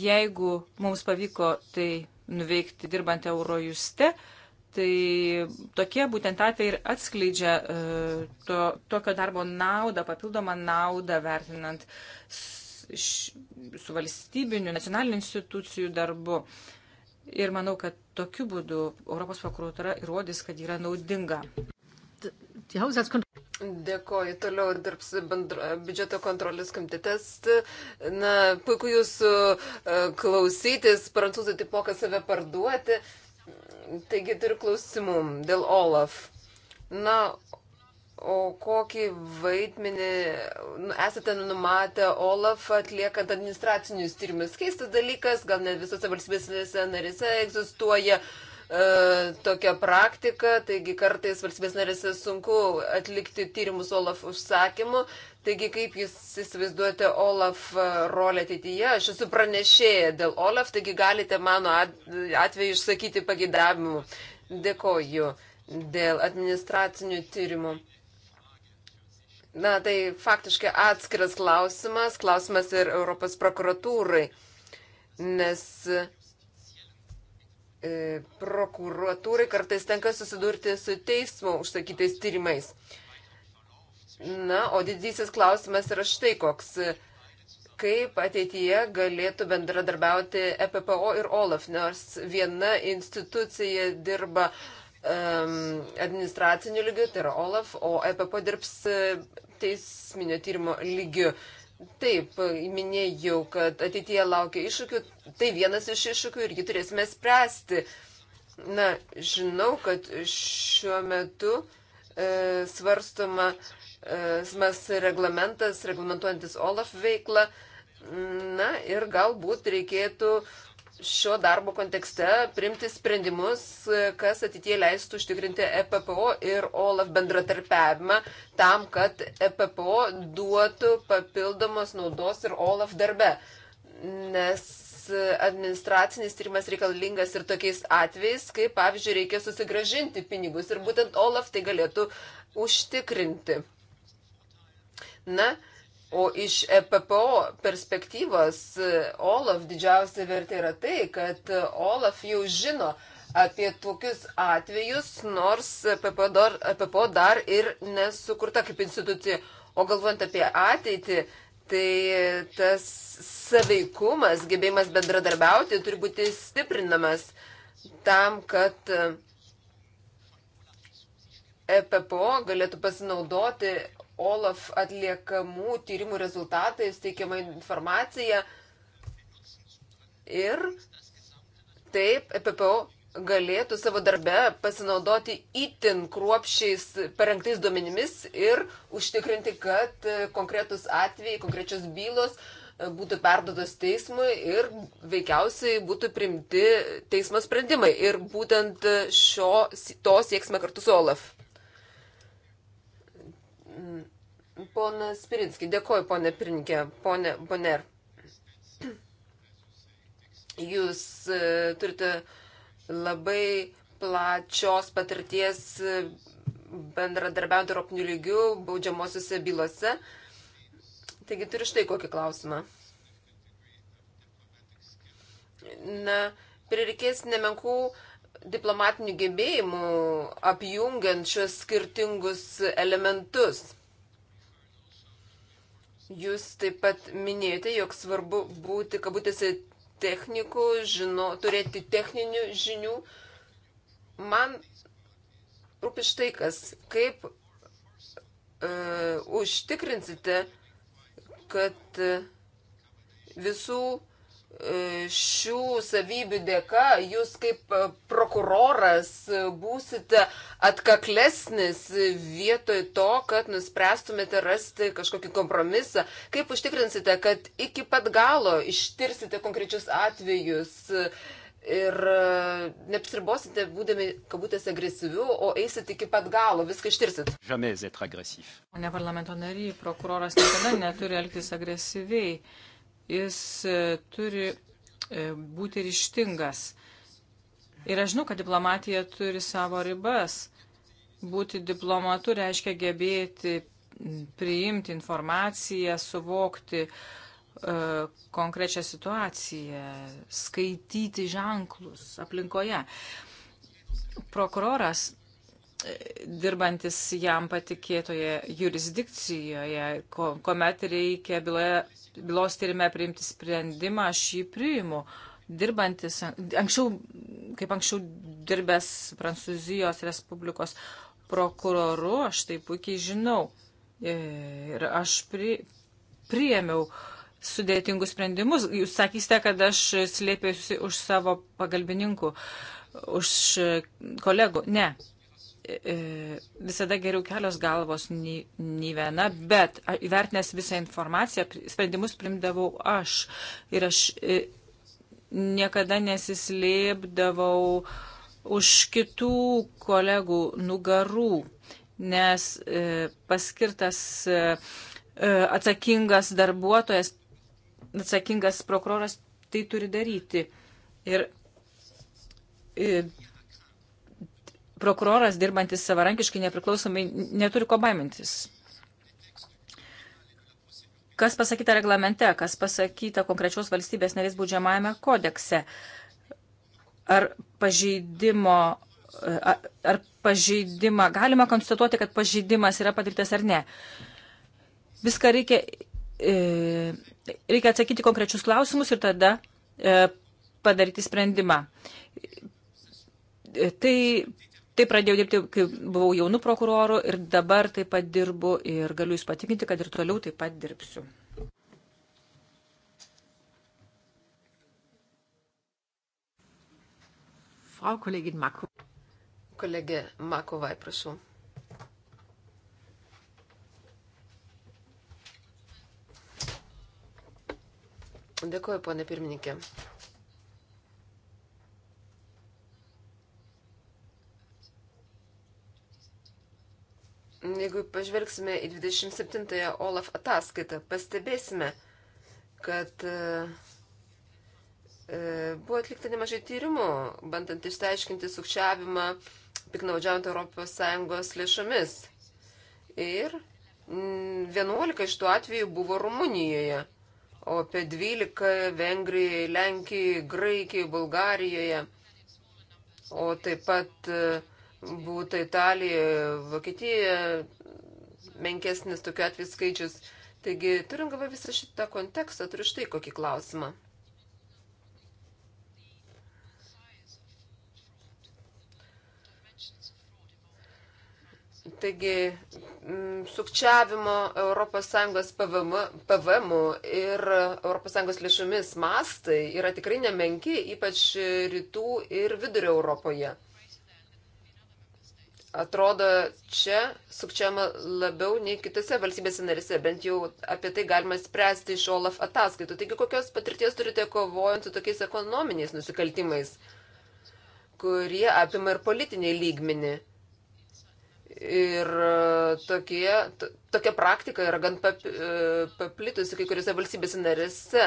Jeigu mums pavyko tai nuveikti dirbant Eurojuste, tai tokie būtent atvejai ir atskleidžia e, to, tokio darbo naudą, papildomą naudą vertinant su valstybiniu, nacionaliniu institucijų darbu. Uh, Ir manau, kad tokiu būdu Europos prokuratūra įrodys, kad yra naudinga. Dėkoju, toliau dirbs bendro, biudžeto kontrolės komitetas. Na, puiku jūsų e, klausytis, prancūzai taip moka save parduoti. Taigi turiu klausimų dėl Olaf. Na, O kokį vaidmenį nu, esate numatę Olaf atliekant administracinius tyrimus? Keistas dalykas, gal net visose valstybėse narise egzistuoja e, tokia praktika, taigi kartais valstybės narėse sunku atlikti tyrimus Olaf užsakymu. Taigi kaip jūs įsivaizduojate Olaf e, rolę ateityje? Aš esu pranešėję dėl Olaf, taigi galite mano atveju išsakyti pagidavimų. Dėkoju dėl administracinių tyrimų. Na, tai faktiškai atskiras klausimas, klausimas ir Europos prokuratūrai, nes e, prokuratūrai kartais tenka susidurti su teismo užsakytais tyrimais. Na, o didysis klausimas yra štai koks. Kaip ateityje galėtų bendradarbiauti EPPO ir OLAF, nors viena institucija dirba uh, um, administraciniu lygiu, tai yra OLAF, o EPPO dirbs e, teisminio tyrimo lygiu. Taip, minėjau, kad ateityje laukia iššūkių, tai vienas iš iššūkių ir jį turėsime spręsti. Na, žinau, kad šiuo metu e, svarstoma e, reglamentas, reglamentuojantis OLAF veiklą. Na ir galbūt reikėtų šio darbo kontekste primti sprendimus, kas ateitie leistų užtikrinti EPPO ir OLAF bendratarpiavimą tam, kad EPPO duotų papildomos naudos ir OLAF darbe. Nes administracinis tyrimas reikalingas ir tokiais atvejais, kai, pavyzdžiui, reikia susigražinti pinigus ir būtent OLAF tai galėtų užtikrinti. Na, O iš EPPO perspektyvos e, OLAF didžiausia vertė yra tai, kad e, OLAF jau žino apie tokius atvejus, nors EPPO dar, EPPO dar ir nesukurta kaip institucija. O galvojant apie ateitį, tai tas saveikumas, gebėjimas bendradarbiauti turi būti stiprinamas tam, kad EPPO e galėtų pasinaudoti OLAF atliekamų tyrimų rezultatais, teikiama informacija ir taip EPPO galėtų savo darbe pasinaudoti itin kruopšiais parengtais duomenimis ir užtikrinti, kad konkretus atvejai, konkrečios bylos būtų perdotos teismui ir veikiausiai būtų primti teismo sprendimai. Ir būtent šio, to sieksime kartu su OLAF. Ponas Pirinski, dėkoju, ponė Pirinkė, ponė Boner. Jūs e, turite labai plačios patirties e, bendradarbiauti Europinių lygių baudžiamosiuose bylose. Taigi turiu štai kokį klausimą. Na, prireikės nemenkų diplomatinių gebėjimų apjungiant šios skirtingus elementus. Jūs taip pat minėjote, jog svarbu būti, kabutėse, techniku, žino, turėti techninių žinių. Man rūpi štai kas, kaip e, užtikrinsite, kad e, visų šių savybių dėka jūs kaip e, prokuroras būsite atkaklesnis vietoj to, kad nuspręstumėte rasti kažkokį kompromisą. Kaip užtikrinsite, kad iki pat galo ištirsite konkrečius atvejus ir e, neapsiribosite būdami, kabutėse, agresyviu, o eisit iki pat galo, viską ištirsit. Jamais être agresyv. O ne parlamento nariai, prokuroras niekada neturi elgtis agresyviai jis e, turi e, būti ryštingas. Ir aš žinau, kad diplomatija turi savo ribas. Būti diplomatu reiškia gebėti priimti informaciją, suvokti uh, konkrečią situaciją, skaityti ženklus aplinkoje. Prokuroras dirbantis jam patikėtoje jurisdikcijoje, kuomet reikia byloje, bylos tyrime priimti sprendimą, aš jį priimu. Dirbantis, anksčiau, kaip anksčiau dirbęs Prancūzijos Respublikos prokuroru, aš tai puikiai žinau. E, ir aš pri, priėmiau sudėtingus sprendimus. Jūs sakysite, kad aš slėpėsiu už savo pagalbininkų, už kolegų. Ne, E, visada geriau kelios galvos nei, nei viena, bet įvertinęs visą informaciją, sprendimus primdavau aš. Ir aš e, niekada nesislėpdavau už kitų kolegų nugarų, nes e, paskirtas atsakingas darbuotojas, atsakingas prokuroras tai turi daryti. Ir prokuroras dirbantis savarankiškai nepriklausomai neturi ko baimintis. Kas pasakyta reglamente, kas pasakyta konkrečios valstybės narės būdžiamajame kodekse? Ar pažeidimo ar pažeidimą, galima konstatuoti, kad pažeidimas yra padarytas ar ne. Viską reikia, e, reikia atsakyti konkrečius klausimus ir tada e, padaryti sprendimą. E, tai Taip pradėjau dirbti, kai buvau jaunų prokurorų ir dabar taip pat dirbu ir galiu Jūs patikinti, kad ir toliau taip pat dirbsiu. Frau Kollegin Mako. Kolegė Makovai, prašau. Dėkuoju, ponė pirmininkė. Jeigu pažvelgsime į 27-ąją OLAF ataskaitą, pastebėsime, kad e, buvo atlikta nemažai tyrimų, bandant išsiaiškinti sukčiavimą, piknaudžiant ES lėšomis. Ir 11 iš tų atvejų buvo Rumunijoje, o apie 12 Vengrijoje, Lenkijoje, Graikijoje, Bulgarijoje, o taip pat uh, būta Italijoje, Vokietijoje menkesnis tokiu atveju skaičius. Taigi, turint galvoje visą šitą kontekstą, turiu štai kokį klausimą. Taigi, mm, sukčiavimo ES PVM, PVM ir ES lėšomis mastai yra tikrai nemenki, ypač rytų ir vidurio Europoje. Atrodo, čia sukčiama labiau nei kitose valstybėse narise, bent jau apie tai galima spręsti iš OLAF ataskaitų. Taigi, kokios patirties turite kovojant su tokiais ekonominiais nusikaltimais, kurie apima ir politinį lygmenį? Ir e, tokie, to, tokia praktika yra gan pap, e, paplitusi kai kuriuose valstybėse narėse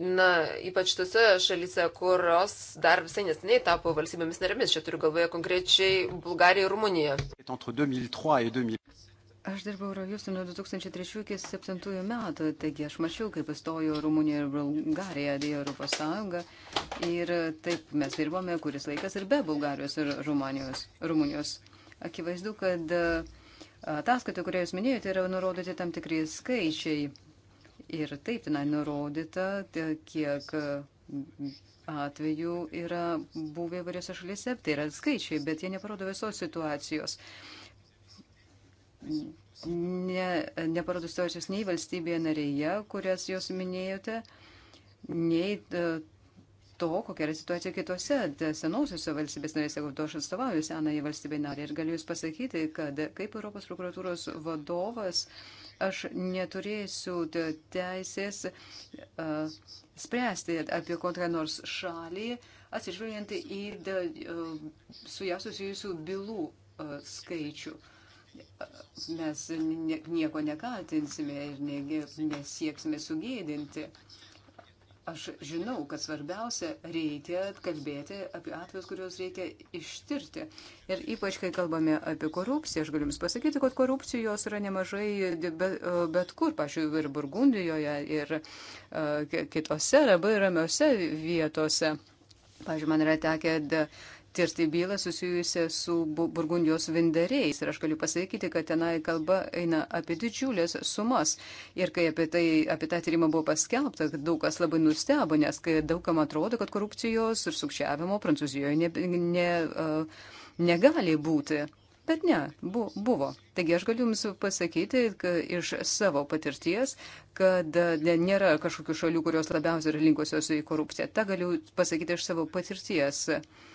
na, ypač tose šalyse, kurios dar visai nesiniai tapo valstybėmis narėmis. Čia turiu galvoje konkrečiai Bulgariją ir Rumuniją. Aš dirbau Eurojustui nuo 2003 iki 2007 metų, taigi aš mačiau, kaip įstojo Rumunija ir Bulgarija į Europos Sąjungą. Ir taip mes dirbome kuris laikas ir be Bulgarijos ir Rumunijos. Rumunijos. Akivaizdu, kad ataskaitoje, kurią jūs minėjote, yra nurodyti tam tikri skaičiai. Ir taip tenai nurodyta, tai kiek mm, atvejų yra buvę įvairiose šalyse. Tai yra skaičiai, bet jie neparodo visos situacijos. Ne, neparodo situacijos nei valstybėje narėje, kurias jūs minėjote, nei e, to, kokia yra situacija kitose senosiuose valstybės narėse, kur to aš atstovauju senąją valstybę narį. Ir galiu Jūs pasakyti, kad kaip Europos prokuratūros vadovas uh, aš neturėsiu teisės uh, spręsti apie kokią nors šalį, atsižvelgiant į uh, su ją susijusių bylų uh, skaičių. Mes nieko nekaltinsime ir nesieksime sugėdinti. Uh, Aš žinau, kad svarbiausia reikia kalbėti apie atvejus, kuriuos reikia ištirti. Ir ypač, kai kalbame apie korupciją, aš galiu Jums pasakyti, kad korupcijos yra nemažai bet, e, bet kur, pažiūrėjau, ir Burgundijoje, ir uh, kitose labai ramiose vietose. Pavyzdžiui, man yra tekę tirti bylą susijusią su Burgundijos vindariais. Ir aš galiu pasakyti, kad tenai kalba eina apie didžiulės sumas. Ir kai apie, tai, apie tą tyrimą buvo paskelbta, daug kas labai nustebo, nes daugam atrodo, kad korupcijos ir sukčiavimo Prancūzijoje ne, ne, negali būti. Bet ne, bu, buvo. Taigi aš galiu Jums pasakyti iš savo patirties, kad nėra kažkokių šalių, kurios labiausiai yra linkusios į korupciją. Ta galiu pasakyti iš savo patirties. Uh,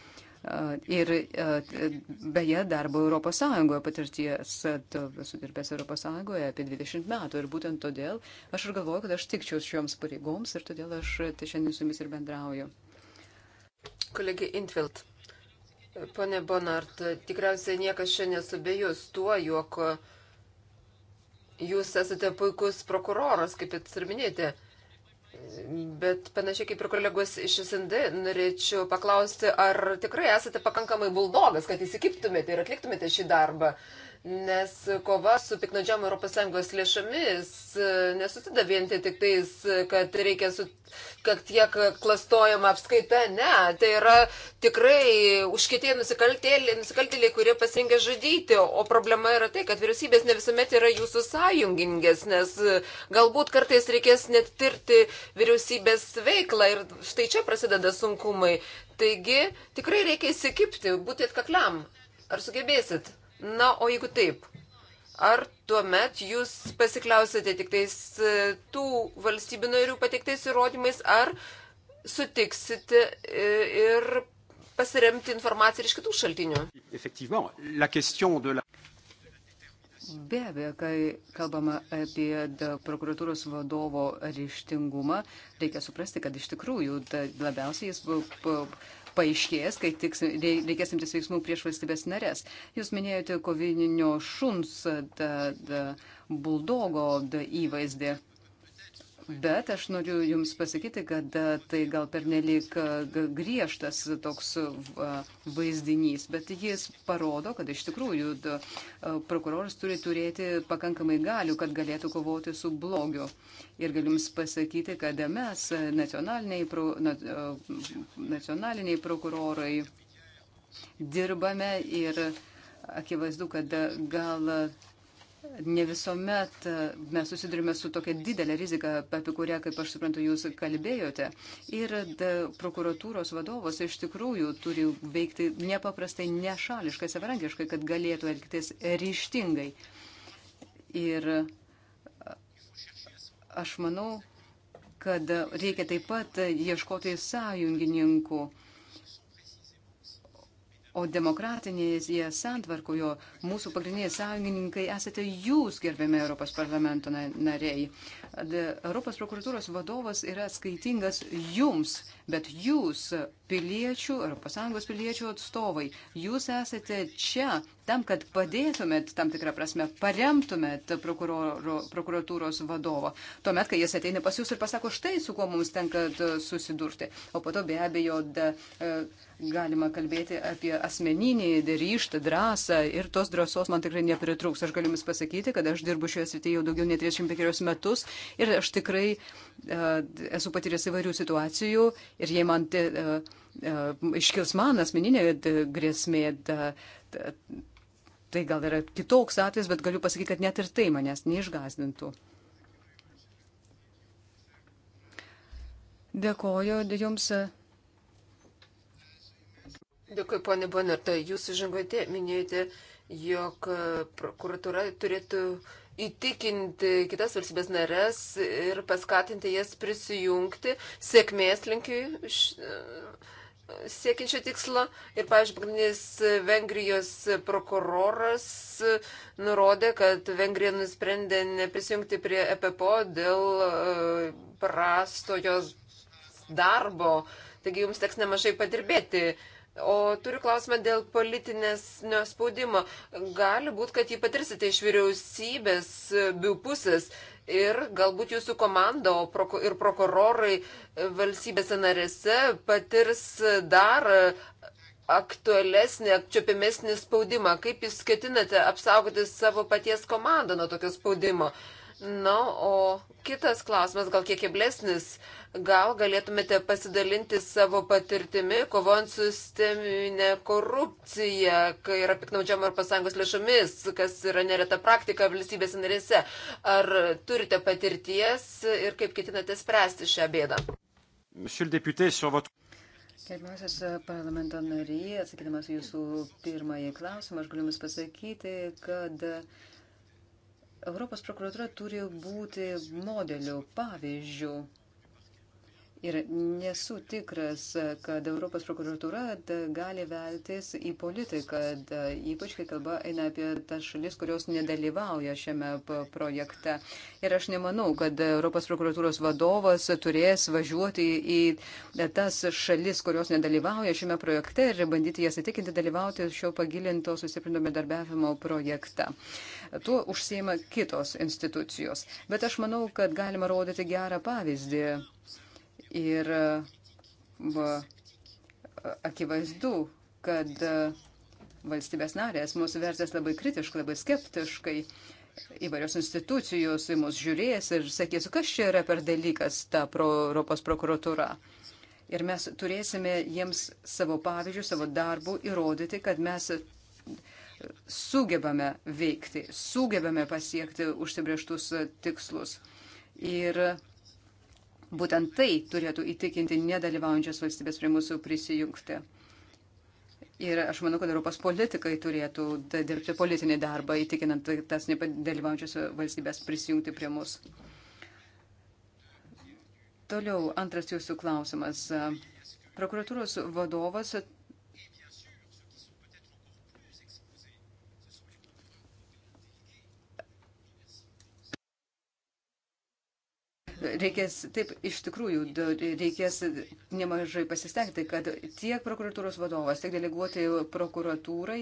E, ir e, beje darbo Europos Sąjungoje patirties, esu dirbęs Europos Sąjungoje apie 20 metų ir būtent todėl aš ir galvoju, kad aš tikčiau šioms pareigoms ir todėl aš tai šiandien su jumis ir bendrauju. Kolegė Intvilt, ponė Bonart, tikriausiai niekas šiandien subėjus tuo, jog jūs esate puikus prokuroras, kaip jūs ir minėjote. Bet panašiai kaip ir kolegos iš SND, norėčiau paklausti, ar tikrai esate pakankamai buldogas, kad įsikiptumėte ir atliktumėte šį darbą. Nes kova su piknadžiam ES lėšomis e, nesusideda vien tai tik tais, kad reikia, su, kad tiek klastojama apskaita, ne, tai yra tikrai užkėtėję nusikaltėliai, kurie pasirinkę žudyti, o problema yra tai, kad vyriausybės ne visuomet yra jūsų sąjungingės, nes e, galbūt kartais reikės net tirti vyriausybės veiklą ir štai čia prasideda sunkumai. Taigi tikrai reikia įsikipti, būti atkakliam. Ar sugebėsit? Na, o jeigu taip, ar tuomet jūs pasikliausite tik tais e, tų valstybių narių pateiktais įrodymais, ar sutiksite e, ir pasiremti informaciją iš kitų šaltinių? Be abejo, kai kalbama apie prokuratūros vadovo ryštingumą, reikia suprasti, kad iš tikrųjų labiausiai jis paaiškės, kai tiks, reikės imtis veiksmų prieš valstybės narės. Jūs minėjote kovininio šuns da, da, buldogo da, įvaizdį. Bet aš noriu Jums pasakyti, kad e, tai gal pernelik e, griežtas toks e, vaizdinys, bet jis parodo, kad iš tikrųjų prokuroras turi turėti pakankamai galių, kad galėtų kovoti su blogiu. Ir galiu Jums pasakyti, kad mes, nacionaliniai, pro, na, nacionaliniai prokurorai, dirbame ir akivaizdu, kad gal ne visuomet e, mes susidurime su tokia didelė rizika, apie kurią, kaip aš suprantu, jūs kalbėjote. Ir e, prokuratūros vadovas iš tikrųjų turi veikti nepaprastai nešališkai, savarankiškai, kad galėtų elgtis ryštingai. Ir e, aš manau, kad reikia taip pat ieškoti sąjungininkų. O demokratinėje santvarkoje mūsų pagrindiniai sąjungininkai esate jūs, gerbėme Europos parlamento nariai. Europos prokuratūros vadovas yra skaitingas jums, bet jūs, piliečių, ES piliečių atstovai, jūs esate čia tam, kad padėtumėt, tam tikrą prasme, paremtumėt prokuratūros vadovą. Tuomet, kai jis ateina pas jūs ir pasako, štai su kuo mums tenka e, susidurti. O po to be abejo da, e, galima kalbėti apie asmeninį ryštą, drąsą ir tos drąsos man tikrai nepritrūks. Aš galiu jums pasakyti, kad aš dirbu šioje srityje jau daugiau nei 35 metus ir aš tikrai uh, E, esu patyręs įvairių situacijų ir jei man te, e, e, iškils man asmeninė grėsmė, da, tai gal yra kitoks atvejis, bet galiu pasakyti, kad net ir tai manęs neišgazdintų. Dėkoju Jums. Dėkoju, ponė Bonarta. Jūs žingote, minėjote, jog prokuratūra turėtų uh, įtikinti kitas valstybės nares ir paskatinti jas prisijungti sėkmės linkiu siekiančio tikslo. Ir, pavyzdžiui, pagrindinis Vengrijos prokuroras nurodė, kad Vengrija nusprendė neprisijungti prie EPPO dėl e, prasto jos darbo. Taigi jums teks nemažai padirbėti O turiu klausimą dėl politinės spaudimo. Gali būti, kad jį patirsite iš vyriausybės bių pusės ir galbūt jūsų komanda ir prokurorai valstybėse narėse patirs dar aktualesnį, apčiopimesnį spaudimą. Kaip jūs ketinate apsaugoti savo paties komandą nuo tokio spaudimo? Na, o kitas klausimas, gal kiek keblesnis, gal galėtumėte pasidalinti savo patirtimi, kovojant su sisteminė korupcija, kai yra piknaudžiama Europos Sąjungos lėšomis, kas yra nereta praktika valstybės narėse. Ar turite patirties ir kaip ketinate spręsti šią bėdą? Gerbiamasis parlamento nariai, atsakydamas jūsų pirmąjį klausimą, aš galiu jums pasakyti, kad uh, Europos prokuratūra turi būti modeliu, pavyzdžių. Ir nesu tikras, kad Europos prokuratūra gali veltis į politiką, ypač kai kalba eina apie tas šalis, kurios nedalyvauja šiame projekte. Ir aš nemanau, kad Europos prokuratūros vadovas turės važiuoti į tas šalis, kurios nedalyvauja šiame projekte ir bandyti jas įtikinti dalyvauti šio pagilinto sustiprinto bendarbiavimo projekte. Tuo užsieima kitos institucijos. Bet aš manau, kad galima rodyti gerą pavyzdį. Ir akivaizdu, kad e, valstybės narės mūsų vertės labai kritiškai, labai skeptiškai. Įvairios institucijos į mus žiūrės ir sakys, kas čia yra per dalykas ta pro Europos prokuratūra. Ir mes turėsime jiems savo pavyzdžių, savo darbų įrodyti, kad mes sugebame veikti, sugebame pasiekti užsibrieštus tikslus. Ir Būtent tai turėtų įtikinti nedalyvaujančias valstybės prie mūsų prisijungti. Ir aš manau, kad Europos politikai turėtų dirbti politinį darbą, įtikinant tas nedalyvaujančias valstybės prisijungti prie mūsų. Toliau antras jūsų klausimas. Prokuratūros vadovas Reikės, taip, iš tikrųjų, reikės nemažai pasistengti, kad tiek prokuratūros vadovas, tiek deleguotai prokuratūrai,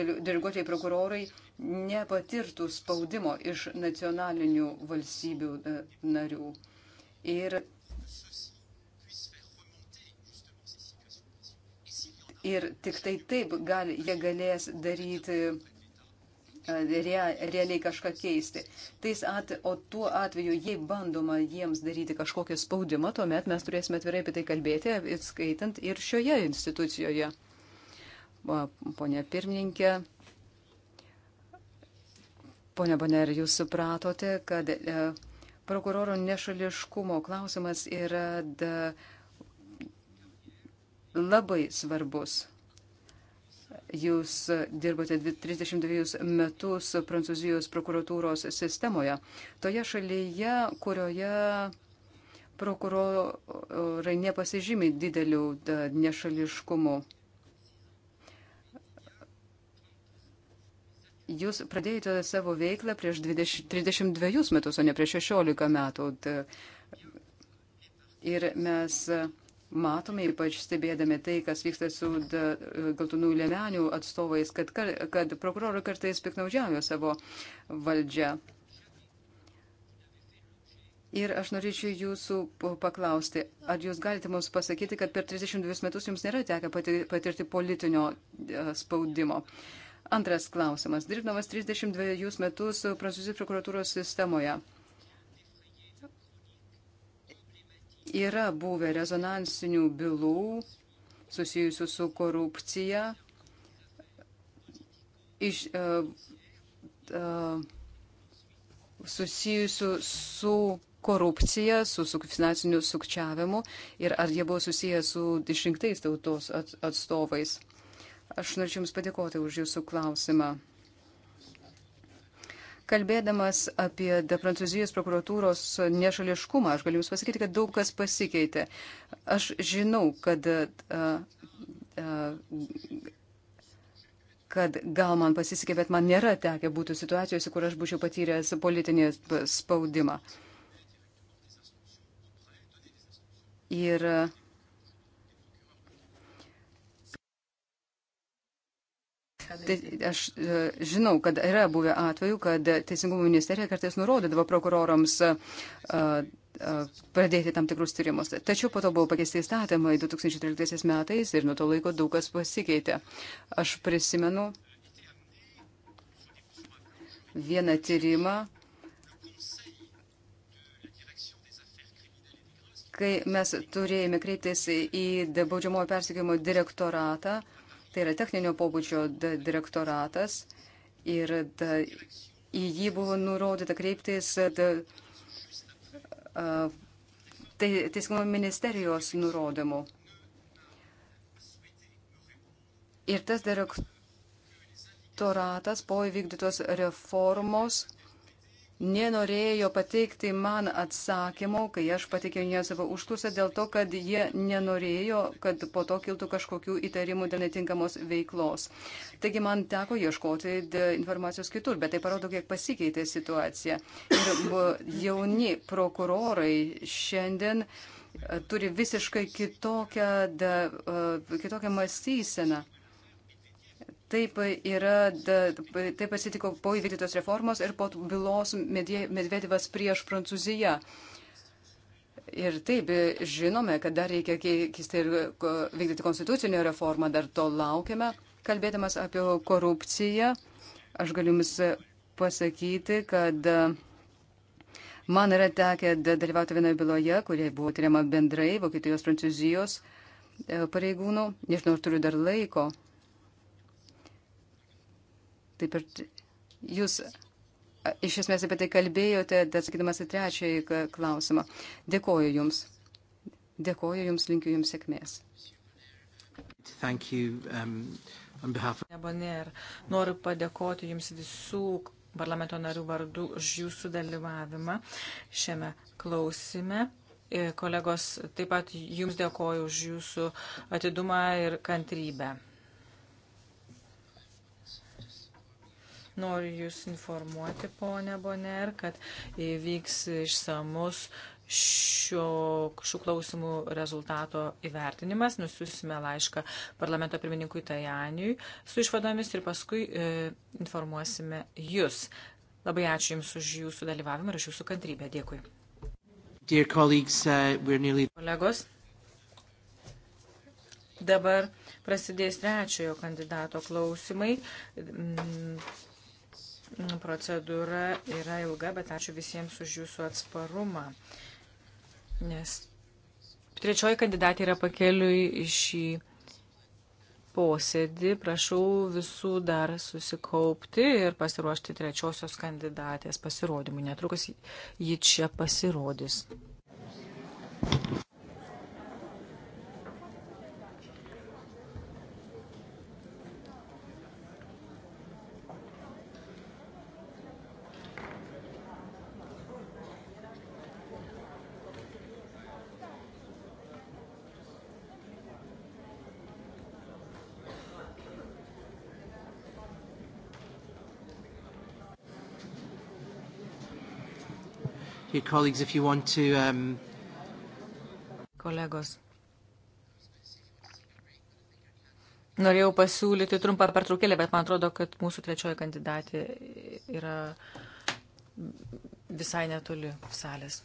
deleguotai prokurorai nepatirtų spaudimo iš nacionalinių valstybių e, narių. Ir, ir tik tai taip gali, jie galės daryti realiai kažką keisti. Tais at, o tuo atveju, jei bandoma jiems daryti kažkokį spaudimą, tuomet mes turėsime atvirai apie tai kalbėti, skaitant ir šioje institucijoje. Pone pirmininkė, pone Boner, jūs supratote, kad e, prokuroro nešališkumo klausimas yra da, labai svarbus. Jūs dirbote 32 metus Prancūzijos prokuratūros sistemoje. Toje šalyje, kurioje prokurorai nepasižymi didelių nešališkumų. Jūs pradėjote savo veiklą prieš 20, 32 metus, o ne prieš 16 metų. Ir mes matome, ypač stebėdami tai, kas vyksta su galtonų lėmenių atstovais, kad, kad prokurorai kartais piknaudžiavo savo valdžią. Ir aš norėčiau jūsų paklausti, ar jūs galite mums pasakyti, kad per 32 metus jums nėra tekę patirti politinio e, spaudimo? Antras klausimas. Dirbdamas 32 metus Prancūzijos prokuratūros sistemoje. Yra buvę rezonansinių bylų susijusių su korupcija. Iš, uh, uh, susijusių su korupcija, su, su finansiniu sukčiavimu ir ar jie buvo susiję su išrinktais tautos at, atstovais. Aš norėčiau Jums padėkoti už Jūsų klausimą. Kalbėdamas apie Prancūzijos prokuratūros nešališkumą, aš galiu Jums pasakyti, kad daug kas pasikeitė. Aš žinau, kad, kad gal man pasisekė, bet man nėra tekę būti situacijose, kur aš būčiau patyręs politinį spaudimą. Ir uh, Tai aš e, žinau, kad yra buvę atveju, kad Teisingumo ministerija kartais nurodydavo prokurorams e, e, pradėti tam tikrus tyrimus. Tačiau po to buvo pakeisti įstatymai 2013 metais ir nuo to laiko daug kas pasikeitė. Aš prisimenu vieną tyrimą, kai mes turėjome kreiptis į baudžiamojo persikėjimo direktoratą Tai yra techninio pobūdžio direktoratas ir da, į jį buvo nurodyta kreiptis da, a, tai, Teisingumo ministerijos nurodymu. Ir tas direktoratas po įvykdytos reformos nenorėjo pateikti man atsakymo, kai aš patikėjau savo užklausą, dėl to, kad jie nenorėjo, kad po to kiltų kažkokių įtarimų dėl netinkamos veiklos. Taigi man teko ieškoti informacijos kitur, bet tai parodo, kiek pasikeitė situacija. Ir jauni prokurorai šiandien e, turi visiškai kitokią, da, e, kitokią mąstyseną. Taip, yra, taip atsitiko po įvykdytos reformos ir po bylos Medvedevas prieš Prancūziją. Ir taip, žinome, kad dar reikia keisti ir vykdyti konstitucinę reformą, dar to laukiame. Kalbėdamas apie korupciją, aš galiu Jums pasakyti, kad e, man yra tekę dalyvauti vienoje byloje, kurie buvo tyriama bendrai Vokietijos, Prancūzijos e, pareigūnų. Nežinau, ar turiu dar laiko. Taip ir jūs iš esmės apie tai kalbėjote, atsakydamas į trečiąjį klausimą. Dėkoju Jums. Dėkoju Jums, linkiu Jums sėkmės. Thank you, um, on behalf of... Nebonėr. Noriu padėkoti Jums visų parlamento narių vardu už Jūsų dalyvavimą šiame klausime. E, kolegos, taip pat Jums dėkoju už Jūsų atidumą ir kantrybę. Noriu Jūs informuoti, ponė Boner, kad įvyks išsamus šio, šių klausimų rezultato įvertinimas. Nusiusime laišką parlamento pirmininkui Tajaniui su išvadomis ir paskui e, informuosime Jūs. Labai ačiū Jums už Jūsų dalyvavimą ir už Jūsų kantrybę. Dėkui. Uh, nearly... Kolegos, dabar prasidės trečiojo kandidato klausimai. Mm. Procedūra yra ilga, bet ačiū visiems už jūsų atsparumą. Nes trečioji kandidatė yra pakeliui į šį posėdį. Prašau visų dar susikaupti ir pasiruošti trečiosios kandidatės pasirodymui. Netrukus ji čia pasirodys. colleagues, if you want to. Um... Kolegos. Norėjau pasiūlyti trumpą pertraukėlę, bet man atrodo, kad mūsų trečioji kandidatė yra visai netoli salės.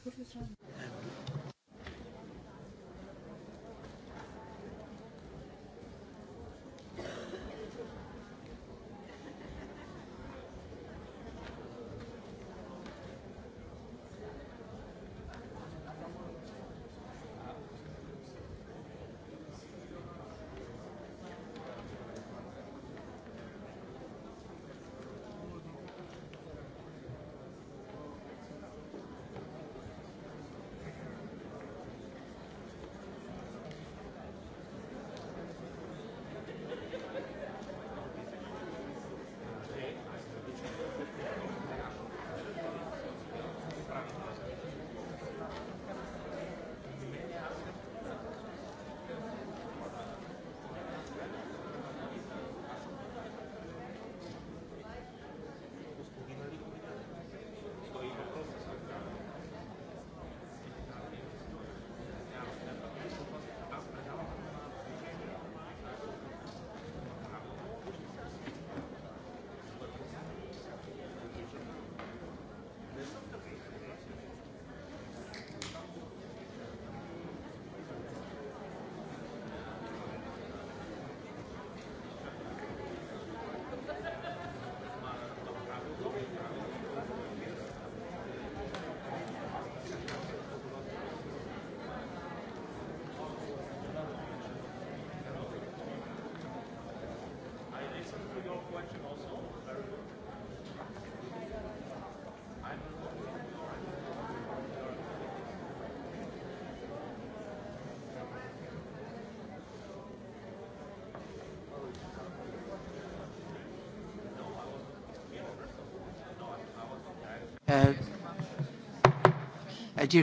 Uh,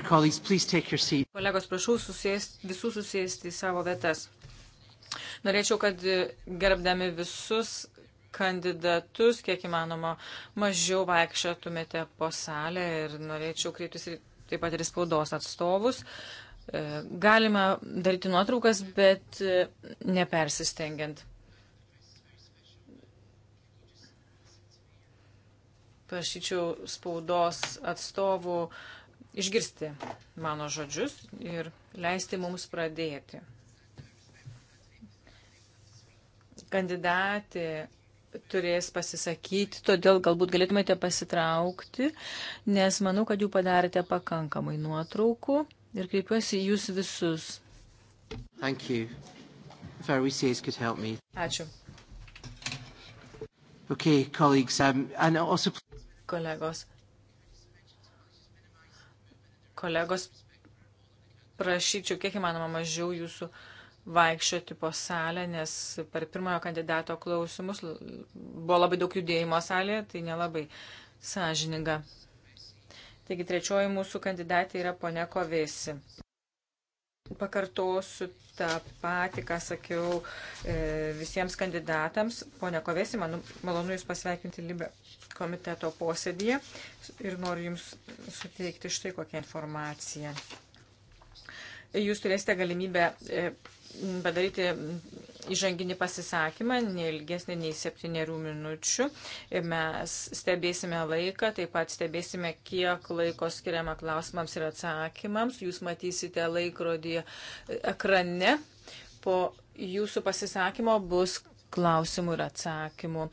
Kolegos, prašau susėst, visų susėsti į savo vietas. Norėčiau, kad uh, gerbdami visus kandidatus, kiek įmanoma, mažiau vaikščiotumėte po salę ir norėčiau kreiptis ir taip pat ir spaudos atstovus. Uh, galima daryti nuotraukas, bet nepersistengiant. Prašyčiau spaudos atstovų išgirsti mano žodžius ir leisti mums pradėti. Kandidatė turės pasisakyti, todėl galbūt galėtumėte pasitraukti, nes manau, kad jų padarėte pakankamai nuotraukų ir kreipiuosi jūs visus. Ačiū. Okay, colleagues, um, and also... Kolegos, Kolegos, prašyčiau, kiek įmanoma mažiau jūsų vaikščioti po salę, nes per pirmojo kandidato klausimus buvo labai daug judėjimo salėje, tai nelabai sąžininga. Taigi trečioji mūsų kandidatė yra ponia Kovėsi. Pakartosiu tą patį, ką sakiau e, visiems kandidatams. Pone Kovėsi, man malonu Jūs pasveikinti Libę komiteto posėdėje ir noriu Jums suteikti štai kokią informaciją. Jūs turėsite galimybę e, padaryti įžanginį pasisakymą, neilgesnį nei septyniarių minučių. Mes stebėsime laiką, taip pat stebėsime, kiek laiko skiriama klausimams ir atsakymams. Jūs matysite laikrodį e, ekrane. Po jūsų pasisakymo bus klausimų ir atsakymų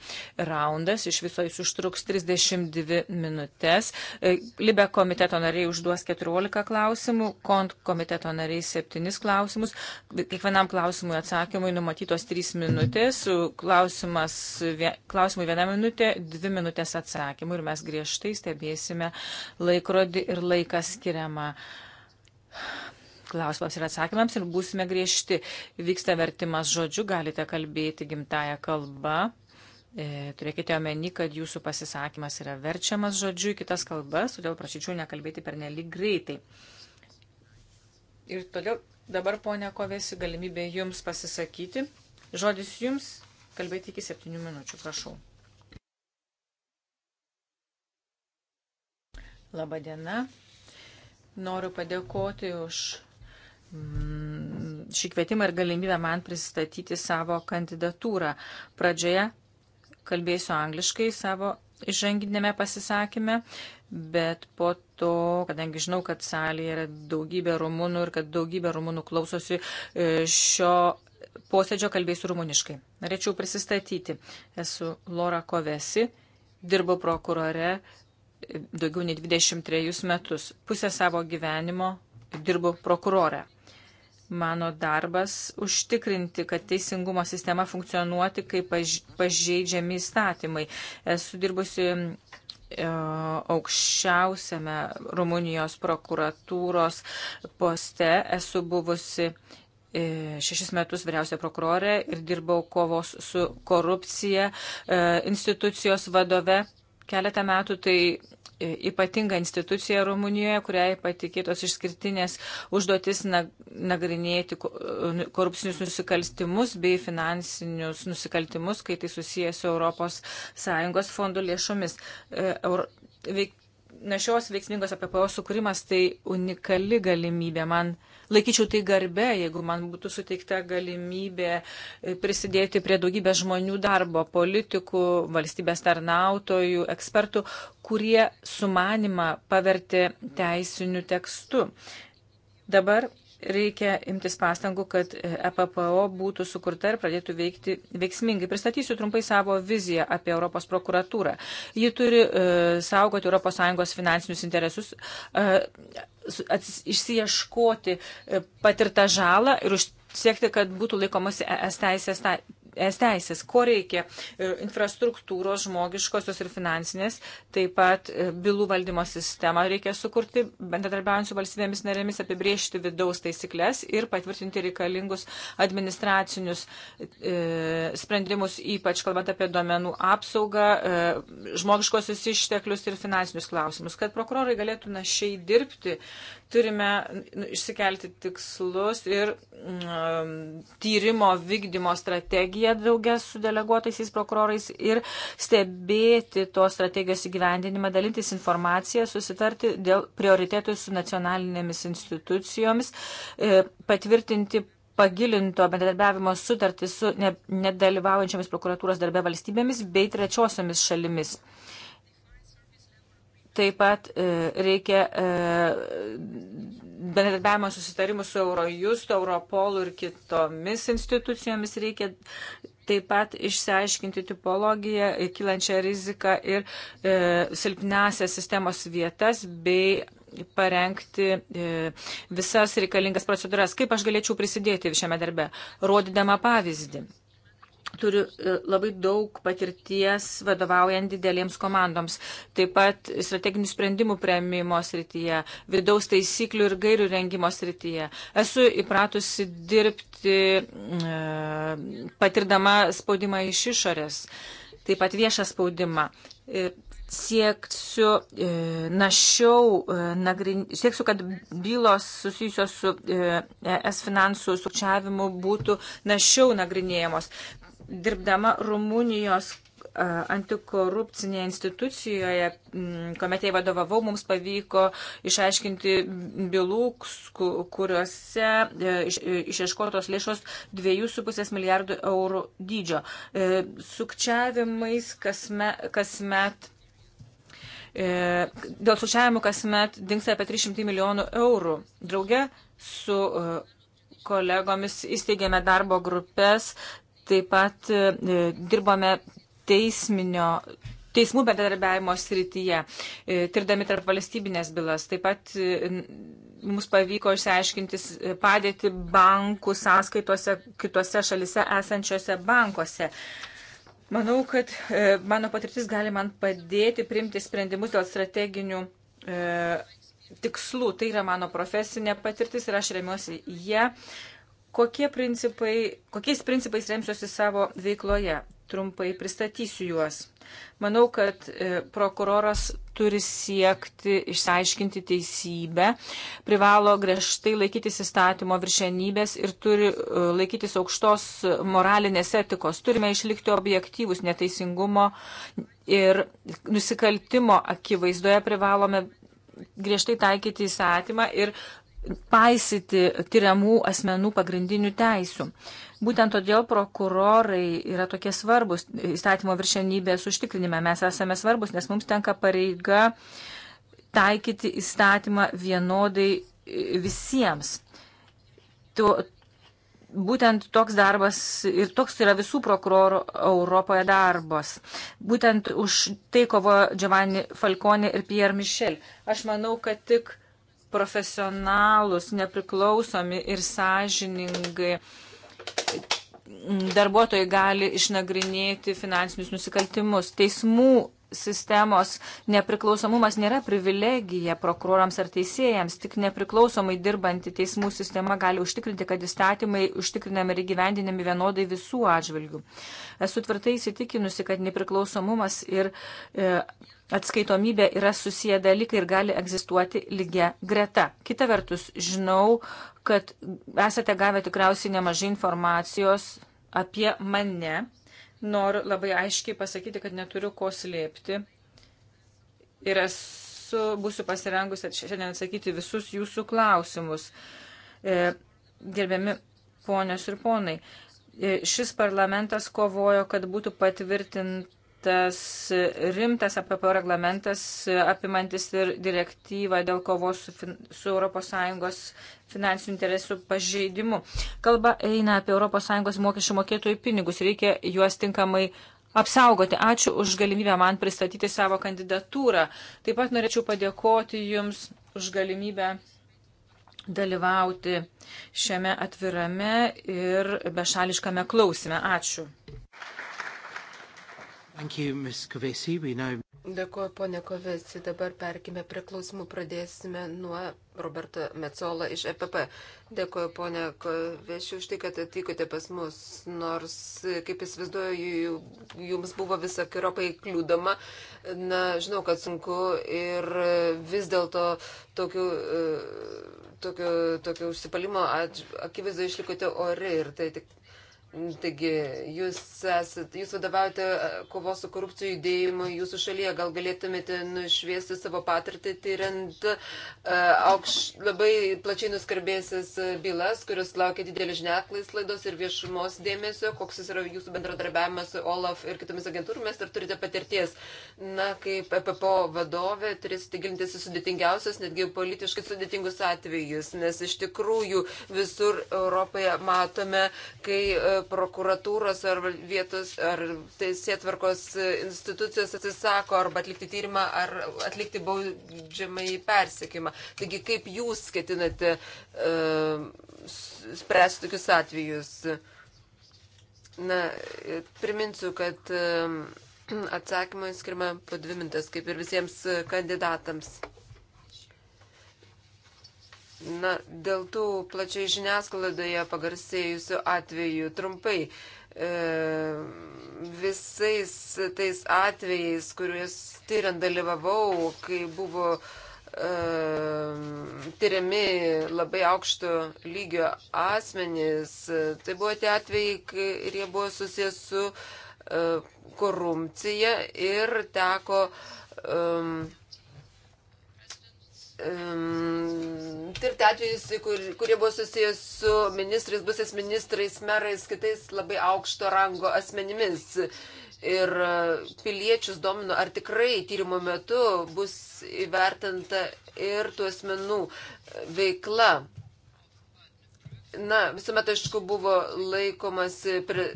raundas. Iš viso jis užtruks 32 minutės. E, Libe komiteto nariai užduos 14 klausimų, kont komiteto nariai 7 klausimus. Kiekvienam klausimui atsakymui numatytos 3 minutės. Klausimas, klausimui 1 minutė, 2 minutės atsakymų ir mes griežtai stebėsime laikrodį ir laiką skiriamą klausimams ir atsakymams ir būsime griežti. Vyksta vertimas žodžiu, galite kalbėti gimtają kalbą. E, turėkite omeny, kad jūsų pasisakymas yra verčiamas žodžiu į kitas kalbas, todėl prašyčiau nekalbėti per nelik greitai. Ir todėl dabar, ponia Kovėsi, galimybė jums pasisakyti. Žodis jums, kalbėti iki septynių minučių, prašau. Labadiena. Noriu padėkoti už Mm, šį kvietimą ir galimybę man pristatyti savo kandidatūrą. Pradžioje kalbėsiu angliškai savo įžanginėme pasisakymę, bet po to, kadangi žinau, kad salėje yra daugybė rumunų ir kad daugybė rumunų klausosi e, šio posėdžio, kalbėsiu rumuniškai. Norėčiau prisistatyti. Esu Lora Kovesi, dirbu prokurore e, daugiau nei 23 metus. Pusę savo gyvenimo dirbu prokurore mano darbas užtikrinti, kad teisingumo sistema funkcionuoti, kai pažeidžiami įstatymai. Esu dirbusi e, aukščiausiame Rumunijos prokuratūros poste, esu buvusi e, šešis metus vyriausia prokurorė ir dirbau kovos su korupcija e, institucijos vadove. Keletą metų tai ypatinga institucija Rumunijoje, kuriai patikėtos išskirtinės užduotis nagrinėti nu, korupcinius nusikaltimus bei finansinius nusikaltimus, kai tai susijęs su ES fondų lėšomis. E, veik našios veiksmingos APPO sukūrimas tai unikali galimybė. Man laikyčiau tai garbę, jeigu man būtų suteikta galimybė e, prisidėti prie daugybės žmonių darbo, politikų, valstybės tarnautojų, ekspertų, kurie sumanimą pavertė teisiniu tekstu. Dabar Reikia imtis pastangų, kad EPPO būtų sukurta ir pradėtų veikti veiksmingai. Pristatysiu trumpai savo viziją apie Europos prokuratūrą. Ji turi e, saugoti ES finansinius interesus, e, ats, išsieškoti e, patirtą žalą ir užtikrinti siekti, kad būtų laikomasi ES teisės tai, es teisės, ko reikia e, infrastruktūros žmogiškosios ir finansinės, taip pat e, bylų valdymo sistemą reikia sukurti, bendradarbiaujant su valstybėmis narėmis, apibriežti vidaus taisyklės ir patvirtinti reikalingus administracinius e, sprendimus, ypač kalbant apie duomenų apsaugą, e, žmogiškosius išteklius ir finansinius klausimus, kad prokurorai galėtų našiai dirbti Turime nu, išsikelti tikslus ir um, tyrimo vykdymo strategiją draugę su deleguotaisiais prokurorais ir stebėti tos strategijos įgyvendinimą, dalintis informaciją, susitarti dėl prioritėtų su nacionalinėmis institucijomis, e, patvirtinti pagilinto bendradarbiavimo sutartį su nedalyvaujančiamis prokuratūros darbe valstybėmis bei trečiosiomis šalimis. Taip pat e, reikia e, bendradarbiavimo susitarimų su Eurojust, Europolu ir kitomis institucijomis. Reikia taip pat išsiaiškinti tipologiją, e, kylančią riziką ir silpnesią sistemos vietas bei parengti visas reikalingas procedūras. Kaip aš galėčiau prisidėti šiame darbe, rodydama pavyzdį turiu e, labai daug patirties vadovaujant didelėms komandoms, taip pat strateginių sprendimų prieimimo srityje, vidaus taisyklių ir gairių rengimo srityje. Esu įpratusi dirbti e, patirdama spaudimą iš išorės, taip pat viešą spaudimą. E, sieksiu našiau, nagrin... sieksiu, kad bylos susijusios su ES finansų sukčiavimu būtų našiau nagrinėjamos dirbdama Rumunijos antikorupcinėje institucijoje, kuomet jai vadovavau, mums pavyko išaiškinti bylų, kuriuose e, e, išieškotos lėšos 2,5 milijardų eurų dydžio. E, sukčiavimais kasme, kasmet. Dėl sučiavimų kasmet dinksta apie 300 milijonų eurų. Drauge su kolegomis įsteigėme darbo grupės Taip pat e, dirbame teisminio. Teismų bendradarbiavimo srityje, e, tirdami tarp valstybinės bylas. Taip pat e, mums pavyko išsiaiškinti padėti bankų sąskaitose kitose šalise esančiose bankuose. Manau, kad mano patirtis gali man padėti priimti sprendimus dėl strateginių tikslų. Tai yra mano profesinė patirtis ir aš remiuosi jie. Ja Kokie principai, kokiais principais remsiuosi savo veikloje? Trumpai pristatysiu juos. Manau, kad e, prokuroras turi siekti išsiaiškinti teisybę, privalo griežtai laikytis įstatymo viršenybės ir turi e, laikytis aukštos moralinės etikos. Turime išlikti objektyvus neteisingumo ir nusikaltimo akivaizdoje privalome griežtai taikyti įstatymą ir paisyti tyriamų asmenų pagrindinių teisių. Būtent todėl prokurorai yra tokie svarbus įstatymo viršenybės užtikrinime. Mes esame svarbus, nes mums tenka pareiga taikyti įstatymą vienodai visiems. Tu, būtent toks darbas ir toks yra visų prokurorų Europoje darbas. Būtent už tai kovojo Giovanni Falcone ir Pierre Michel. Aš manau, kad tik profesionalus, nepriklausomi ir sąžiningai darbuotojai gali išnagrinėti finansinius nusikaltimus. Teismų sistemos nepriklausomumas nėra privilegija prokurorams ar teisėjams, tik nepriklausomai dirbanti teismų sistema gali užtikrinti, kad įstatymai užtikrinami ir gyvendinami vienodai visų atžvilgių. Esu tvirtai įsitikinusi, kad nepriklausomumas ir e, atskaitomybė yra susiję dalykai ir gali egzistuoti lygia greta. Kita vertus, žinau, kad esate gavę tikriausiai nemažai informacijos apie mane noriu labai aiškiai pasakyti, kad neturiu ko slėpti ir esu, būsiu pasirengusi šiandien atsakyti visus jūsų klausimus. E, gerbiami ponios ir ponai, e, šis parlamentas kovojo, kad būtų patvirtinta parengtas rimtas APP reglamentas, apimantis ir direktyvą dėl kovos su, fin, su ES finansinių interesų pažeidimu. Kalba eina apie ES mokesčių mokėtojų pinigus, reikia juos tinkamai apsaugoti. Ačiū už galimybę man pristatyti savo kandidatūrą. Taip pat norėčiau padėkoti Jums už galimybę dalyvauti šiame atvirame ir bešališkame klausime. Ačiū. Now... Dėkuoju, ponė Kovesi. Dabar perkime prie klausimų. Pradėsime nuo Roberto Metzola iš EPP. Dėkuoju, ponė Kovesi, už tai, kad atvykote pas mus. Nors, kaip įsivaizduoju, jums buvo visą kiropai kliūdama. Na, žinau, kad sunku ir vis dėlto tokių. E, tokio, tokio užsipalimo akivaizdu išlikote ori ir tai tik Taigi, jūs, esat, jūs vadovaujate e, kovos su korupcijų judėjimu jūsų šalyje. Gal galėtumėte nušviesti savo patirtį, tyriant e, aukš, labai plačiai nuskarbėsis e, bylas, kurios laukia didelį žiniasklaidos ir viešumos dėmesio. Koks jis yra jūsų bendradarbiavimas su OLAF ir kitomis agentūromis, ar turite patirties? Na, kaip EPPO vadovė, turėsite gilintis į sudėtingiausius, netgi politiškai sudėtingus atvejus, nes iš tikrųjų visur Europoje matome, kai prokuratūros ar vietos ar teisėtvarkos institucijos atsisako arba atlikti tyrimą ar atlikti baudžiamąjį persekimą. Taigi kaip jūs ketinate uh, spręsti tokius atvejus? Na, e, priminsiu, kad uh, atsakymą skirma po dvi mintas, kaip ir visiems kandidatams. Na, dėl tų plačiai žiniasklaidoje pagarsėjusių atvejų trumpai. E, visais tais atvejais, kuriuos tyriant dalyvavau, kai buvo e, tyriami labai aukšto lygio asmenys, tai buvo tie atvejai, kai ir jie buvo susijęs su e, korupcija ir teko e, um, tirti atvejus, kur, kurie buvo susijęs su ministrais, busės ministrais, merais, kitais labai aukšto rango asmenimis. Ir e, piliečius domino, ar tikrai tyrimo metu bus įvertinta ir tų asmenų veikla. Na, visuomet, aišku, buvo laikomas prie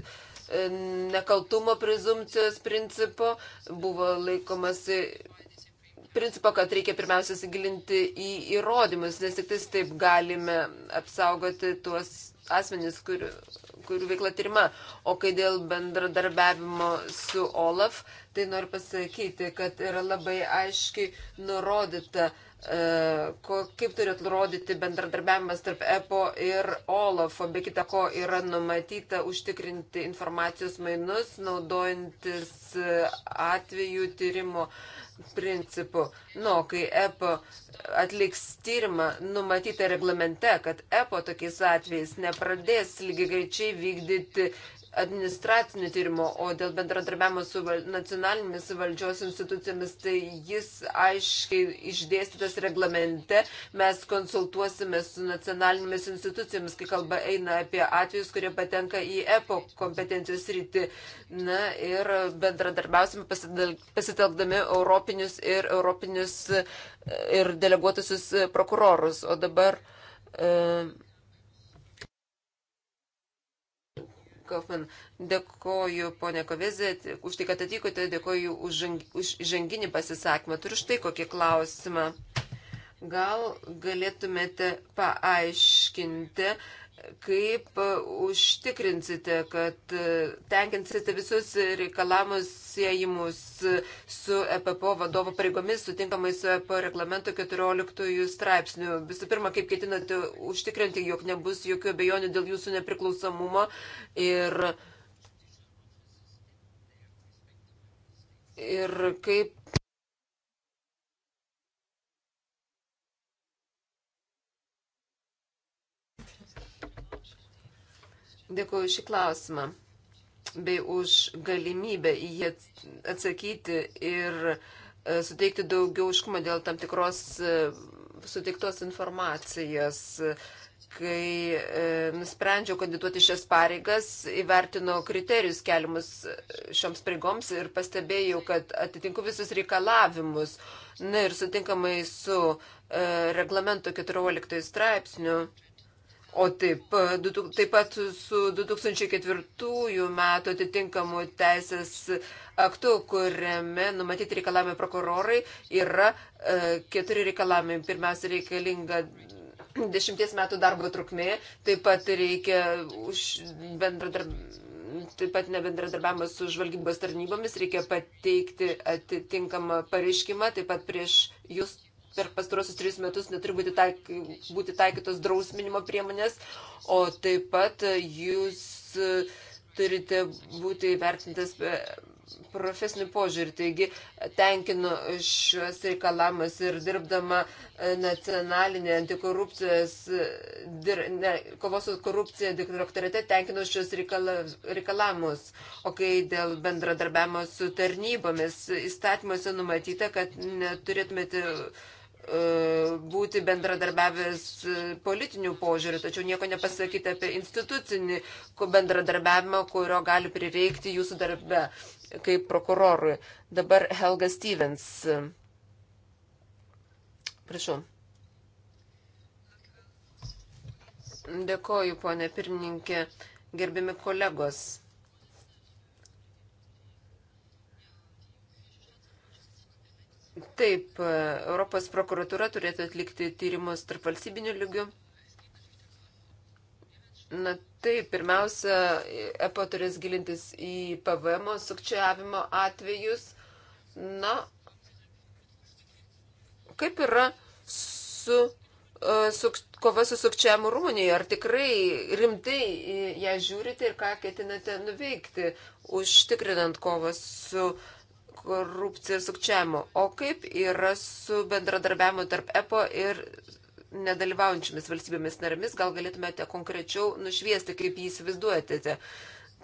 nekaltumo prezumcijos principo, buvo laikomasi principo, kad reikia pirmiausia įsigilinti į įrodymus, nes tik tais taip galime apsaugoti tuos asmenys, kur, kurių veikla tyrima. O kai dėl bendradarbiavimo su OLAF, tai noriu pasakyti, kad yra labai aiškiai nurodyta, e, kaip turi atrodyti bendradarbiavimas tarp EPO ir OLAFO, be kita ko yra numatyta užtikrinti informacijos mainus, naudojantis e, atvejų tyrimo principu. Nu, kai EPO atliks tyrimą numatytą reglamente, kad EPO tokiais atvejais nepradės lygiai greičiai vykdyti administracinių tyrimų, o dėl bendradarbiavimo su nacionalinėmis valdžios institucijomis, tai jis aiškiai išdėstytas reglamente. Mes konsultuosime su nacionalinėmis institucijomis, kai kalba eina apie atvejus, kurie patenka į EPO kompetencijos rytį. Na ir bendradarbiausime pasitelkdami europinius ir europinius e, ir deleguotusius e, prokurorus. O dabar. E, Kaufman, dėkoju ponė Kovizė už tai, kad atvykote, dėkoju už, už ženginį pasisakymą. Turiu štai kokį klausimą. Gal galėtumėte paaiškinti, kaip e, užtikrinsite, kad e, tenkinsite visus reikalavimus siejimus su EPPO vadovo pareigomis, sutinkamai su EPPO reglamento 14 straipsniu. Visų pirma, kaip ketinate užtikrinti, jog nebus jokių abejonių dėl jūsų nepriklausomumo ir, ir kaip Dėkuoju šį klausimą bei už galimybę į jį atsakyti ir e, suteikti daugiau iškumo dėl tam tikros e, suteiktos informacijos. Kai e, nusprendžiau kandidatuoti šias pareigas, įvertino kriterijus keliamus e, šioms pareigoms ir pastebėjau, kad atitinku visus reikalavimus. Na ir sutinkamai su e, reglamento 14 straipsniu. E, O taip, taip pat su 2004 metų atitinkamu teisės aktu, kuriame numatyti reikalavimai prokurorai, yra e, keturi reikalavimai. Pirmiausia, reikalinga dešimties metų darbo trukmė, taip pat reikia už bendradarbiavimą. Taip pat nebendradarbiavimas su žvalgybos tarnybomis reikia pateikti atitinkamą pareiškimą, taip pat prieš jūs per pastarosius tris metus neturi būti, taik, būti taikytos drausminimo priemonės, o taip pat jūs turite būti vertintas profesinį požiūrį. Taigi tenkinu šios reikalavimus ir dirbdama e, nacionalinė antikorupcijos, dir, ne, kovos su korupcija direktorate tenkinu šios reikala, reikalavimus. O kai dėl bendradarbiavimo su tarnybomis įstatymuose numatyta, kad neturėtumėte. Tai E, būti bendradarbiavęs e, politinių požiūrių, tačiau nieko nepasakyti apie institucinį bendradarbiavimą, kurio gali prireikti jūsų darbe kaip prokurorui. Dabar Helga Stevens. Prašau. Dėkoju, ponė pirmininkė, gerbiami kolegos. Taip, e, Europos prokuratura turėtų atlikti tyrimus tarp valstybinių lygių. Na taip, pirmiausia, EPO turės gilintis į PVM sukčiavimo atvejus. Na, kaip yra su, e, su kova su sukčiavimu Rumunijoje? Ar tikrai rimtai ją žiūrite ir ką ketinate nuveikti, užtikrinant kovą su uh, korupcija ir sukčiavimu. O kaip yra su bendradarbiavimu tarp EPO ir nedalyvaujančiamis valstybėmis narėmis? Gal galėtumėte konkrečiau nušviesti, kaip jį įsivaizduojate?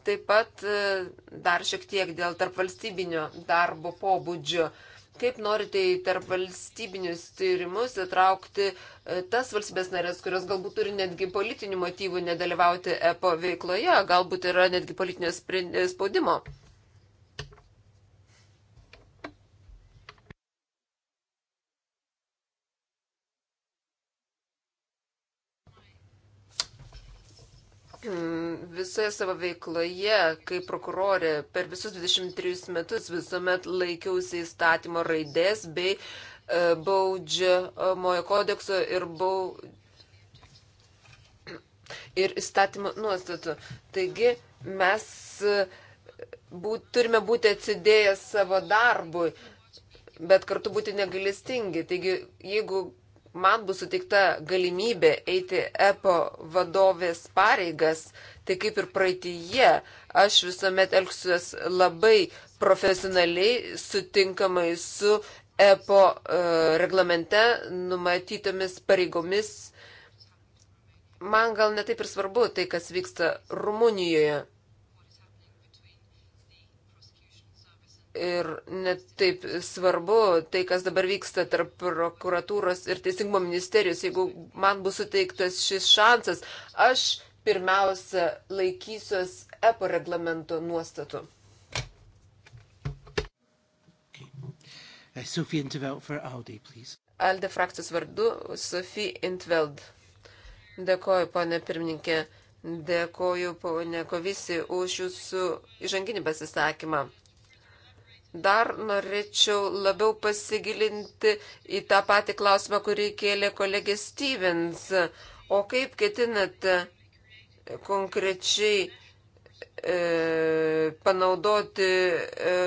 Taip pat e, dar šiek tiek dėl tarp valstybinio darbo pobūdžio. Kaip norite į tarp valstybinius tyrimus įtraukti e, tas valstybės narės, kurios galbūt turi netgi politinių motyvų nedalyvauti EPO veikloje, galbūt yra netgi politinio spaudimo? Mm, visoje savo veikloje, kaip prokurorė, per visus 23 metus visuomet laikiausi įstatymo raidės bei e, baudžiamojo kodekso ir, bau... ir įstatymo nuostatų. Taigi mes e, būt, turime būti atsidėję savo darbui, bet kartu būti negalistingi. Taigi, jeigu man bus suteikta galimybė eiti EPO vadovės pareigas, tai kaip ir praeitįje, aš visuomet elgsiuos labai profesionaliai sutinkamai su EPO e, reglamente numatytomis pareigomis. Man gal netaip ir svarbu tai, kas vyksta Rumunijoje. Ir net taip svarbu tai, kas dabar vyksta tarp prokuratūros ir teisingumo ministerijos. Jeigu man bus suteiktas šis šansas, aš pirmiausia laikysiuos EPO reglamento nuostatų. Uh, Sofija Intveld for Audi, please. Alde frakcijos vardu Sofija Intveld. Dėkoju, ponė pirmininkė. Dėkoju, ponė Kovisi, už jūsų įžanginį pasisakymą. Dar norėčiau labiau pasigilinti į tą patį klausimą, kurį kėlė kolegė Stevens. O kaip ketinate konkrečiai e, panaudoti e,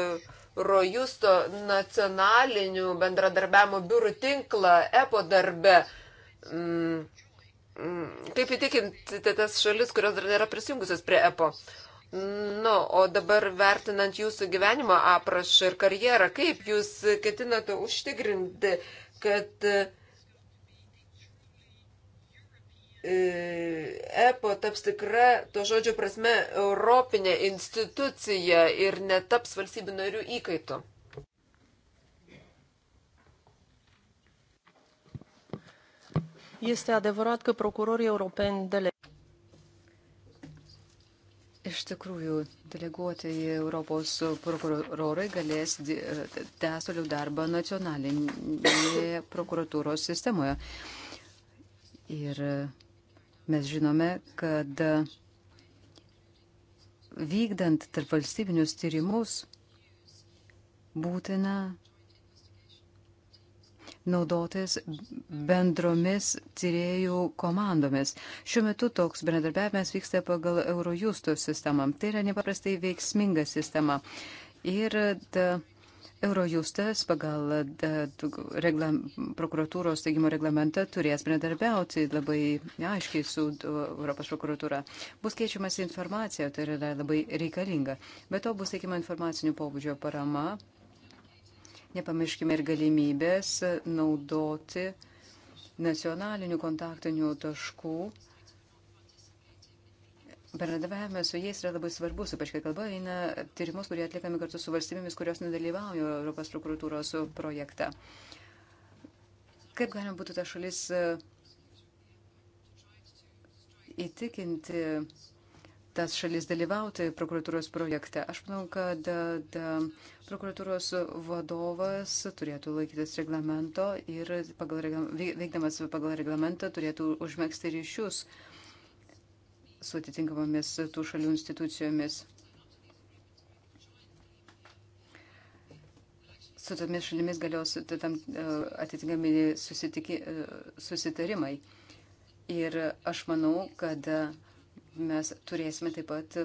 Rojusto nacionalinių bendradarbiavimo biurų tinklą EPO darbe? Mm, mm, kaip įtikinti tas šalis, kurios dar nėra prisijungusios prie EPO? Nu, o dabar vertinant jūsų gyvenimo aprašą ir karjerą, kaip jūs ketinate užtikrinti, kad e, EPO taps tikra, to žodžio prasme, europinė institucija ir netaps valstybių narių įkaitu? Este adevărat că procurorii europeni de Iš tikrųjų, deleguotieji Europos prokurorai galės tęs toliau darbą nacionalinėje prokuratūros sistemoje. Ir mes žinome, kad vykdant tarp valstybinius tyrimus būtina naudotis bendromis tyriejų komandomis. Šiuo metu toks bendradarbiavimas vyksta pagal Eurojustų sistemą. Tai yra nepaprastai veiksminga sistema. Ir da, Eurojustas pagal da, regla, prokuratūros teigimo reglamentą turės bendradarbiauti labai aiškiai su Europos prokuratūra. Bus keičiamas informacija, tai yra labai reikalinga. Be to bus teikiama informacinių pobūdžio parama Nepamirškime ir galimybės naudoti nacionalinių kontaktinių taškų. Bendradavimas su jais yra labai svarbus, ypač kai kalba eina tyrimus, kurie atliekami kartu su valstybėmis, kurios nedalyvauja Europos prokuratūros projekte. Kaip galima būtų tą šalis e, įtikinti tas šalis dalyvauti prokuratūros projekte. Aš manau, kad da, da, prokuratūros vadovas turėtų laikytis reglamento ir pagal, veikdamas pagal reglamentą turėtų užmėgsti ryšius su atitinkamomis tų šalių institucijomis. Su tomis šalimis galios tam e, atitinkami susitiki, e, susitarimai. Ir aš manau, kad mes turėsime taip pat e,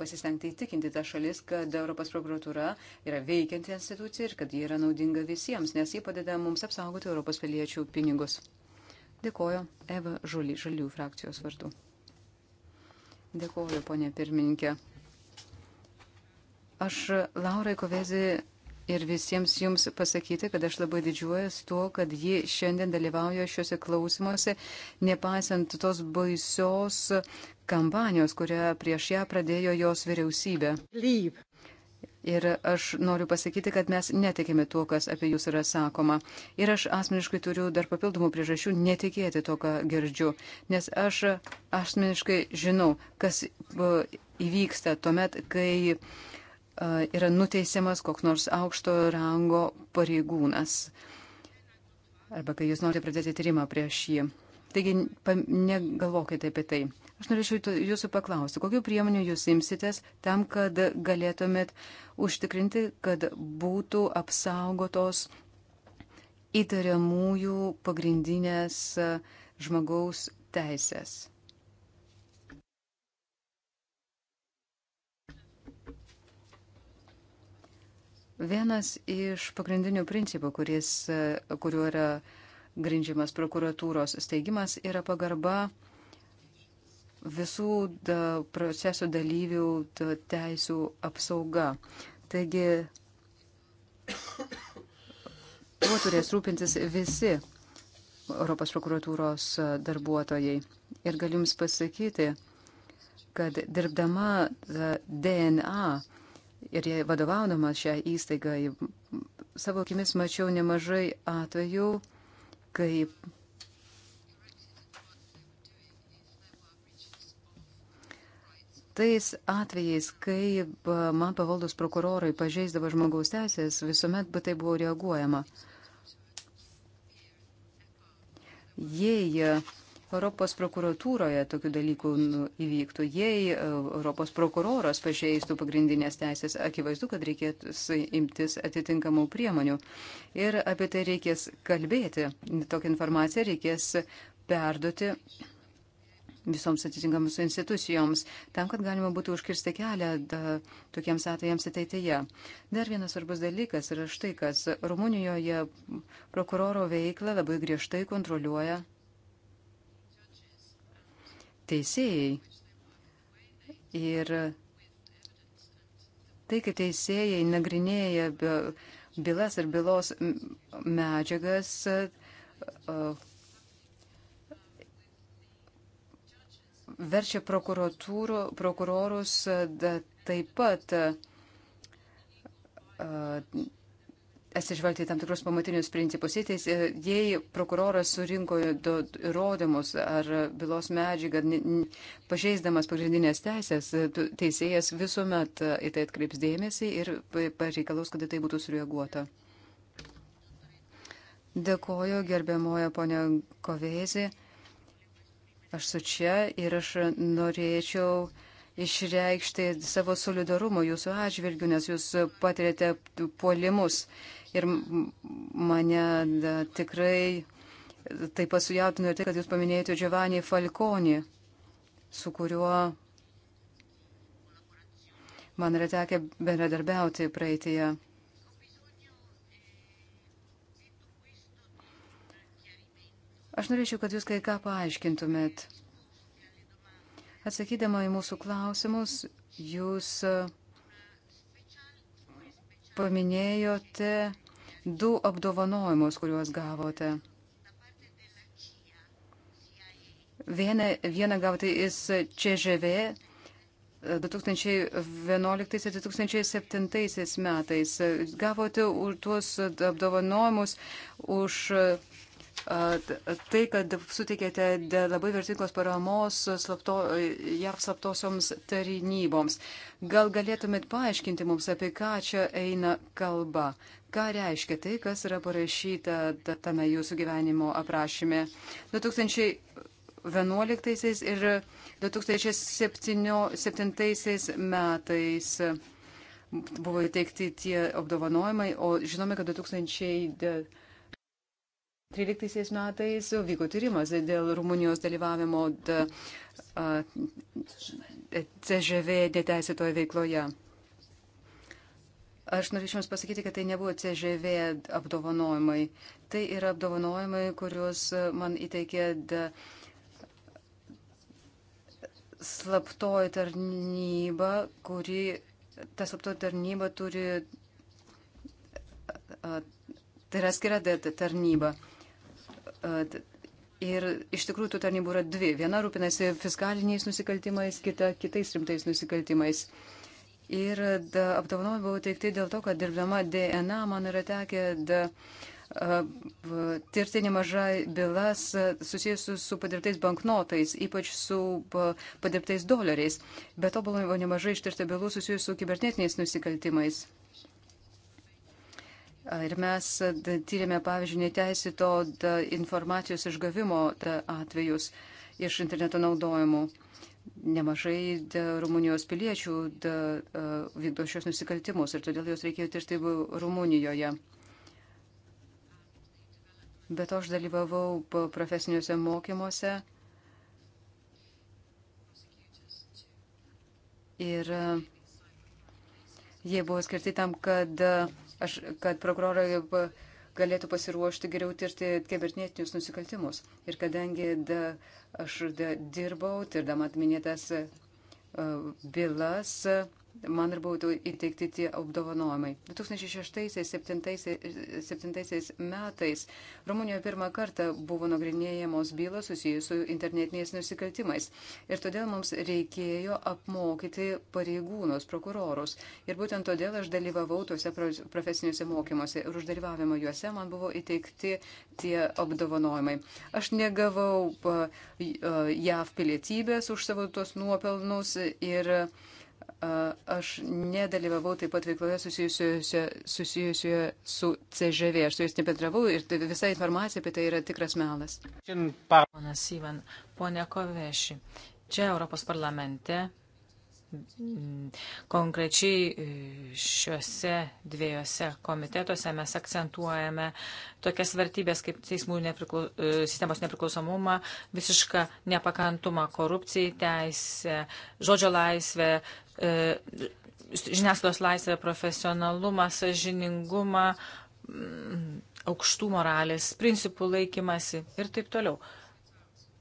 pasistengti įtikinti tą šalis, kad Europos prokuratūra yra veikianti institucija ir kad ji yra naudinga visiems, nes ji padeda mums apsaugoti Europos piliečių pinigus. Dėkoju Eva Žulį, Žalių frakcijos vardu. Dėkoju, ponė pirmininkė. Aš Laurai Kovezį ir visiems jums pasakyti, kad aš labai didžiuojas tuo, kad ji šiandien dalyvauja šiuose klausimuose, nepaisant tos baisios kampanijos, kurią prieš ją pradėjo jos vyriausybė. Leave. Ir aš noriu pasakyti, kad mes netikime tuo, kas apie jūs yra sakoma. Ir aš asmeniškai turiu dar papildomų priežasčių netikėti to, ką girdžiu. Nes aš asmeniškai žinau, kas e, įvyksta tuomet, kai uh, yra nuteisiamas koks nors aukšto rango pareigūnas. Arba kai jūs norite pradėti tyrimą prieš jį. Taigi negalvokite apie tai. Aš norėčiau jūsų paklausti, kokiu priemoniu jūs imsitės tam, kad galėtumėt užtikrinti, kad būtų apsaugotos įtariamųjų pagrindinės žmogaus teisės. Vienas iš pagrindinių principų, kuris, kuriuo yra grindžiamas prokuratūros steigimas, yra pagarba visų da, proceso dalyvių da, teisų apsauga. Taigi, tuo turės rūpintis visi Europos prokuratūros darbuotojai. Ir galiu Jums pasakyti, kad dirbdama DNA ir vadovaudamas šią įstaigą, savo akimis mačiau nemažai atvejų, kai tais atvejais, kai man pavaldos prokurorai pažeisdavo žmogaus teisės, visuomet tai buvo reaguojama. Jei Europos prokuratūroje tokių dalykų nu, įvyktų. Jei e, Europos prokuroras pažeistų pagrindinės teisės, akivaizdu, kad reikės imtis atitinkamų priemonių. Ir apie tai reikės kalbėti. Tokią informaciją reikės perduoti visoms atitinkamus institucijoms, tam, kad galima būtų užkirsti kelią da, tokiems atvejams ateityje. Dar vienas svarbus dalykas yra štai, kas Rumunijoje prokuroro veiklą labai griežtai kontroliuoja teisėjai. Ir tai, kad teisėjai nagrinėja bylas ir bylos medžiagas, verčia prokurorus taip pat atsižvelgti tam tikrus pamatinius principus. Jei prokuroras surinko įrodymus ar bylos medžiagą, pažeisdamas pagrindinės teisės, teisėjas visuomet į tai atkreips dėmesį ir pareikalaus, kad tai būtų sureaguota. Dėkoju, gerbiamoja ponia Kovėzi. Aš su čia ir aš norėčiau išreikšti savo solidarumo jūsų atžvilgių, nes jūs patirėte puolimus. Ir mane da, tikrai taip pasujautino ir tai, kad jūs paminėjote Giovanni Falconi, su kuriuo man yra tekę bendradarbiauti praeitėje. Aš norėčiau, kad jūs kai ką paaiškintumėt. Atsakydama į mūsų klausimus, jūs e, paminėjote du apdovanojimus, kuriuos gavote. Vieną, vieną gavote iš ČŽV 2011-2007 e, metais. Gavote tuos apdovanojimus už tai, kad suteikėte labai vertingos paramos slapto, JAV slaptosioms tarnyboms. Gal galėtumėt paaiškinti mums, apie ką čia eina kalba? Ką reiškia tai, kas yra parašyta tame jūsų gyvenimo aprašyme? 2011 ir 2007 metais buvo teikti tie apdovanojimai, o žinome, kad 2000. 13 metais vyko tyrimas dėl Rumunijos dalyvavimo CŽV neteisėtoje veikloje. Aš norėčiau Jums pasakyti, kad tai nebuvo CŽV apdovanojimai. Tai yra apdovanojimai, kuriuos man įteikė slaptoji tarnyba, kuri, ta slaptoji tarnyba turi, tai yra skira tarnyba. Ir iš tikrųjų tų tarnybų yra dvi. Viena rūpinasi fiskaliniais nusikaltimais, kita kitais rimtais nusikaltimais. Ir apdovanojimai buvo teikti dėl to, kad dirbdama DNA man yra tekę da, tirti nemažai bylas susijusius su padirbtais banknotais, ypač su padirbtais doleriais. Be to buvo nemažai ištirta bylų susijusių su kibernetiniais nusikaltimais. Ir mes tyrėme, pavyzdžiui, neteisėto informacijos išgavimo atvejus iš interneto naudojimų. Nemažai da, Rumunijos piliečių da, e, vykdo šios nusikaltimus ir todėl juos reikėjo tirti Rumunijoje. Bet aš dalyvavau profesiniuose mokymuose ir e, jie buvo skirti tam, kad aš, kad prokurorai galėtų pasiruošti geriau tirti kibernetinius nusikaltimus. Ir kadangi da, aš da, dirbau, tirdama minėtas bylas, man ir buvo įteikti tie apdovanojimai. 2006-2007 metais Rumunijoje pirmą kartą buvo nagrinėjamos bylos susijusios su internetiniais nusikaltimais. Ir todėl mums reikėjo apmokyti pareigūnus, prokurorus. Ir būtent todėl aš dalyvavau tuose profesiniuose mokymuose. Ir už dalyvavimą juose man buvo įteikti tie apdovanojimai. Aš negavau JAV pilietybės už savo tuos nuopelnus. Ir uh, Aš nedalyvavau taip pat veikloje susijusioje, susijusioje su CŽV. Aš su jais nebendravau ir tai visa informacija apie tai yra tikras melas. Ponas Ivan, ponė Koveši, čia Europos parlamente Mm, konkrečiai e, šiuose dviejose komitetuose mes akcentuojame tokias vertybės kaip teismų nepriklau, e, sistemos nepriklausomumą, visišką nepakantumą korupcijai, teisę, žodžio laisvę, e, žiniasklaidos laisvę, profesionalumą, sažiningumą, mm, aukštų moralės, principų laikymasi ir taip toliau.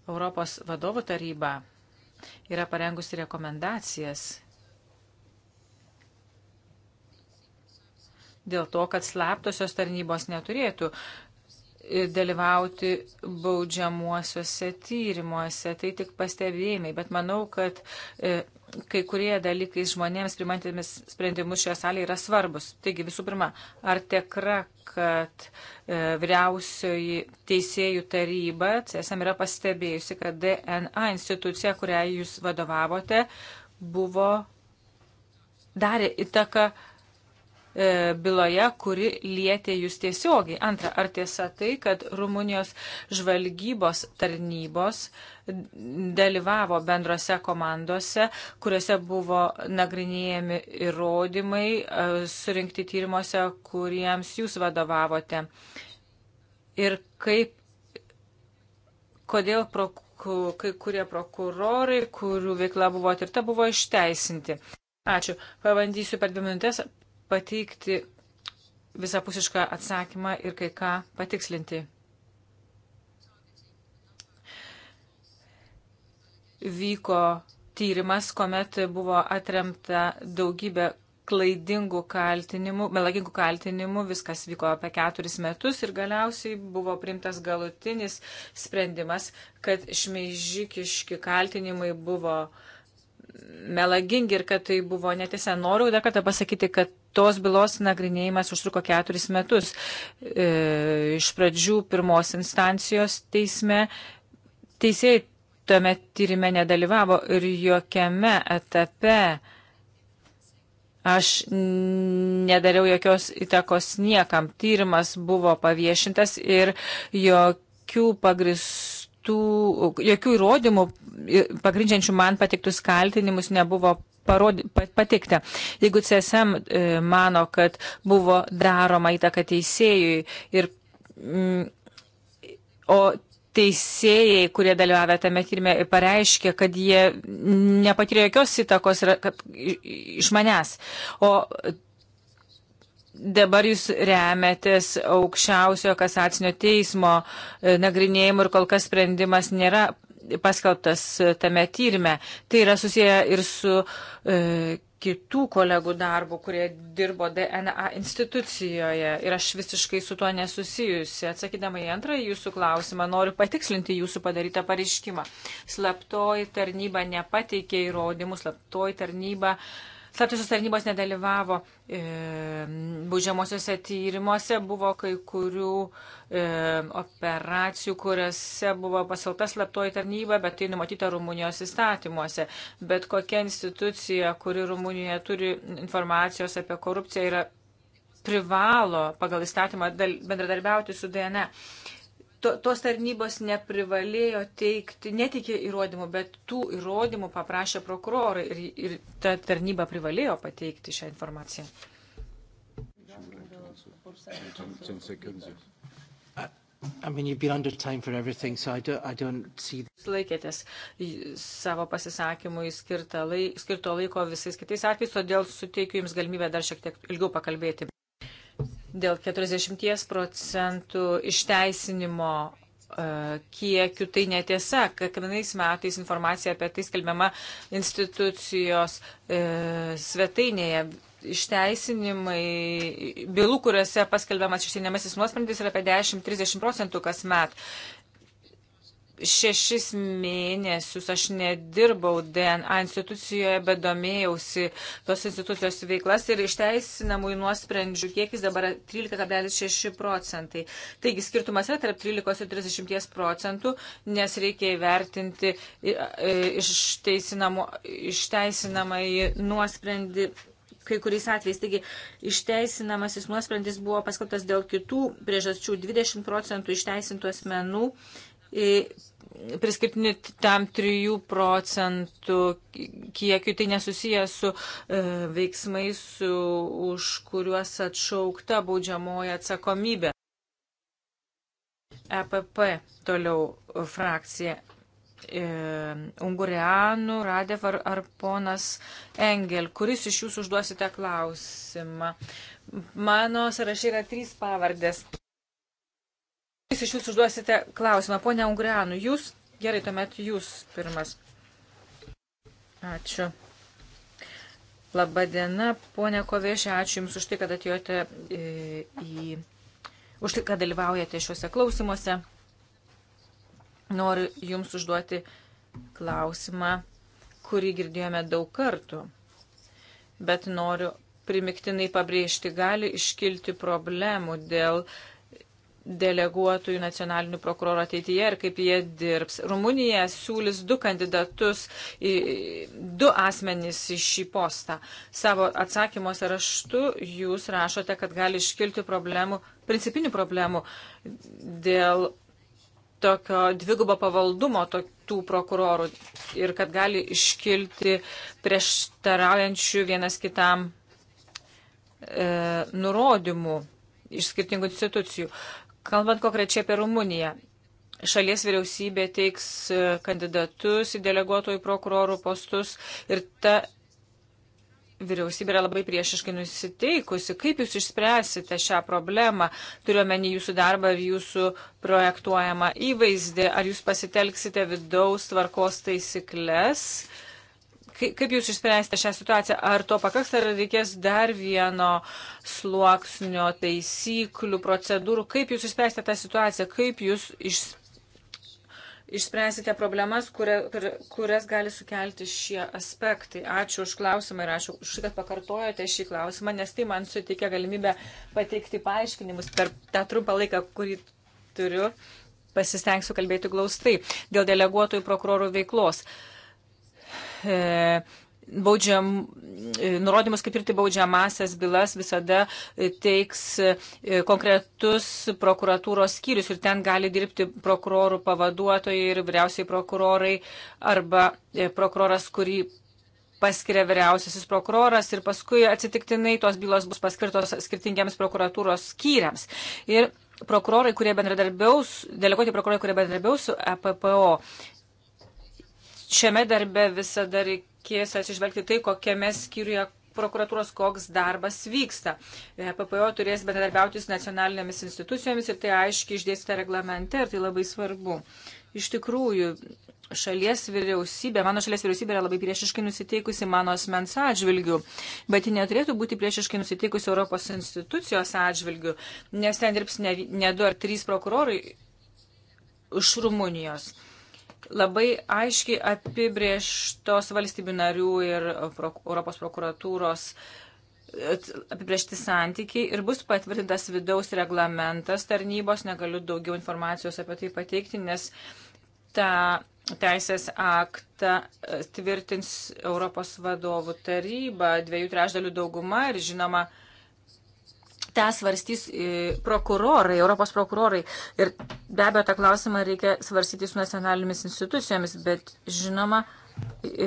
Europos vadovų taryba yra parengusi rekomendacijas dėl to, kad slaptosios tarnybos neturėtų dalyvauti baudžiamuosiuose tyrimuose. Tai tik pastebėjimai, bet manau, kad e, kai kurie dalykai žmonėms primantėmis sprendimus šioje salėje yra svarbus. Taigi visų pirma, ar tikra, kad e, vyriausioji teisėjų taryba, CSM yra pastebėjusi, kad DNA institucija, kuriai jūs vadovavote, buvo darė įtaką uh, E, byloje, kuri lietė jūs tiesiogiai. Antra, ar tiesa tai, kad Rumunijos žvalgybos tarnybos dalyvavo bendrose komandose, kuriuose buvo nagrinėjami įrodymai e, surinkti tyrimuose, kuriems jūs vadovavote? Ir kaip, kodėl prokuratūra kai kurie prokurorai, kurių veikla buvo tirta, buvo išteisinti. Ačiū. Pabandysiu per dvi minutės pateikti visapusišką atsakymą ir kai ką patikslinti. Vyko tyrimas, kuomet buvo atremta daugybė klaidingų kaltinimų, melagingų kaltinimų, viskas vyko apie keturis metus ir galiausiai buvo primtas galutinis sprendimas, kad šmeižikiški kaltinimai buvo melagingi ir kad tai buvo netiesa. Noriu dar kartą pasakyti, kad tos bylos nagrinėjimas užtruko keturis metus. E, iš pradžių pirmos instancijos teisme teisėjai tame tyrime nedalyvavo ir jokiame etape aš nedariau jokios įtakos niekam. Tyrimas buvo paviešintas ir jokių pagristų, jokių įrodymų pagrindžiančių man patiktus kaltinimus nebuvo parodi, patikta. Jeigu CSM e, mano, kad buvo daroma įtaka teisėjui ir. Mm, o teisėjai, kurie dalyvavę tame tyrimė, pareiškė, kad jie nepatyrė jokios įtakos iš manęs. O dabar jūs remetės aukščiausiojo kasacinio teismo e, nagrinėjimu ir kol kas sprendimas nėra paskelbtas tame tyrime. Tai yra susiję ir su e, kitų kolegų darbu, kurie dirbo DNA institucijoje. Ir aš visiškai su tuo nesusijusi. Atsakydama į antrąjį jūsų klausimą, noriu patikslinti jūsų padarytą pareiškimą. Slaptoji tarnyba nepateikė įrodymų, slaptoji tarnyba. E, Slaptosios tarnybos nedalyvavo e, būdžiamosiuose tyrimuose, buvo kai kurių e, operacijų, kuriuose buvo pasilta slaptoji tarnyba, bet tai numatyta Rumunijos įstatymuose. Bet kokia institucija, kuri Rumunijoje turi informacijos apie korupciją, yra privalo pagal įstatymą bendradarbiauti su DNA. E to, tos tarnybos neprivalėjo teikti, netikė įrodymų, bet tų įrodymų paprašė prokurorai ir, ir ta tarnyba privalėjo pateikti šią informaciją. I mean, you've been under time for everything, so I don't, I don't see... Laikėtės savo pasisakymui skirto laiko visais kitais atvejais, todėl suteikiu Jums galimybę dar šiek tiek ilgiau pakalbėti dėl 40 procentų išteisinimo e, kiekių tai netiesa. Kiekvienais metais informacija apie tai skelbiama institucijos e, svetainėje. Išteisinimai, bylų, kuriuose paskelbiamas išteisinamasis nuosprendis yra apie 10-30 procentų kas met šešis mėnesius aš nedirbau DNA institucijoje, bet domėjausi tos institucijos veiklas ir išteisinamųjų nuosprendžių kiekis dabar 13,6 procentai. Taigi skirtumas yra tarp 13 ir 30 procentų, nes reikia įvertinti e, e, išteisinamąjį nuosprendį kai kuriais atvejais. Taigi išteisinamasis nuosprendis buvo paskaltas dėl kitų priežasčių. 20 procentų išteisintų asmenų priskirtini tam 3 procentų kiekiu, tai nesusiję su e, veiksmais, su, už kuriuos atšaukta baudžiamoja atsakomybė. EPP toliau e, frakcija. E, Ungureanų, Radev ar, ar ponas Engel, kuris iš jūsų užduosite klausimą. Mano sąrašai yra trys pavardės. Jūs iš jūsų užduosite klausimą. Pone Ungrianu, jūs, gerai, tuomet jūs pirmas. Ačiū. Labadiena, ponė Kovėšė, ačiū Jums už tai, kad atėjote e, į, už tai, kad dalyvaujate šiuose klausimuose. Noriu Jums užduoti klausimą, kurį girdėjome daug kartų, bet noriu primiktinai pabrėžti, gali iškilti problemų dėl e, deleguotųjų nacionalinių prokurorų ateityje ir kaip jie dirbs. Rumunija siūlis du kandidatus, du asmenys į šį postą. Savo atsakymuose raštu jūs rašote, kad gali iškilti problemų, principinių problemų dėl tokio dvigubo pavaldumo tų prokurorų ir kad gali iškilti prieštaraujančių vienas kitam e, nurodymų iš skirtingų institucijų. Kalbant konkrečiai apie Rumuniją, šalies vyriausybė teiks e, kandidatus į deleguotojų prokurorų postus ir ta vyriausybė yra labai priešiškai nusiteikusi. Kaip jūs išspręsite šią problemą? Turiuomenį jūsų darbą ir jūsų projektuojamą įvaizdį. Ar jūs pasitelksite vidaus tvarkos taisyklės? Uh, Kaip jūs išspręsite šią situaciją? Ar to pakaks, ar reikės dar vieno sluoksnio taisyklių, procedūrų? Kaip jūs išspręsite tą situaciją? Kaip jūs iš, išspręsite problemas, kuria, kurias gali sukelti šie aspektai? Ačiū už klausimą ir ačiū už tai, kad pakartojate šį klausimą, nes tai man suteikia galimybę pateikti paaiškinimus per tą trumpą laiką, kurį turiu. Pasistengsiu kalbėti glaustai dėl deleguotojų prokurorų veiklos. Uh, E, baudžiam, e, nurodymus kaip ir tai baudžiamasias bylas visada e, teiks konkretus prokuratūros skyrius ir ten gali dirbti prokurorų pavaduotojai ir vyriausiai prokurorai arba prokuroras, kurį paskiria vyriausiasis prokuroras ir paskui atsitiktinai tos bylos bus paskirtos skirtingiams prokuratūros skyriams. Ir prokurorai, kurie bendradarbiaus, deleguoti prokurorai, kurie bendradarbiaus su EPPO, šiame darbe visada reikės atsižvelgti tai, kokiame skyriuje prokuratūros koks darbas vyksta. E PPO turės bendradarbiauti su nacionalinėmis institucijomis ir tai aiškiai išdėstyta reglamente ir tai labai svarbu. Iš tikrųjų, šalies vyriausybė, mano šalies vyriausybė yra labai priešiškai nusiteikusi mano asmens atžvilgių, bet ji neturėtų būti priešiškai nusiteikusi Europos institucijos atžvilgių, nes ten dirbs ne, ne du ar trys prokurorai iš Rumunijos labai aiškiai apibrieštos valstybių narių ir Europos prokuratūros e, apibriešti santykiai ir bus patvirtintas vidaus reglamentas tarnybos. Negaliu daugiau informacijos apie tai pateikti, nes tą teisės aktą e, tvirtins Europos vadovų taryba dviejų trešdalių dauguma ir žinoma, tą svarstys e, prokurorai, Europos prokurorai. Ir be abejo, tą klausimą reikia svarstyti su nacionalinėmis institucijomis, bet žinoma,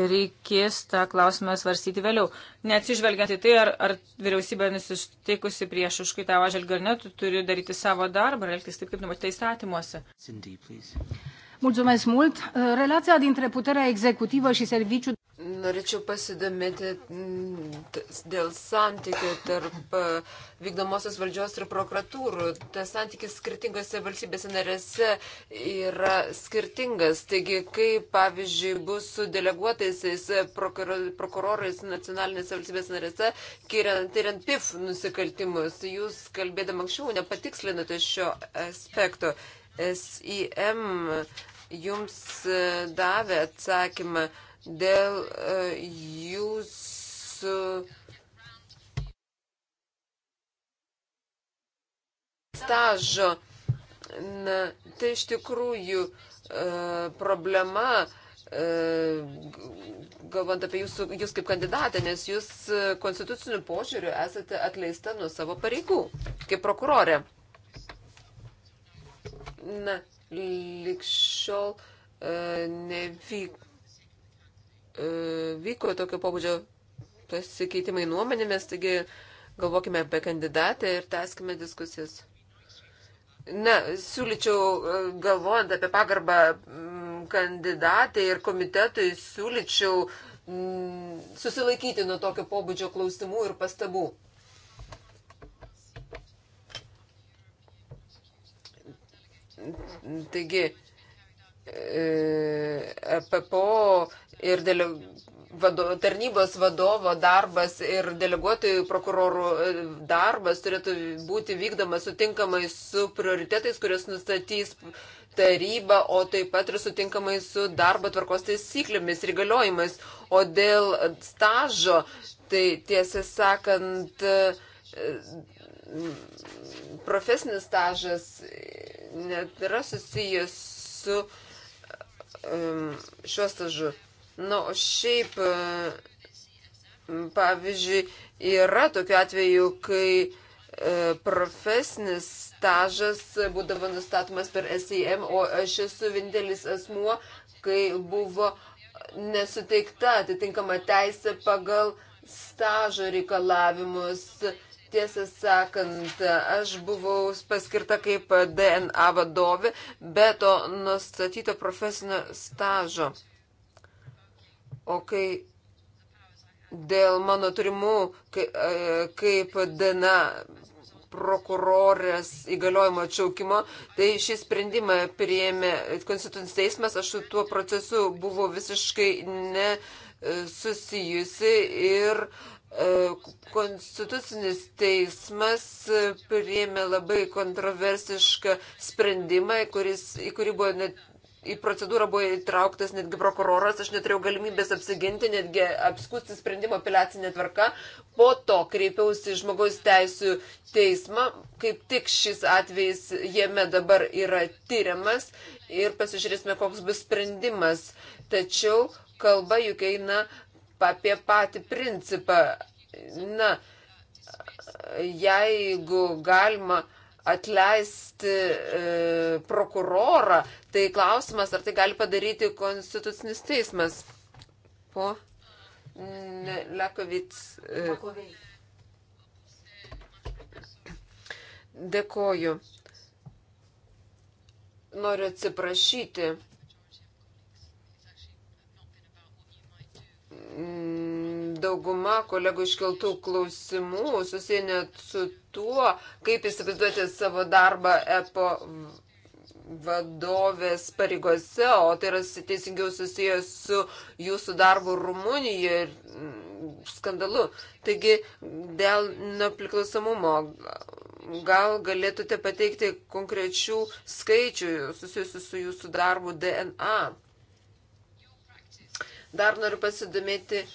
reikės tą klausimą svarstyti vėliau. Neatsižvelgiant į tai, ar, ar vyriausybė nusisteikusi priešiškai tavo atžvilgiu ar ne, tu turi daryti savo darbą ir elgtis taip, kaip numatyta įstatymuose. Mulțumesc mult. Relația dintre puterea executivă și serviciul Norėčiau pasidomėti mm, dėl santykių tarp e, vykdomosios valdžios ir prokuratūrų. Tas santykis skirtingose valstybėse narėse yra skirtingas. Taigi, kaip pavyzdžiui bus su deleguotaisiais e, prokurorais nacionalinėse valstybėse narėse, tyriant PIF nusikaltimus, jūs kalbėdama anksčiau nepatikslinote šio aspekto. SIM jums e, davė atsakymą dėl e, jūsų. Stažo. Na, tai iš tikrųjų e, problema, e, galvant apie jūsų, jūs kaip kandidatą, nes jūs konstituciniu požiūriu esate atleista nuo savo pareigų kaip prokurorė. Na, likščiol nevyko E, vyko tokio pobūdžio pasikeitimai nuomonėmis, taigi galvokime apie kandidatę ir tęskime diskusijas. Na, siūlyčiau, e, galvojant apie pagarbą kandidatai ir komitetui, siūlyčiau susilaikyti nuo tokio pobūdžio klausimų ir pastabų. Taigi, EPPO e ir dele, vado, tarnybos vadovo darbas ir deleguotojų prokurorų e, darbas turėtų būti vykdomas sutinkamai su prioritetais, kurias nustatys taryba, o taip pat ir sutinkamai su darbo tvarkos taisyklėmis ir galiojimais. O dėl stažo, tai tiesą sakant, e, profesinis stažas net yra susijęs su um, šiuo stažu. Na, nu, o šiaip, e, pavyzdžiui, yra tokiu atveju, kai e, profesinis stažas būdavo nustatomas per SIM, e o aš esu vienintelis asmuo, kai buvo nesuteikta atitinkama teisė pagal stažo reikalavimus. Tiesą sakant, aš buvau paskirta kaip DNA vadovė, bet to nustatyto profesinio stažo. O kai dėl mano turimų e, kaip DNA prokurorės įgaliojimo atšaukimo, tai šį sprendimą prieėmė Konstitucinis teismas, aš su tuo procesu buvau visiškai nesusijusi ir e, Konstitucinis teismas priėmė labai kontroversišką sprendimą, kuris, į kurį buvo net į procedūrą buvo įtrauktas netgi prokuroras, aš neturėjau galimybės apsiginti, netgi apskusti sprendimo apeliacinė tvarka. Po to kreipiausi į žmogaus teisų teismą, kaip tik šis atvejis jame dabar yra tyriamas ir pasižiūrėsime, koks bus sprendimas. Tačiau kalba juk eina apie patį principą. Na, jeigu galima atleisti e, prokurorą, tai klausimas, ar tai gali padaryti konstitucinis teismas. Po Lekovic. E, dėkoju. Noriu atsiprašyti Mm, dauguma kolegų iškeltų klausimų susiję net su tuo, kaip įsivaizduoti savo darbą EPO vadovės pareigose, o tai yra teisingiau susijęs su jūsų darbu Rumunijoje ir mm, skandalu. Taigi dėl nepriklausomumo gal galėtumėte pateikti konkrečių skaičių susijusių su jūsų darbu DNA. Dar noriu pasidomėti e,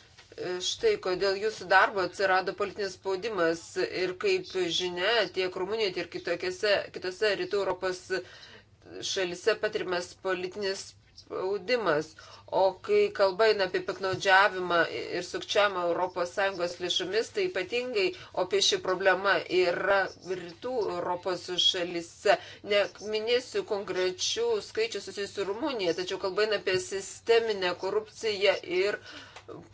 štai, kodėl jūsų darbo atsirado politinis spaudimas ir kaip žinia, tiek Rumunijoje, tiek kitokiose, kitose rytų Europos šalise patirimas politinis spaudimas. O kai kalba eina apie piknaudžiavimą ir sukčiavimą ES lėšomis, tai ypatingai apie šį problemą yra rytų Europos šalise. Neminėsiu konkrečių skaičių susijusių su Rumunija, tačiau kalba eina apie sisteminę korupciją ir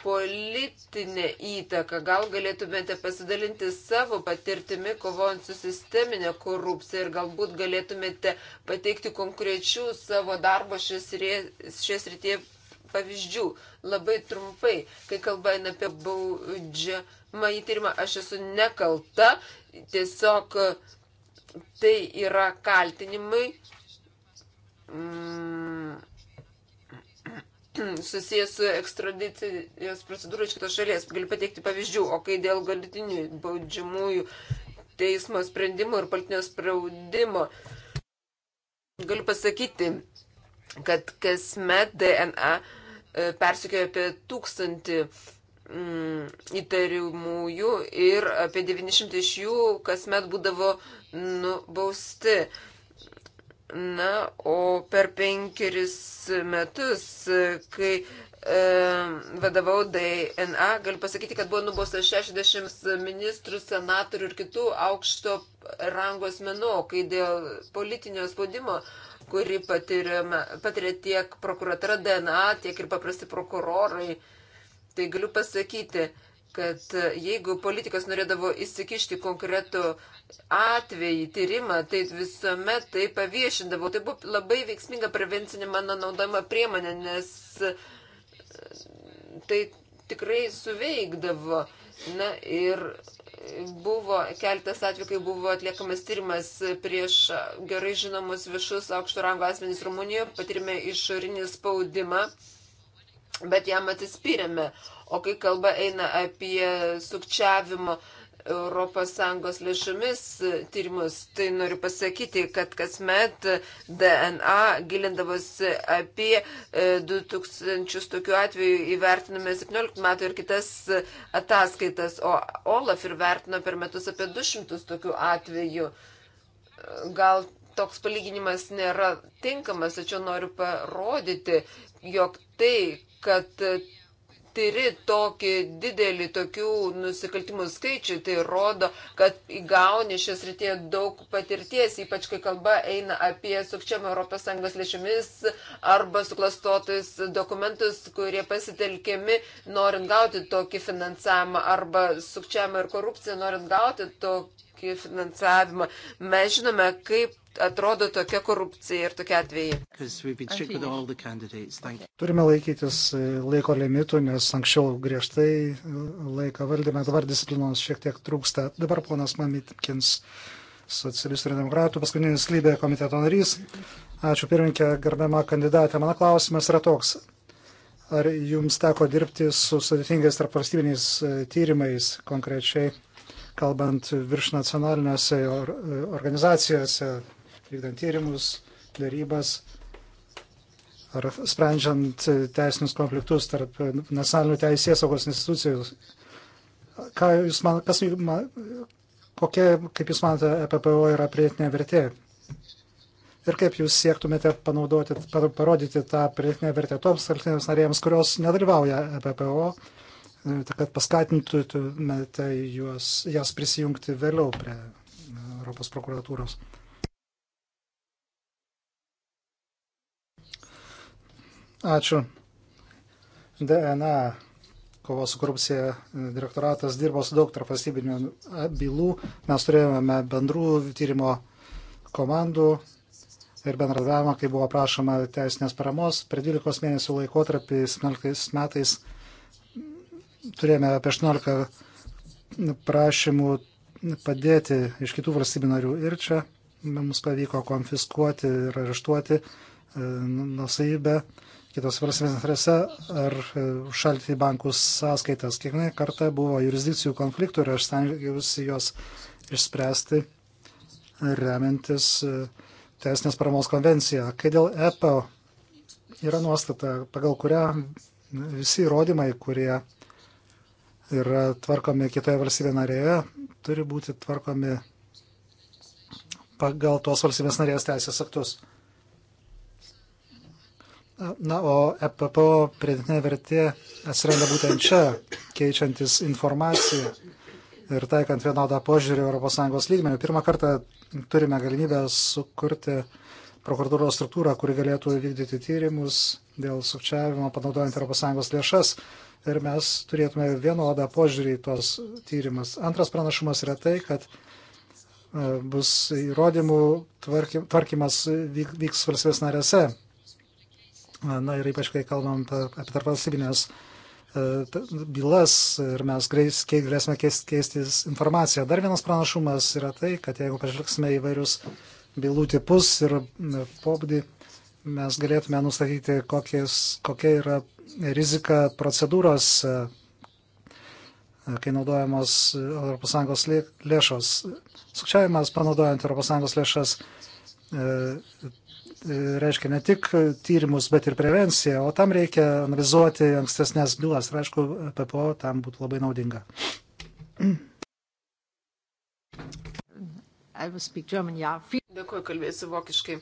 politinę įtaką. Gal galėtumėte pasidalinti savo patirtimi kovojant su sisteminė korupcija ir galbūt galėtumėte pateikti konkrečių savo darbo šias rytie pavyzdžių. Labai trumpai, kai kalba eina apie baudžiamą įtyrimą, aš esu nekalta, tiesiog tai yra kaltinimai. Mm susijęs su ekstradicijos procedūra iš kitos šalies. Galiu pateikti pavyzdžių, o kai dėl galitinių baudžiamųjų teismo sprendimų ir politinio spraudimo, galiu pasakyti, kad kasmet DNA e, persikėjo apie tūkstantį mm, įtariamųjų ir apie 900 iš jų kasmet būdavo nubausti. Na, o per penkeris metus, kai e, vadovau DNA, galiu pasakyti, kad buvo nubausta 60 ministrų, senatorių ir kitų aukšto rango asmenų, kai dėl politinio spaudimo, kurį patiria tiek prokuratūra DNA, tiek ir paprasti prokurorai, tai galiu pasakyti, kad e, jeigu politikas norėdavo įsikišti konkretų atvejį, tyrimą, tai visuomet tai paviešindavo. Tai buvo labai veiksminga prevencinė mano naudojama priemonė, nes e, tai tikrai suveikdavo. Na ir buvo keltas atvejų, kai buvo atliekamas tyrimas prieš gerai žinomus viešus aukšto rango asmenys Rumunijoje, patirime išorinį spaudimą, bet jam atsispyrėme. Uh, O kai kalba eina apie sukčiavimo ES lėšomis e, tyrimus, tai noriu pasakyti, kad kasmet DNA gilindavosi apie 2000 e, tokių atvejų įvertiname 17 metų ir kitas ataskaitas, o Olaf ir vertino per metus apie 200 tokių atvejų. Gal toks palyginimas nėra tinkamas, tačiau noriu parodyti, jog tai, kad tyri tokį didelį tokių nusikaltimų skaičių, tai rodo, kad įgauni šios rytėje daug patirties, ypač kai kalba eina apie sukčiamą ES lėšomis arba suklastotus dokumentus, kurie pasitelkiami norint gauti tokį finansavimą arba sukčiamą ir korupciją norint gauti tokį tokį finansavimą. Mes žinome, kaip atrodo tokia korupcija ir tokie atvejai. Turime laikytis e, laiko limitų, nes anksčiau griežtai e, laiką valdėme, dabar disciplinos šiek tiek trūksta. Dabar ponas Mamitkins, socialistų ir demokratų, paskutinis lybė komiteto narys. Ačiū pirmininkė, garbiama kandidatė. Mano klausimas yra toks. Ar jums teko dirbti su sudėtingais tarpvalstybiniais e, tyrimais konkrečiai? kalbant virš nacionalinėse organizacijose, vykdant tyrimus, darybas ar sprendžiant teisinius konfliktus tarp nacionalinių teisės saugos institucijų. Ką jūs man, kas, man, kokia, kaip Jūs manote, EPPO yra prietinė vertė? Ir kaip Jūs siektumėte panaudoti, parodyti tą prietinę vertę toms valstybėms narėms, kurios nedalyvauja EPPO Tai kad paskatintumėte juos, jas prisijungti vėliau prie Europos prokuratūros. Ačiū. DNA kovos su korupcija direktoratas dirbo su daug tarpvalstybinių bylų. Mes turėjome bendrų tyrimo komandų ir bendradavimą, kai buvo prašoma teisinės paramos. Per 12 mėnesių laikotarpį 17 metais turėjome apie 18 prašymų padėti iš kitų valstybių narių ir čia mums pavyko konfiskuoti ir areštuoti e, nusaibę kitos valstybės narėse ar e, užšaldyti bankų sąskaitas. Kiekvieną kartą buvo jurisdikcijų konfliktų ir aš stengiausi juos išspręsti remiantis e, teisinės paramos konvenciją. Kai dėl EPO yra nuostata, pagal kurią visi įrodymai, kurie yra tvarkomi kitoje valstybėje narėje, turi būti tvarkomi pagal tos valstybės narės teisės aktus. Na, o EPPO pridėtinė vertė atsiranda būtent čia, keičiantis informaciją ir taikant vienodą požiūrį ES lygmenį. Pirmą kartą turime galimybę sukurti prokuratūros struktūrą, kuri galėtų vykdyti tyrimus dėl sukčiavimo panaudojant ES lėšas ir mes turėtume vienodą požiūrį į tos tyrimus. Antras pranašumas yra tai, kad e, bus įrodymų tvarkymas vyks valstybės narėse. E, na ir ypač, kai kalbam apie tarpvalstybinės e, bylas ir mes galėsime keistis informaciją. Dar vienas pranašumas yra tai, kad jeigu pažvelgsime įvairius bylų tipus ir pobūdį, mes galėtume nustatyti, kokies, kokia yra rizika procedūros, e, kai naudojamos ES lėšos. Sukčiavimas panaudojant ES lėšas e, e, reiškia ne tik tyrimus, bet ir prevenciją, o tam reikia analizuoti ankstesnės bylas ir aišku, PPO tam būtų labai naudinga. Dėkuoju, kalbėsiu vokiškai.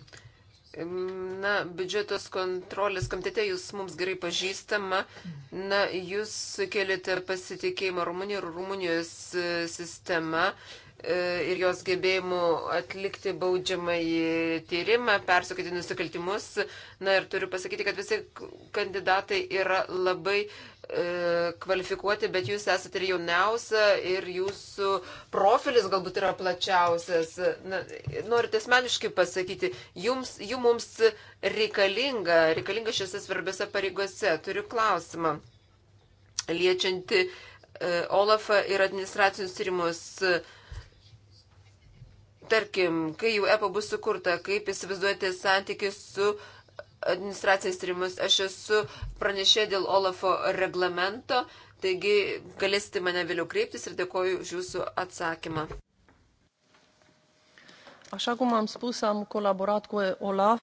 Na, biudžetos kontrolės komitete jūs mums gerai pažįstama. Na, jūs keliate pasitikėjimą Rumunijoje ir Rumunijos e, sistema. Uh, E, ir jos gebėjimų atlikti baudžiamąjį tyrimą, persukyti nusikaltimus. Na ir turiu pasakyti, kad visi kandidatai yra labai e, kvalifikuoti, bet jūs esate ir jauniausia ir jūsų profilis galbūt yra plačiausias. Na, norite asmeniškai pasakyti, jums, jų mums reikalinga, reikalinga šiose svarbiose pareigose. Turiu klausimą liečianti e, Olafą ir administracinius tyrimus. E, tarkim, kai jau EPA bus sukurta, kaip įsivaizduoti santykius su administracijais tyrimus. Aš esu pranešė dėl Olafo reglamento, taigi galėsite mane vėliau kreiptis ir dėkoju už jūsų atsakymą. Așa cum am spus, am colaborat cu Olaf.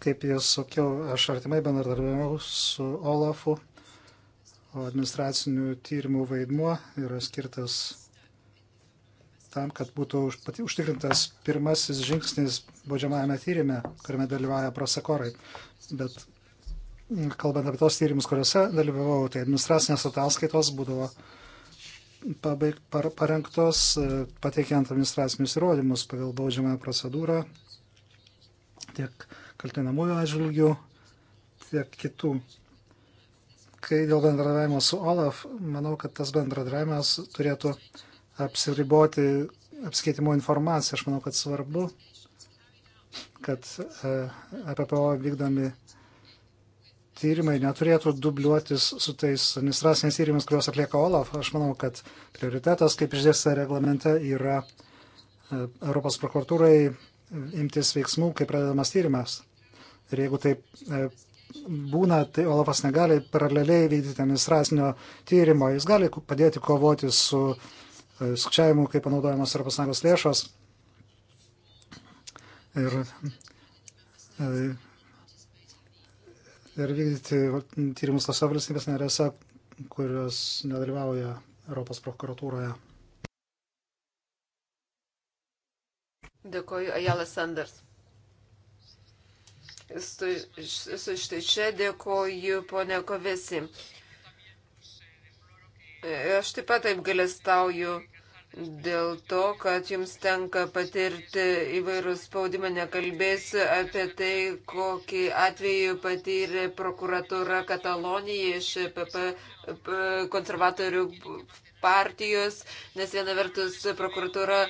Kaip jau sakiau, aš artimai bendradarbiavau su Olafu, o administracinių tyrimų vaidmuo yra skirtas tam, kad būtų užtikrintas pirmasis žingsnis baudžiamajame tyrimė, kuriame dalyvauja prosakorai. Bet kalbant apie tos tyrimus, kuriuose dalyvavau, tai administracinės ataskaitos būdavo pabaig, par, parengtos e, pateikiant administracinius įrodymus pagal baudžiamąją procedūrą tiek kaltinamųjų atžvilgių, tiek kitų. Kai dėl bendradavimo su OLAF, manau, kad tas bendradavimas turėtų uh, apsiriboti apskaitimo informaciją. Aš manau, kad svarbu, kad EPPO vykdomi tyrimai neturėtų dubliuotis su tais administraciniais tyrimais, kuriuos atlieka OLAF. Aš manau, kad prioritetas, kaip išdėsta reglamente, yra e, Europos prokuratūrai imtis veiksmų, kai pradedamas tyrimas. Ir jeigu taip e, būna, tai Olafas negali paraleliai vykdyti administracinio tyrimo. Jis gali padėti kovoti su uh, E, skaičiavimų, kaip panaudojamos ES lėšos. Ir, e, ir vykdyti tyrimus tose valstybės narėse, kurios nedalyvauja Europos prokuratūroje. Dėkoju, Ajala Sanders. Su štai čia dėkoju, ponia Kovesi. Aš taip pat taip galestauju dėl to, kad jums tenka patirti įvairų spaudimą, nekalbėsiu apie tai, kokį atvejį patyrė prokuratūra Katalonija iš PP konservatorių partijos, nes viena vertus prokuratūra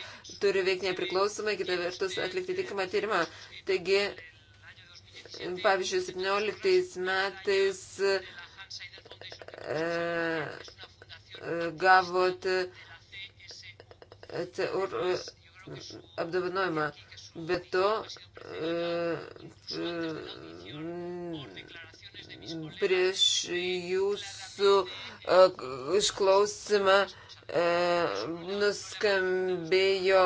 turi veikti nepriklausomai, kita vertus atlikti tikimą tyrimą. Taigi, pavyzdžiui, 17 metais. E, gavot CUR e, e, apdovanojimą. Be to, e, prieš jūsų išklausimą nuskambėjo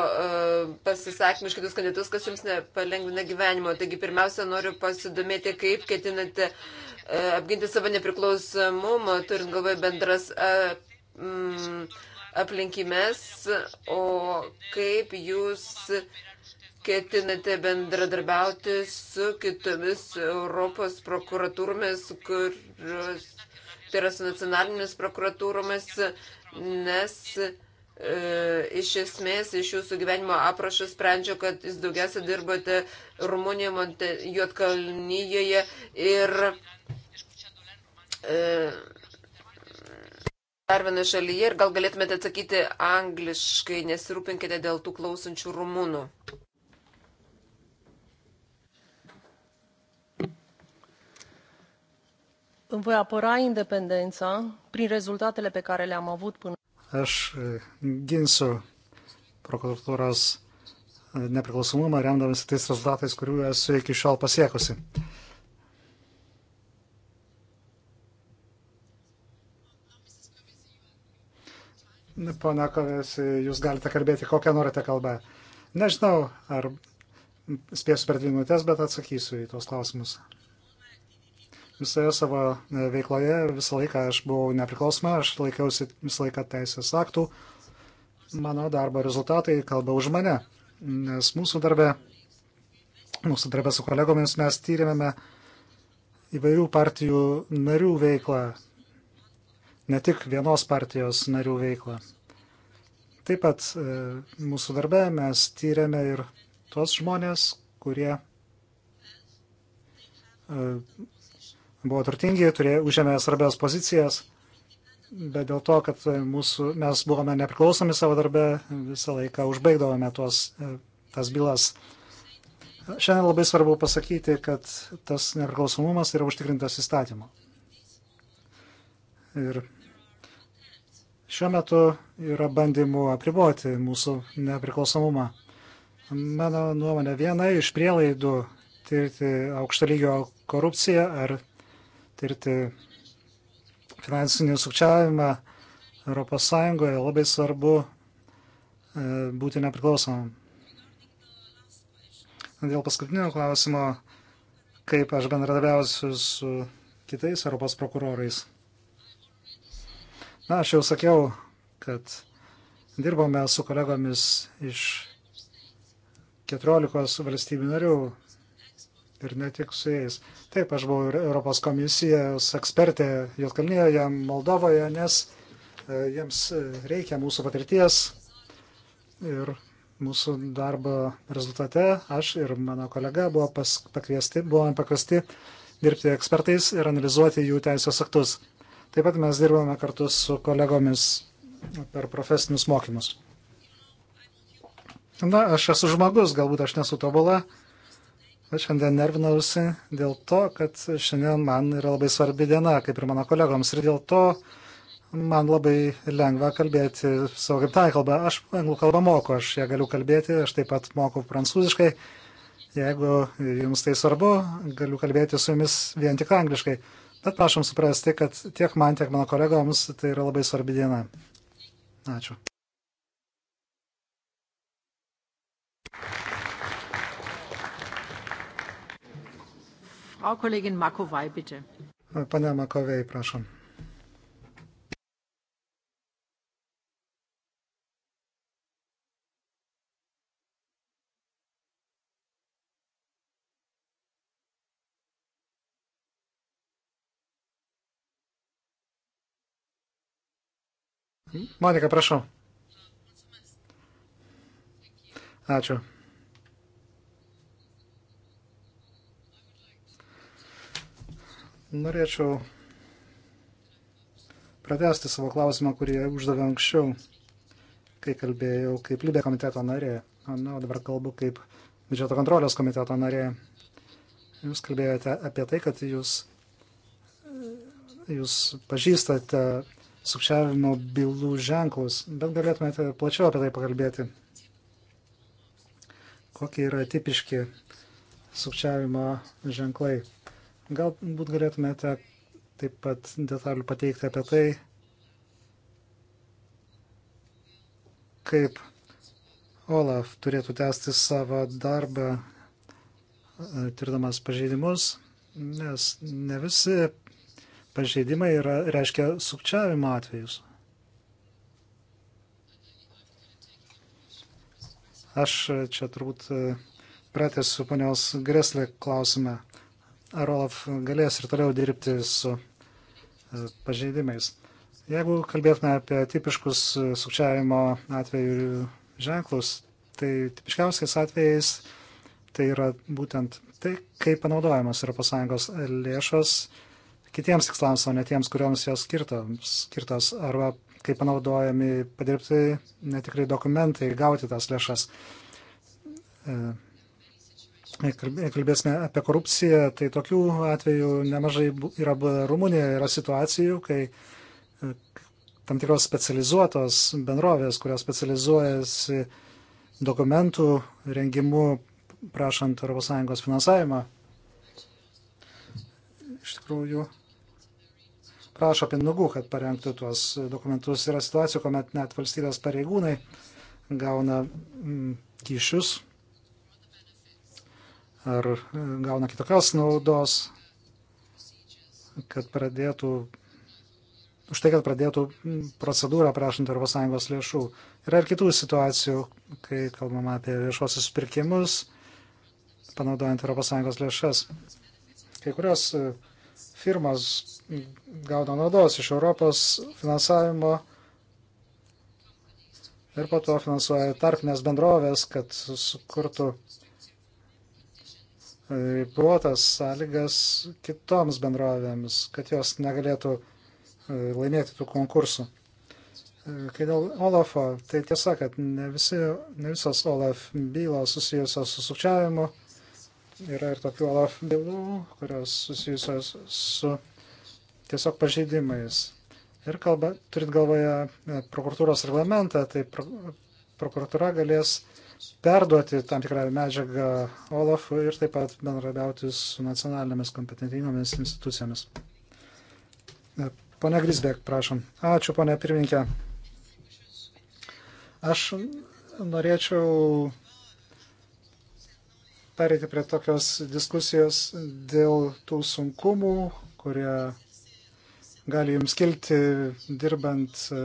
pasisakymų iš kitus kandidatus, kas jums nepalengvina gyvenimo. Taigi pirmiausia, noriu pasidomėti, kaip ketinate apginti savo nepriklausomumą, turint galvoje bendras mm, aplinkybės, o kaip jūs ketinate bendradarbiauti su kitomis Europos prokuratūromis, kurios tai yra su nacionalinėmis prokuratūromis, nes e, iš esmės iš jūsų gyvenimo aprašo sprendžia, kad jūs daugiausia dirbate Rumunijoje, Monte, Juotkalnyjoje ir e, dar vienoje šalyje ir gal galėtumėte atsakyti angliškai, nesirūpinkite dėl tų klausančių rumunų. Îmi voi apăra independența prin rezultatele pe care le-am avut până. Aš e, ginsiu prokuratūros nepriklausomumą remdamas tais rezultatais, kurių e esu iki šiol pasiekusi. Pana Kovės, jūs galite kalbėti kokią norite kalbą. Nežinau, ar spėsiu per dvi minutės, bet atsakysiu į tuos klausimus. Visoje savo veikloje visą laiką aš buvau nepriklausoma, aš laikiausi visą laiką teisės aktų. Mano darbo rezultatai kalba už mane, nes mūsų darbe, mūsų darbe su kolegomis mes tyrėme įvairių partijų narių veiklą ne tik vienos partijos narių veiklą. Taip pat e, mūsų darbe mes tyrėme ir tuos žmonės, kurie e, buvo turtingi, turė, užėmė svarbias pozicijas, bet dėl to, kad mūsų, mes buvome nepriklausomi savo darbe, visą laiką užbaigdavome tuos, e, tas bylas. Šiandien labai svarbu pasakyti, kad tas nepriklausomumas yra užtikrintas įstatymu. Ir Šiuo metu yra bandymų apriboti mūsų nepriklausomumą. Mano nuomonė, viena iš prielaidų tirti aukšto lygio korupciją ar tirti finansinį sukčiavimą ES labai svarbu e, būti nepriklausomam. Dėl paskutinio klausimo, kaip aš bendradaviausiu su kitais Europos prokurorais. Na, aš jau sakiau, kad dirbome su kolegomis iš 14 valstybių narių ir ne tik su jais. Taip, aš buvau ir Europos komisijos ekspertė Jotkalnyje, Moldovoje, nes e, jiems reikia mūsų patirties ir mūsų darbo rezultate aš ir mano kolega buvo pakviesti, buvome pakviesti dirbti ekspertais ir analizuoti jų teisės aktus. Taip pat mes dirbame kartu su kolegomis per profesinius mokymus. Na, aš esu žmogus, galbūt aš nesu tobula, bet šiandien nervinausi dėl to, kad šiandien man yra labai svarbi diena, kaip ir mano kolegoms, ir dėl to man labai lengva kalbėti savo gimtąją kalbą. Aš anglų kalbą moku, aš ją galiu kalbėti, aš taip pat moku prancūziškai. Jeigu jums tai svarbu, galiu kalbėti su jumis vien tik angliškai. Bet prašom suprasti, kad tiek man, tiek mano kolegoms tai yra labai svarbi diena. Ačiū. Frau Kollegin Makovai, bitte. Pane Makovai, prašom. Monika, prašau. Ačiū. Norėčiau pratesti savo klausimą, kurį uždavė anksčiau, kai kalbėjau kaip Libė komiteto narė. Na, dabar kalbu kaip biudžeto kontrolės komiteto narė. Jūs kalbėjote apie tai, kad jūs, jūs pažįstate sukčiavimo bylų ženklus, bet galėtumėte plačiau apie tai pakalbėti. Kokie yra tipiški sukčiavimo ženklai? Galbūt galėtumėte taip pat detalių pateikti apie tai, kaip Olaf turėtų tęsti savo darbą, e, tirdamas pažeidimus, nes ne visi pažeidimai yra, reiškia sukčiavimo atvejus. Aš čia turbūt e, pratęsiu panios Greslė klausimą. Ar Olaf galės ir toliau dirbti su e, pažeidimais? Jeigu kalbėtume apie tipiškus e, sukčiavimo atvejų ženklus, tai tipiškiausiais atvejais tai yra būtent tai, kaip panaudojamos ES lėšos kitiems tikslams, o ne tiems, kuriuoms jos skirtos, skirtos arba kaip panaudojami padirbti netikrai dokumentai, gauti tas lėšas. E, kalbėsime apie korupciją, tai tokių atvejų nemažai yra Rumunijoje, yra situacijų, kai e, tam tikros specializuotos bendrovės, kurios specializuojasi dokumentų rengimu prašant ES finansavimą. Iš tikrųjų, prašo pinigų, kad parengtų tuos dokumentus. Yra situacijų, kuomet net valstybės pareigūnai gauna mm, kyšius ar e, gauna kitokios naudos, kad pradėtų, už tai, kad pradėtų mm, procedūrą prašant ES lėšų. Yra ir kitų situacijų, kai kalbama apie viešuosius pirkimus, panaudojant ES lėšas. Kai kurios e, firmas gauna naudos iš Europos finansavimo ir po to finansuoja tarpinės bendrovės, kad sukurtų e, ribotas sąlygas kitoms bendrovėms, kad jos negalėtų e, laimėti tų konkursų. E, kai dėl Olafo, tai tiesa, kad ne, visi, ne visos Olaf bylos susijusios su sukčiavimu. Yra ir tokių Olaf bylų, kurios susijusios su tiesiog pažeidimais. Ir kalba, turit galvoje e, prokuratūros reglamentą, tai pro, prokuratūra galės perduoti tam tikrą medžiagą Olafui ir taip pat bendrabiauti su nacionalinėmis kompetentingomis institucijomis. E, pone Grisbek, prašom. Ačiū, pone pirmininkė. Aš norėčiau pereiti prie tokios diskusijos dėl tų sunkumų, kurie gali jums kilti dirbant e,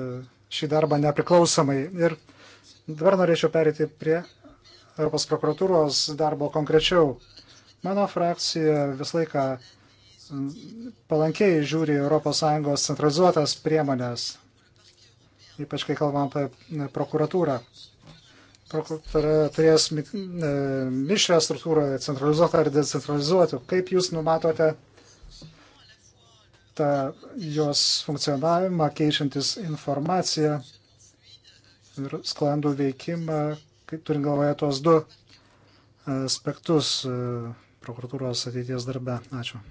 šį darbą nepriklausomai. Ir dabar norėčiau perėti prie Europos prokuratūros darbo konkrečiau. Mano frakcija visą laiką palankiai žiūri ES centralizuotas priemonės, ypač kai kalbam apie prokuratūrą. Prokuratūra turės e, mišrę struktūrą, centralizuotą ar decentralizuotą. Kaip jūs numatote tą jos funkcionavimą, keičiantis informaciją ir sklandų veikimą, turint galvoje tuos du aspektus e, prokuratūros ateities darbe. Ačiū.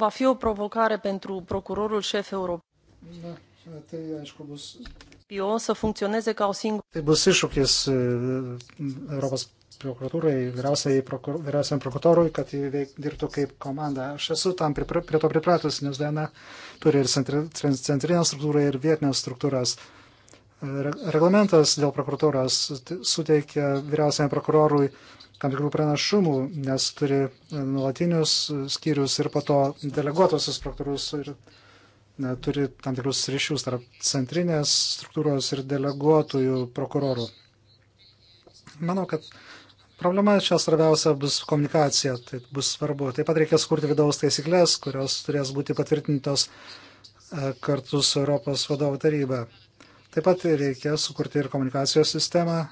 Va fi o provocare pentru procurorul șef european. Da, tai aišku bus PO să funcționeze ca o singură. Tai bus iššūkis e, Europos prokuratūrai, vyriausiam prokur, prokuratorui, kad jį dirbtų kaip komanda. Aš esu tam prie, prie to pripratus, nes DNA turi ir centrinę struktūrą, ir vietinės struktūras. Reglamentas dėl prokuratūros suteikia vyriausiam prokurorui tam tikrų pranašumų, nes turi nuolatinius skyrius ir po to deleguotusius prokurorus ir prokuratūrus turi tam tikrus ryšius tarp centrinės struktūros ir deleguotųjų prokurorų. Manau, kad problema čia svarbiausia bus komunikacija, tai bus svarbu. Taip pat reikės kurti vidaus taisyklės, kurios turės būti patvirtintos e, kartu su Europos vadovų taryba. Taip pat reikės sukurti ir komunikacijos sistemą, e,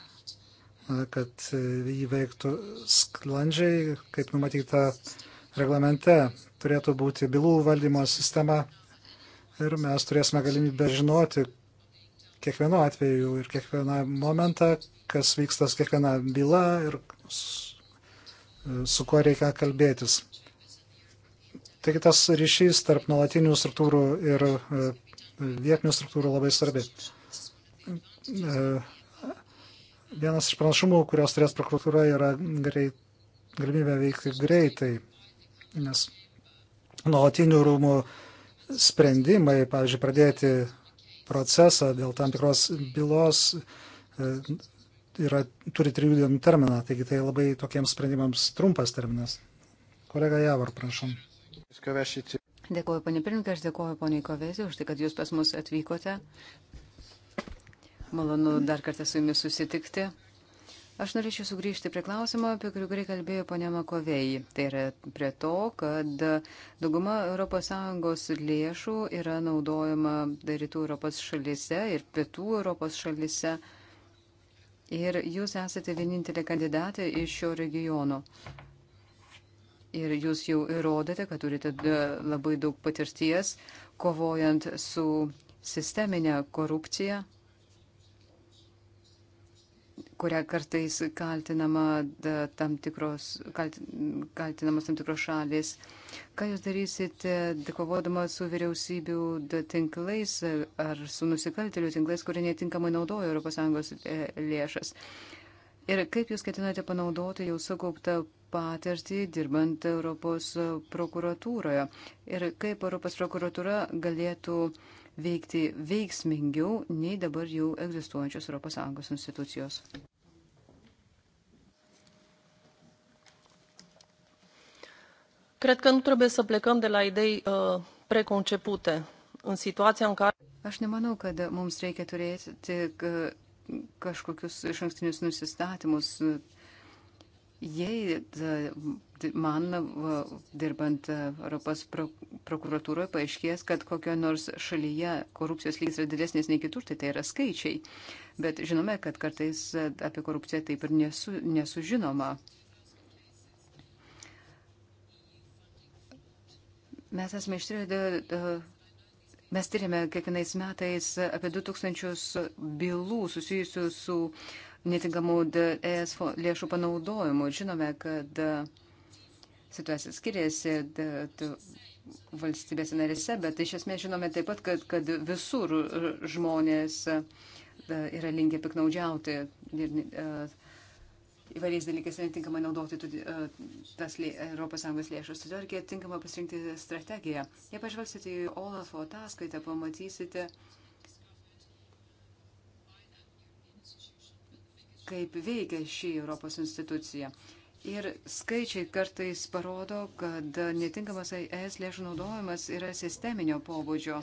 kad e, jį veiktų sklandžiai, kaip numatyta reglamente. Turėtų būti bylų valdymo sistema ir mes turėsime galimybę žinoti kiekvienu atveju ir kiekvieną momentą, kas vyksta su kiekviena byla ir su, su kuo reikia kalbėtis. Taigi tas ryšys tarp nuolatinių struktūrų ir e, vietinių struktūrų labai svarbi. E, vienas iš pranašumų, kurios turės prokuratūra, yra greit, galimybė veikti greitai, nes nuolatinių rūmų uh, sprendimai, pavyzdžiui, pradėti procesą dėl tam tikros bylos e, yra, turi trijų dienų terminą, taigi tai labai tokiems sprendimams trumpas terminas. Kolega Javor, prašom. Dėkuoju, ponė Pirmininkė, aš dėkuoju, ponė Kovėzė, už tai, kad jūs pas mus atvykote. Malonu dar kartą su jumis susitikti. Aš norėčiau sugrįžti prie klausimo, apie kurį kalbėjo ponia Makovei. Tai yra prie to, kad dauguma ES lėšų yra naudojama rytų Europos šalise ir pietų Europos šalise. Ir jūs esate vienintelė kandidatė iš šio regiono. Ir jūs jau įrodėte, kad turite e, labai daug patirties kovojant su sisteminė korupcija kuria kartais kaltinama da, tam tikros, kalt, kaltinamas tam tikros šalis. Ką jūs darysite, kovodama su vyriausybių da, tinklais ar su nusikaltėlių tinklais, kurie netinkamai naudoja ES e, lėšas? Ir kaip jūs ketinate panaudoti jau sukauptą patirtį dirbant Europos e, prokuratūroje? Ir kaip Europos prokuratūra galėtų uh, veikti veiksmingiau nei dabar jau egzistuojančios ES institucijos. Cred că nu trebuie să plecăm de la idei uh, preconcepute în situația în care. Aš nemanau, kad mums reikia turėti tik uh, kažkokius išankstinius nusistatymus. Jei uh, man e, dirbant e, Europos prokuratūroje paaiškės, kad kokio nors šalyje korupcijos lygis yra didesnis nei kitur, tai tai yra skaičiai. Bet žinome, kad kartais e, apie korupciją taip ir nesu, nesužinoma. Mes esame ištirėdę, mes tyrėme kiekvienais metais apie 2000 bylų susijusių su netinkamų ES lėšų panaudojimu. Žinome, kad uh, situacija skiriasi valstybės narėse, bet iš esmės žinome taip pat, kad, kad visur žmonės e, yra linkę piknaudžiauti ir e, įvairiais dalykais netinkamai naudoti e, tas ES lėšas. Todėl reikia tinkamai pasirinkti strategiją. Jei pažvelgsite į Olafo ataskaitą, pamatysite, kaip veikia šį Europos instituciją. Ir skaičiai kartais parodo, kad netinkamas ES lėšų naudojimas yra sisteminio pobūdžio.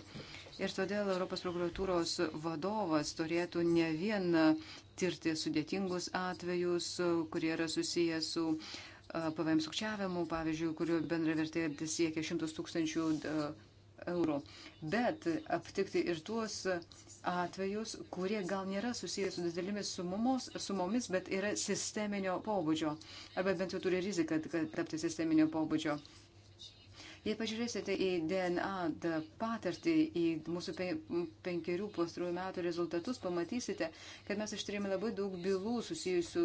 Ir todėl Europos prokuratūros vadovas turėtų ne vien tirti sudėtingus atvejus, kurie yra susiję su PVM sukčiavimu, pavyzdžiui, kurio bendra vertė siekia 100 tūkstančių eurų, bet aptikti ir tuos atvejus, kurie gal nėra susijęs su didelėmis sumumos, sumomis, bet yra sisteminio pobūdžio, arba bent jau turi riziką tapti sisteminio pobūdžio. Uh, Jei pažiūrėsite į DNA patirtį, į mūsų penkerių pastarųjų metų rezultatus, pamatysite, kad mes ištyrėme labai daug bylų susijusių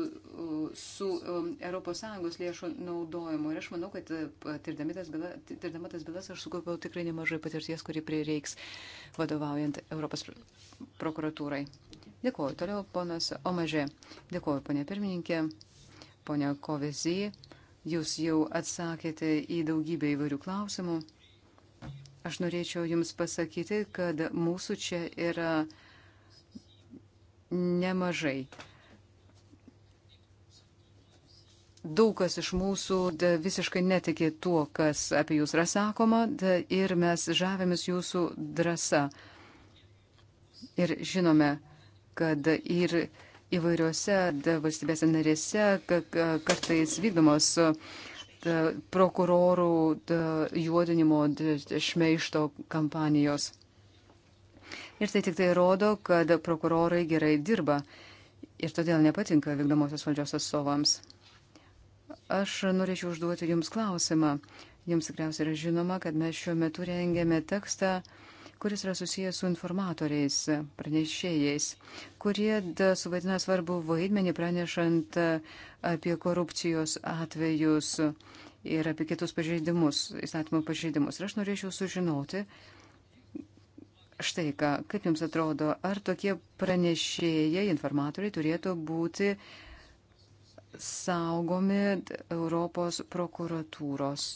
su um, ES lėšų naudojimu. Ir aš manau, kad uh, tirdami tas, byla, tirdama tas bylas aš sukaupiau tikrai nemažai patirties, kuri prireiks vadovaujant Europos prokuratūrai. Dėkuoju. Toliau ponas Omažė. Dėkuoju, ponė pirmininkė, ponė Kovezy. Jūs jau atsakėte į daugybę įvairių klausimų. Aš norėčiau Jums pasakyti, kad mūsų čia yra nemažai. Daug kas iš mūsų da, visiškai netikė tuo, kas apie jūs yra sakoma da, ir mes žavėmės jūsų drąsa. Ir žinome, kad ir. Ir įvairiuose valstybėse narėse kartais vykdomos prokurorų juodinimo šmeišto kampanijos. Ir tai tik tai rodo, kad prokurorai gerai dirba ir todėl nepatinka vykdomosios valdžios atstovams. Aš norėčiau užduoti Jums klausimą. Jums tikriausiai yra žinoma, kad mes šiuo metu rengėme tekstą uh, kuris yra susijęs su informatoriais, pranešėjais, kurie suvaidina svarbu vaidmenį pranešant e, apie korupcijos atvejus ir apie kitus pažeidimus, įstatymų pažeidimus. Ir aš norėčiau sužinoti, štai ką, kaip Jums atrodo, ar tokie pranešėjai, informatoriai turėtų būti saugomi Europos prokuratūros?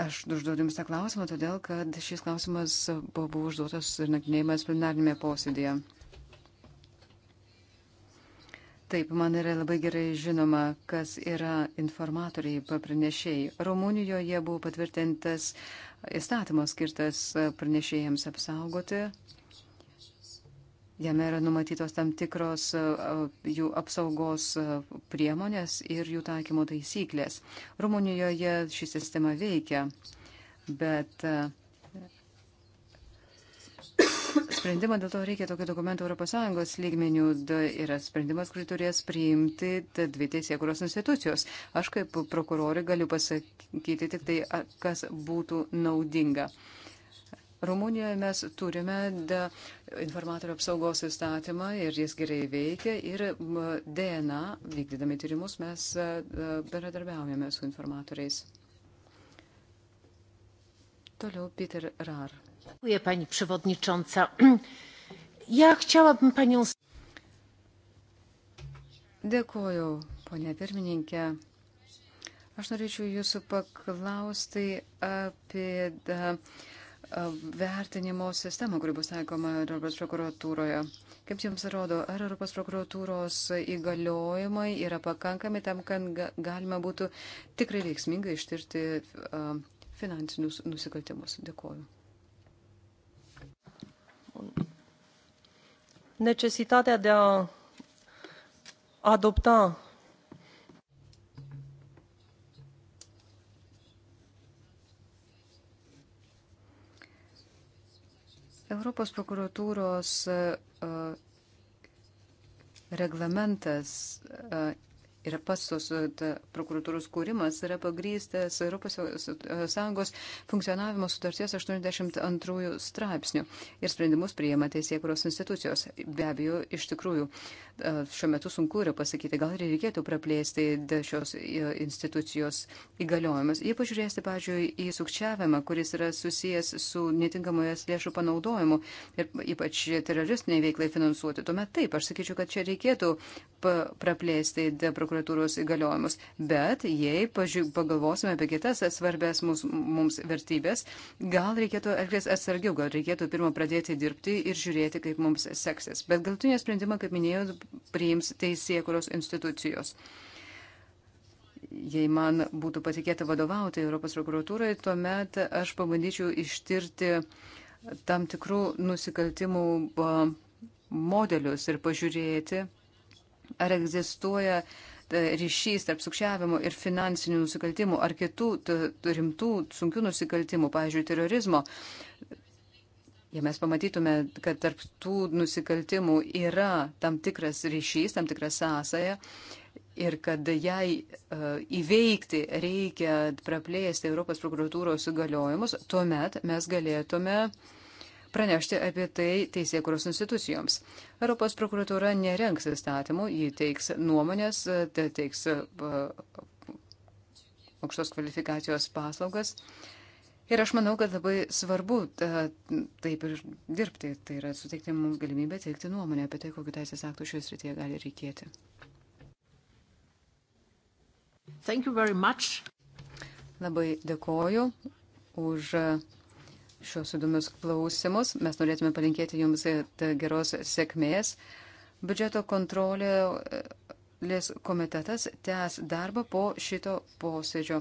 Aš užduodu jums tą klausimą, todėl kad šis klausimas buvo, buvo užduotas ir nagrinėjimas plenarinėme posėdėje. Taip, man yra labai gerai žinoma, kas yra informatoriai papranešėjai. Rumunijoje buvo patvirtintas įstatymas skirtas pranešėjams apsaugoti Jame yra numatytos tam tikros e, e, jų apsaugos e, priemonės ir jų taikymo taisyklės. Rumunijoje ši sistema veikia, bet sprendimą dėl to reikia tokio dokumento ES lygmenių yra sprendimas, kurį turės priimti dvi teisėkuros institucijos. Aš kaip prokurori galiu pasakyti tik tai, kas būtų naudinga. Rumunijoje mes turime informatorių apsaugos įstatymą ir jis gerai veikia. Ir DNA, vykdydami tyrimus, mes e, e, bendradarbiaujame su informatoriais. Toliau Peter Rar. Dziękuję Pani Przewodnicząca. Ja chciałabym Panią. Dėkuoju, ponė pirmininkė. Aš norėčiau Jūsų paklausti apie. Da, e, uh, vertinimo sistemą, kuri bus taikoma Europos prokuratūroje. Kaip Jums atrodo, ar Europos prokuratūros įgaliojimai yra pakankami tam, kad galima būtų tikrai veiksmingai ištirti finansinius nusikaltimus? Dėkuoju. Necesitatea de a adopta Europos prokuratūros e, e, reglamentas e, ir pats tos e, prokuratūros kūrimas yra pagrystas ES funkcionavimo sutarties 82 straipsnių ir sprendimus prieima teisėkuros institucijos. Be abejo, iš tikrųjų, e, šiuo metu sunku yra pasakyti, gal ir reikėtų praplėsti šios e, institucijos įgaliojimus. Jei pažiūrėsite, pavyzdžiui, į sukčiavimą, kuris yra susijęs su netinkamojas lėšų panaudojimu ir ypač teroristiniai veiklai finansuoti, tuomet taip, aš sakyčiau, kad čia reikėtų praplėsti prokuratūros prokuratūros įgaliojimus. Bet jei pagalvosime apie kitas svarbės mums, mums vertybės, gal reikėtų elgtis atsargiau, gal reikėtų pirmą pradėti dirbti ir žiūrėti, kaip mums seksis. Bet galtinį sprendimą, kaip minėjau, priims teisėkuros institucijos. Jei man būtų patikėta vadovauti Europos prokuratūrai, tuomet aš pabandyčiau ištirti tam tikrų nusikaltimų modelius ir pažiūrėti, ar egzistuoja uh, E, ryšys tarp sukčiavimo ir finansinių nusikaltimų ar kitų rimtų, sunkių nusikaltimų, pavyzdžiui, terorizmo. Jei mes pamatytume, kad tarp tų nusikaltimų yra tam tikras ryšys, tam tikra sąsaja ir kad jai uh, įveikti reikia praplėsti Europos prokuratūros įgaliojimus, tuomet mes galėtume uh, pranešti apie tai teisėkuros institucijoms. Europos prokuratūra nerenks įstatymų, ji teiks nuomonės, teiks aukštos kvalifikacijos paslaugas. Ir aš manau, kad labai svarbu ta, taip ir dirbti, tai yra suteikti mums galimybę teikti nuomonę apie tai, kokiu teisės aktų šioje srityje gali reikėti. Labai dėkoju už šios įdomius klausimus. Mes norėtume palinkėti Jums e, geros sėkmės. Biudžeto kontrolės e, komitetas tęs darbą po šito posėdžio.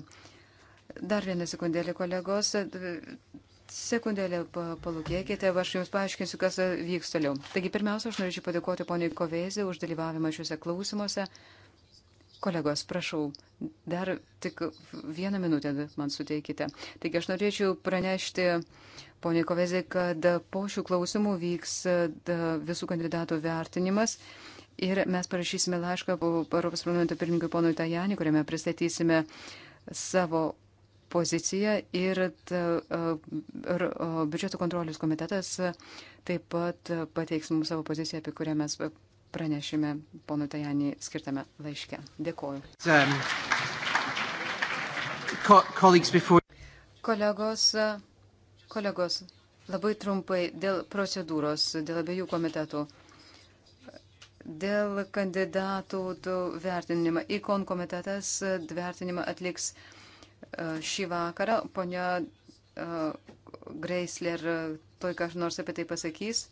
Dar vieną sekundėlį, kolegos. Sekundėlę palūkėkite, aš Jums paaiškinsiu, kas e, vyks toliau. Taigi, pirmiausia, aš norėčiau padėkoti poniai Kovezė už dalyvavimą šiuose klausimuose. Kolegos, prašau, dar tik vieną minutę man suteikite. Taigi aš norėčiau pranešti, ponė Kovezė, kad po šių klausimų vyks visų kandidatų vertinimas. Ir mes parašysime laišką Europos parlamento pirmininkui ponui Tajani, kuriame pristatysime savo poziciją ir, ir biudžeto kontrolės komitetas taip pat pateiks mums savo poziciją, apie kurią mes pranešime pono Tajanį skirtame laiške. Dėkoju. Um, ko, before... Kolegos, kolegos, labai trumpai dėl procedūros, dėl abiejų komitetų. Dėl kandidatų vertinimą. Ikon komitetas vertinimą atliks uh, šį vakarą. Ponia uh, Greisler, toj kažkas nors apie tai pasakys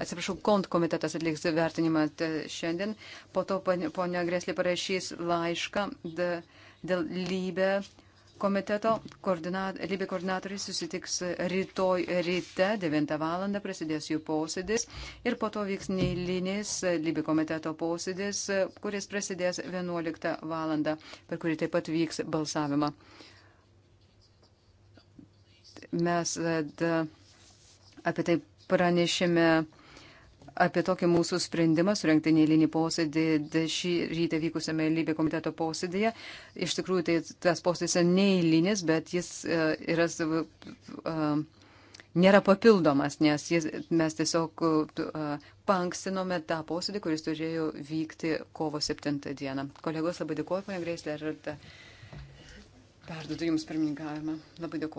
atsiprašau, kont komitetas atliks vertinimą tai šiandien, po to ponia Greslė parašys laišką dėl lybę komiteto, koordinat, lybė koordinatoriai susitiks rytoj ryte, 9 val. prasidės jų posėdis ir po to vyks neįlinis lybė komiteto posėdis, kuris prasidės 11 val., per kurį taip pat vyks balsavimą. Mes da, apie tai pranešėme apie tokį mūsų sprendimą surenkti neįlinį posėdį šį rytą vykusiame Lybė komiteto posėdėje. Iš tikrųjų, tai tas posėdis yra neįlinis, bet jis e, yra, e, nėra papildomas, nes jis, mes tiesiog e, pankstinome tą posėdį, kuris turėjo vykti kovo 7 dieną. Kolegos, labai dėkuoju, ponia Greislė, ir perduodu Jums pirmininkavimą. Labai dėkuoju.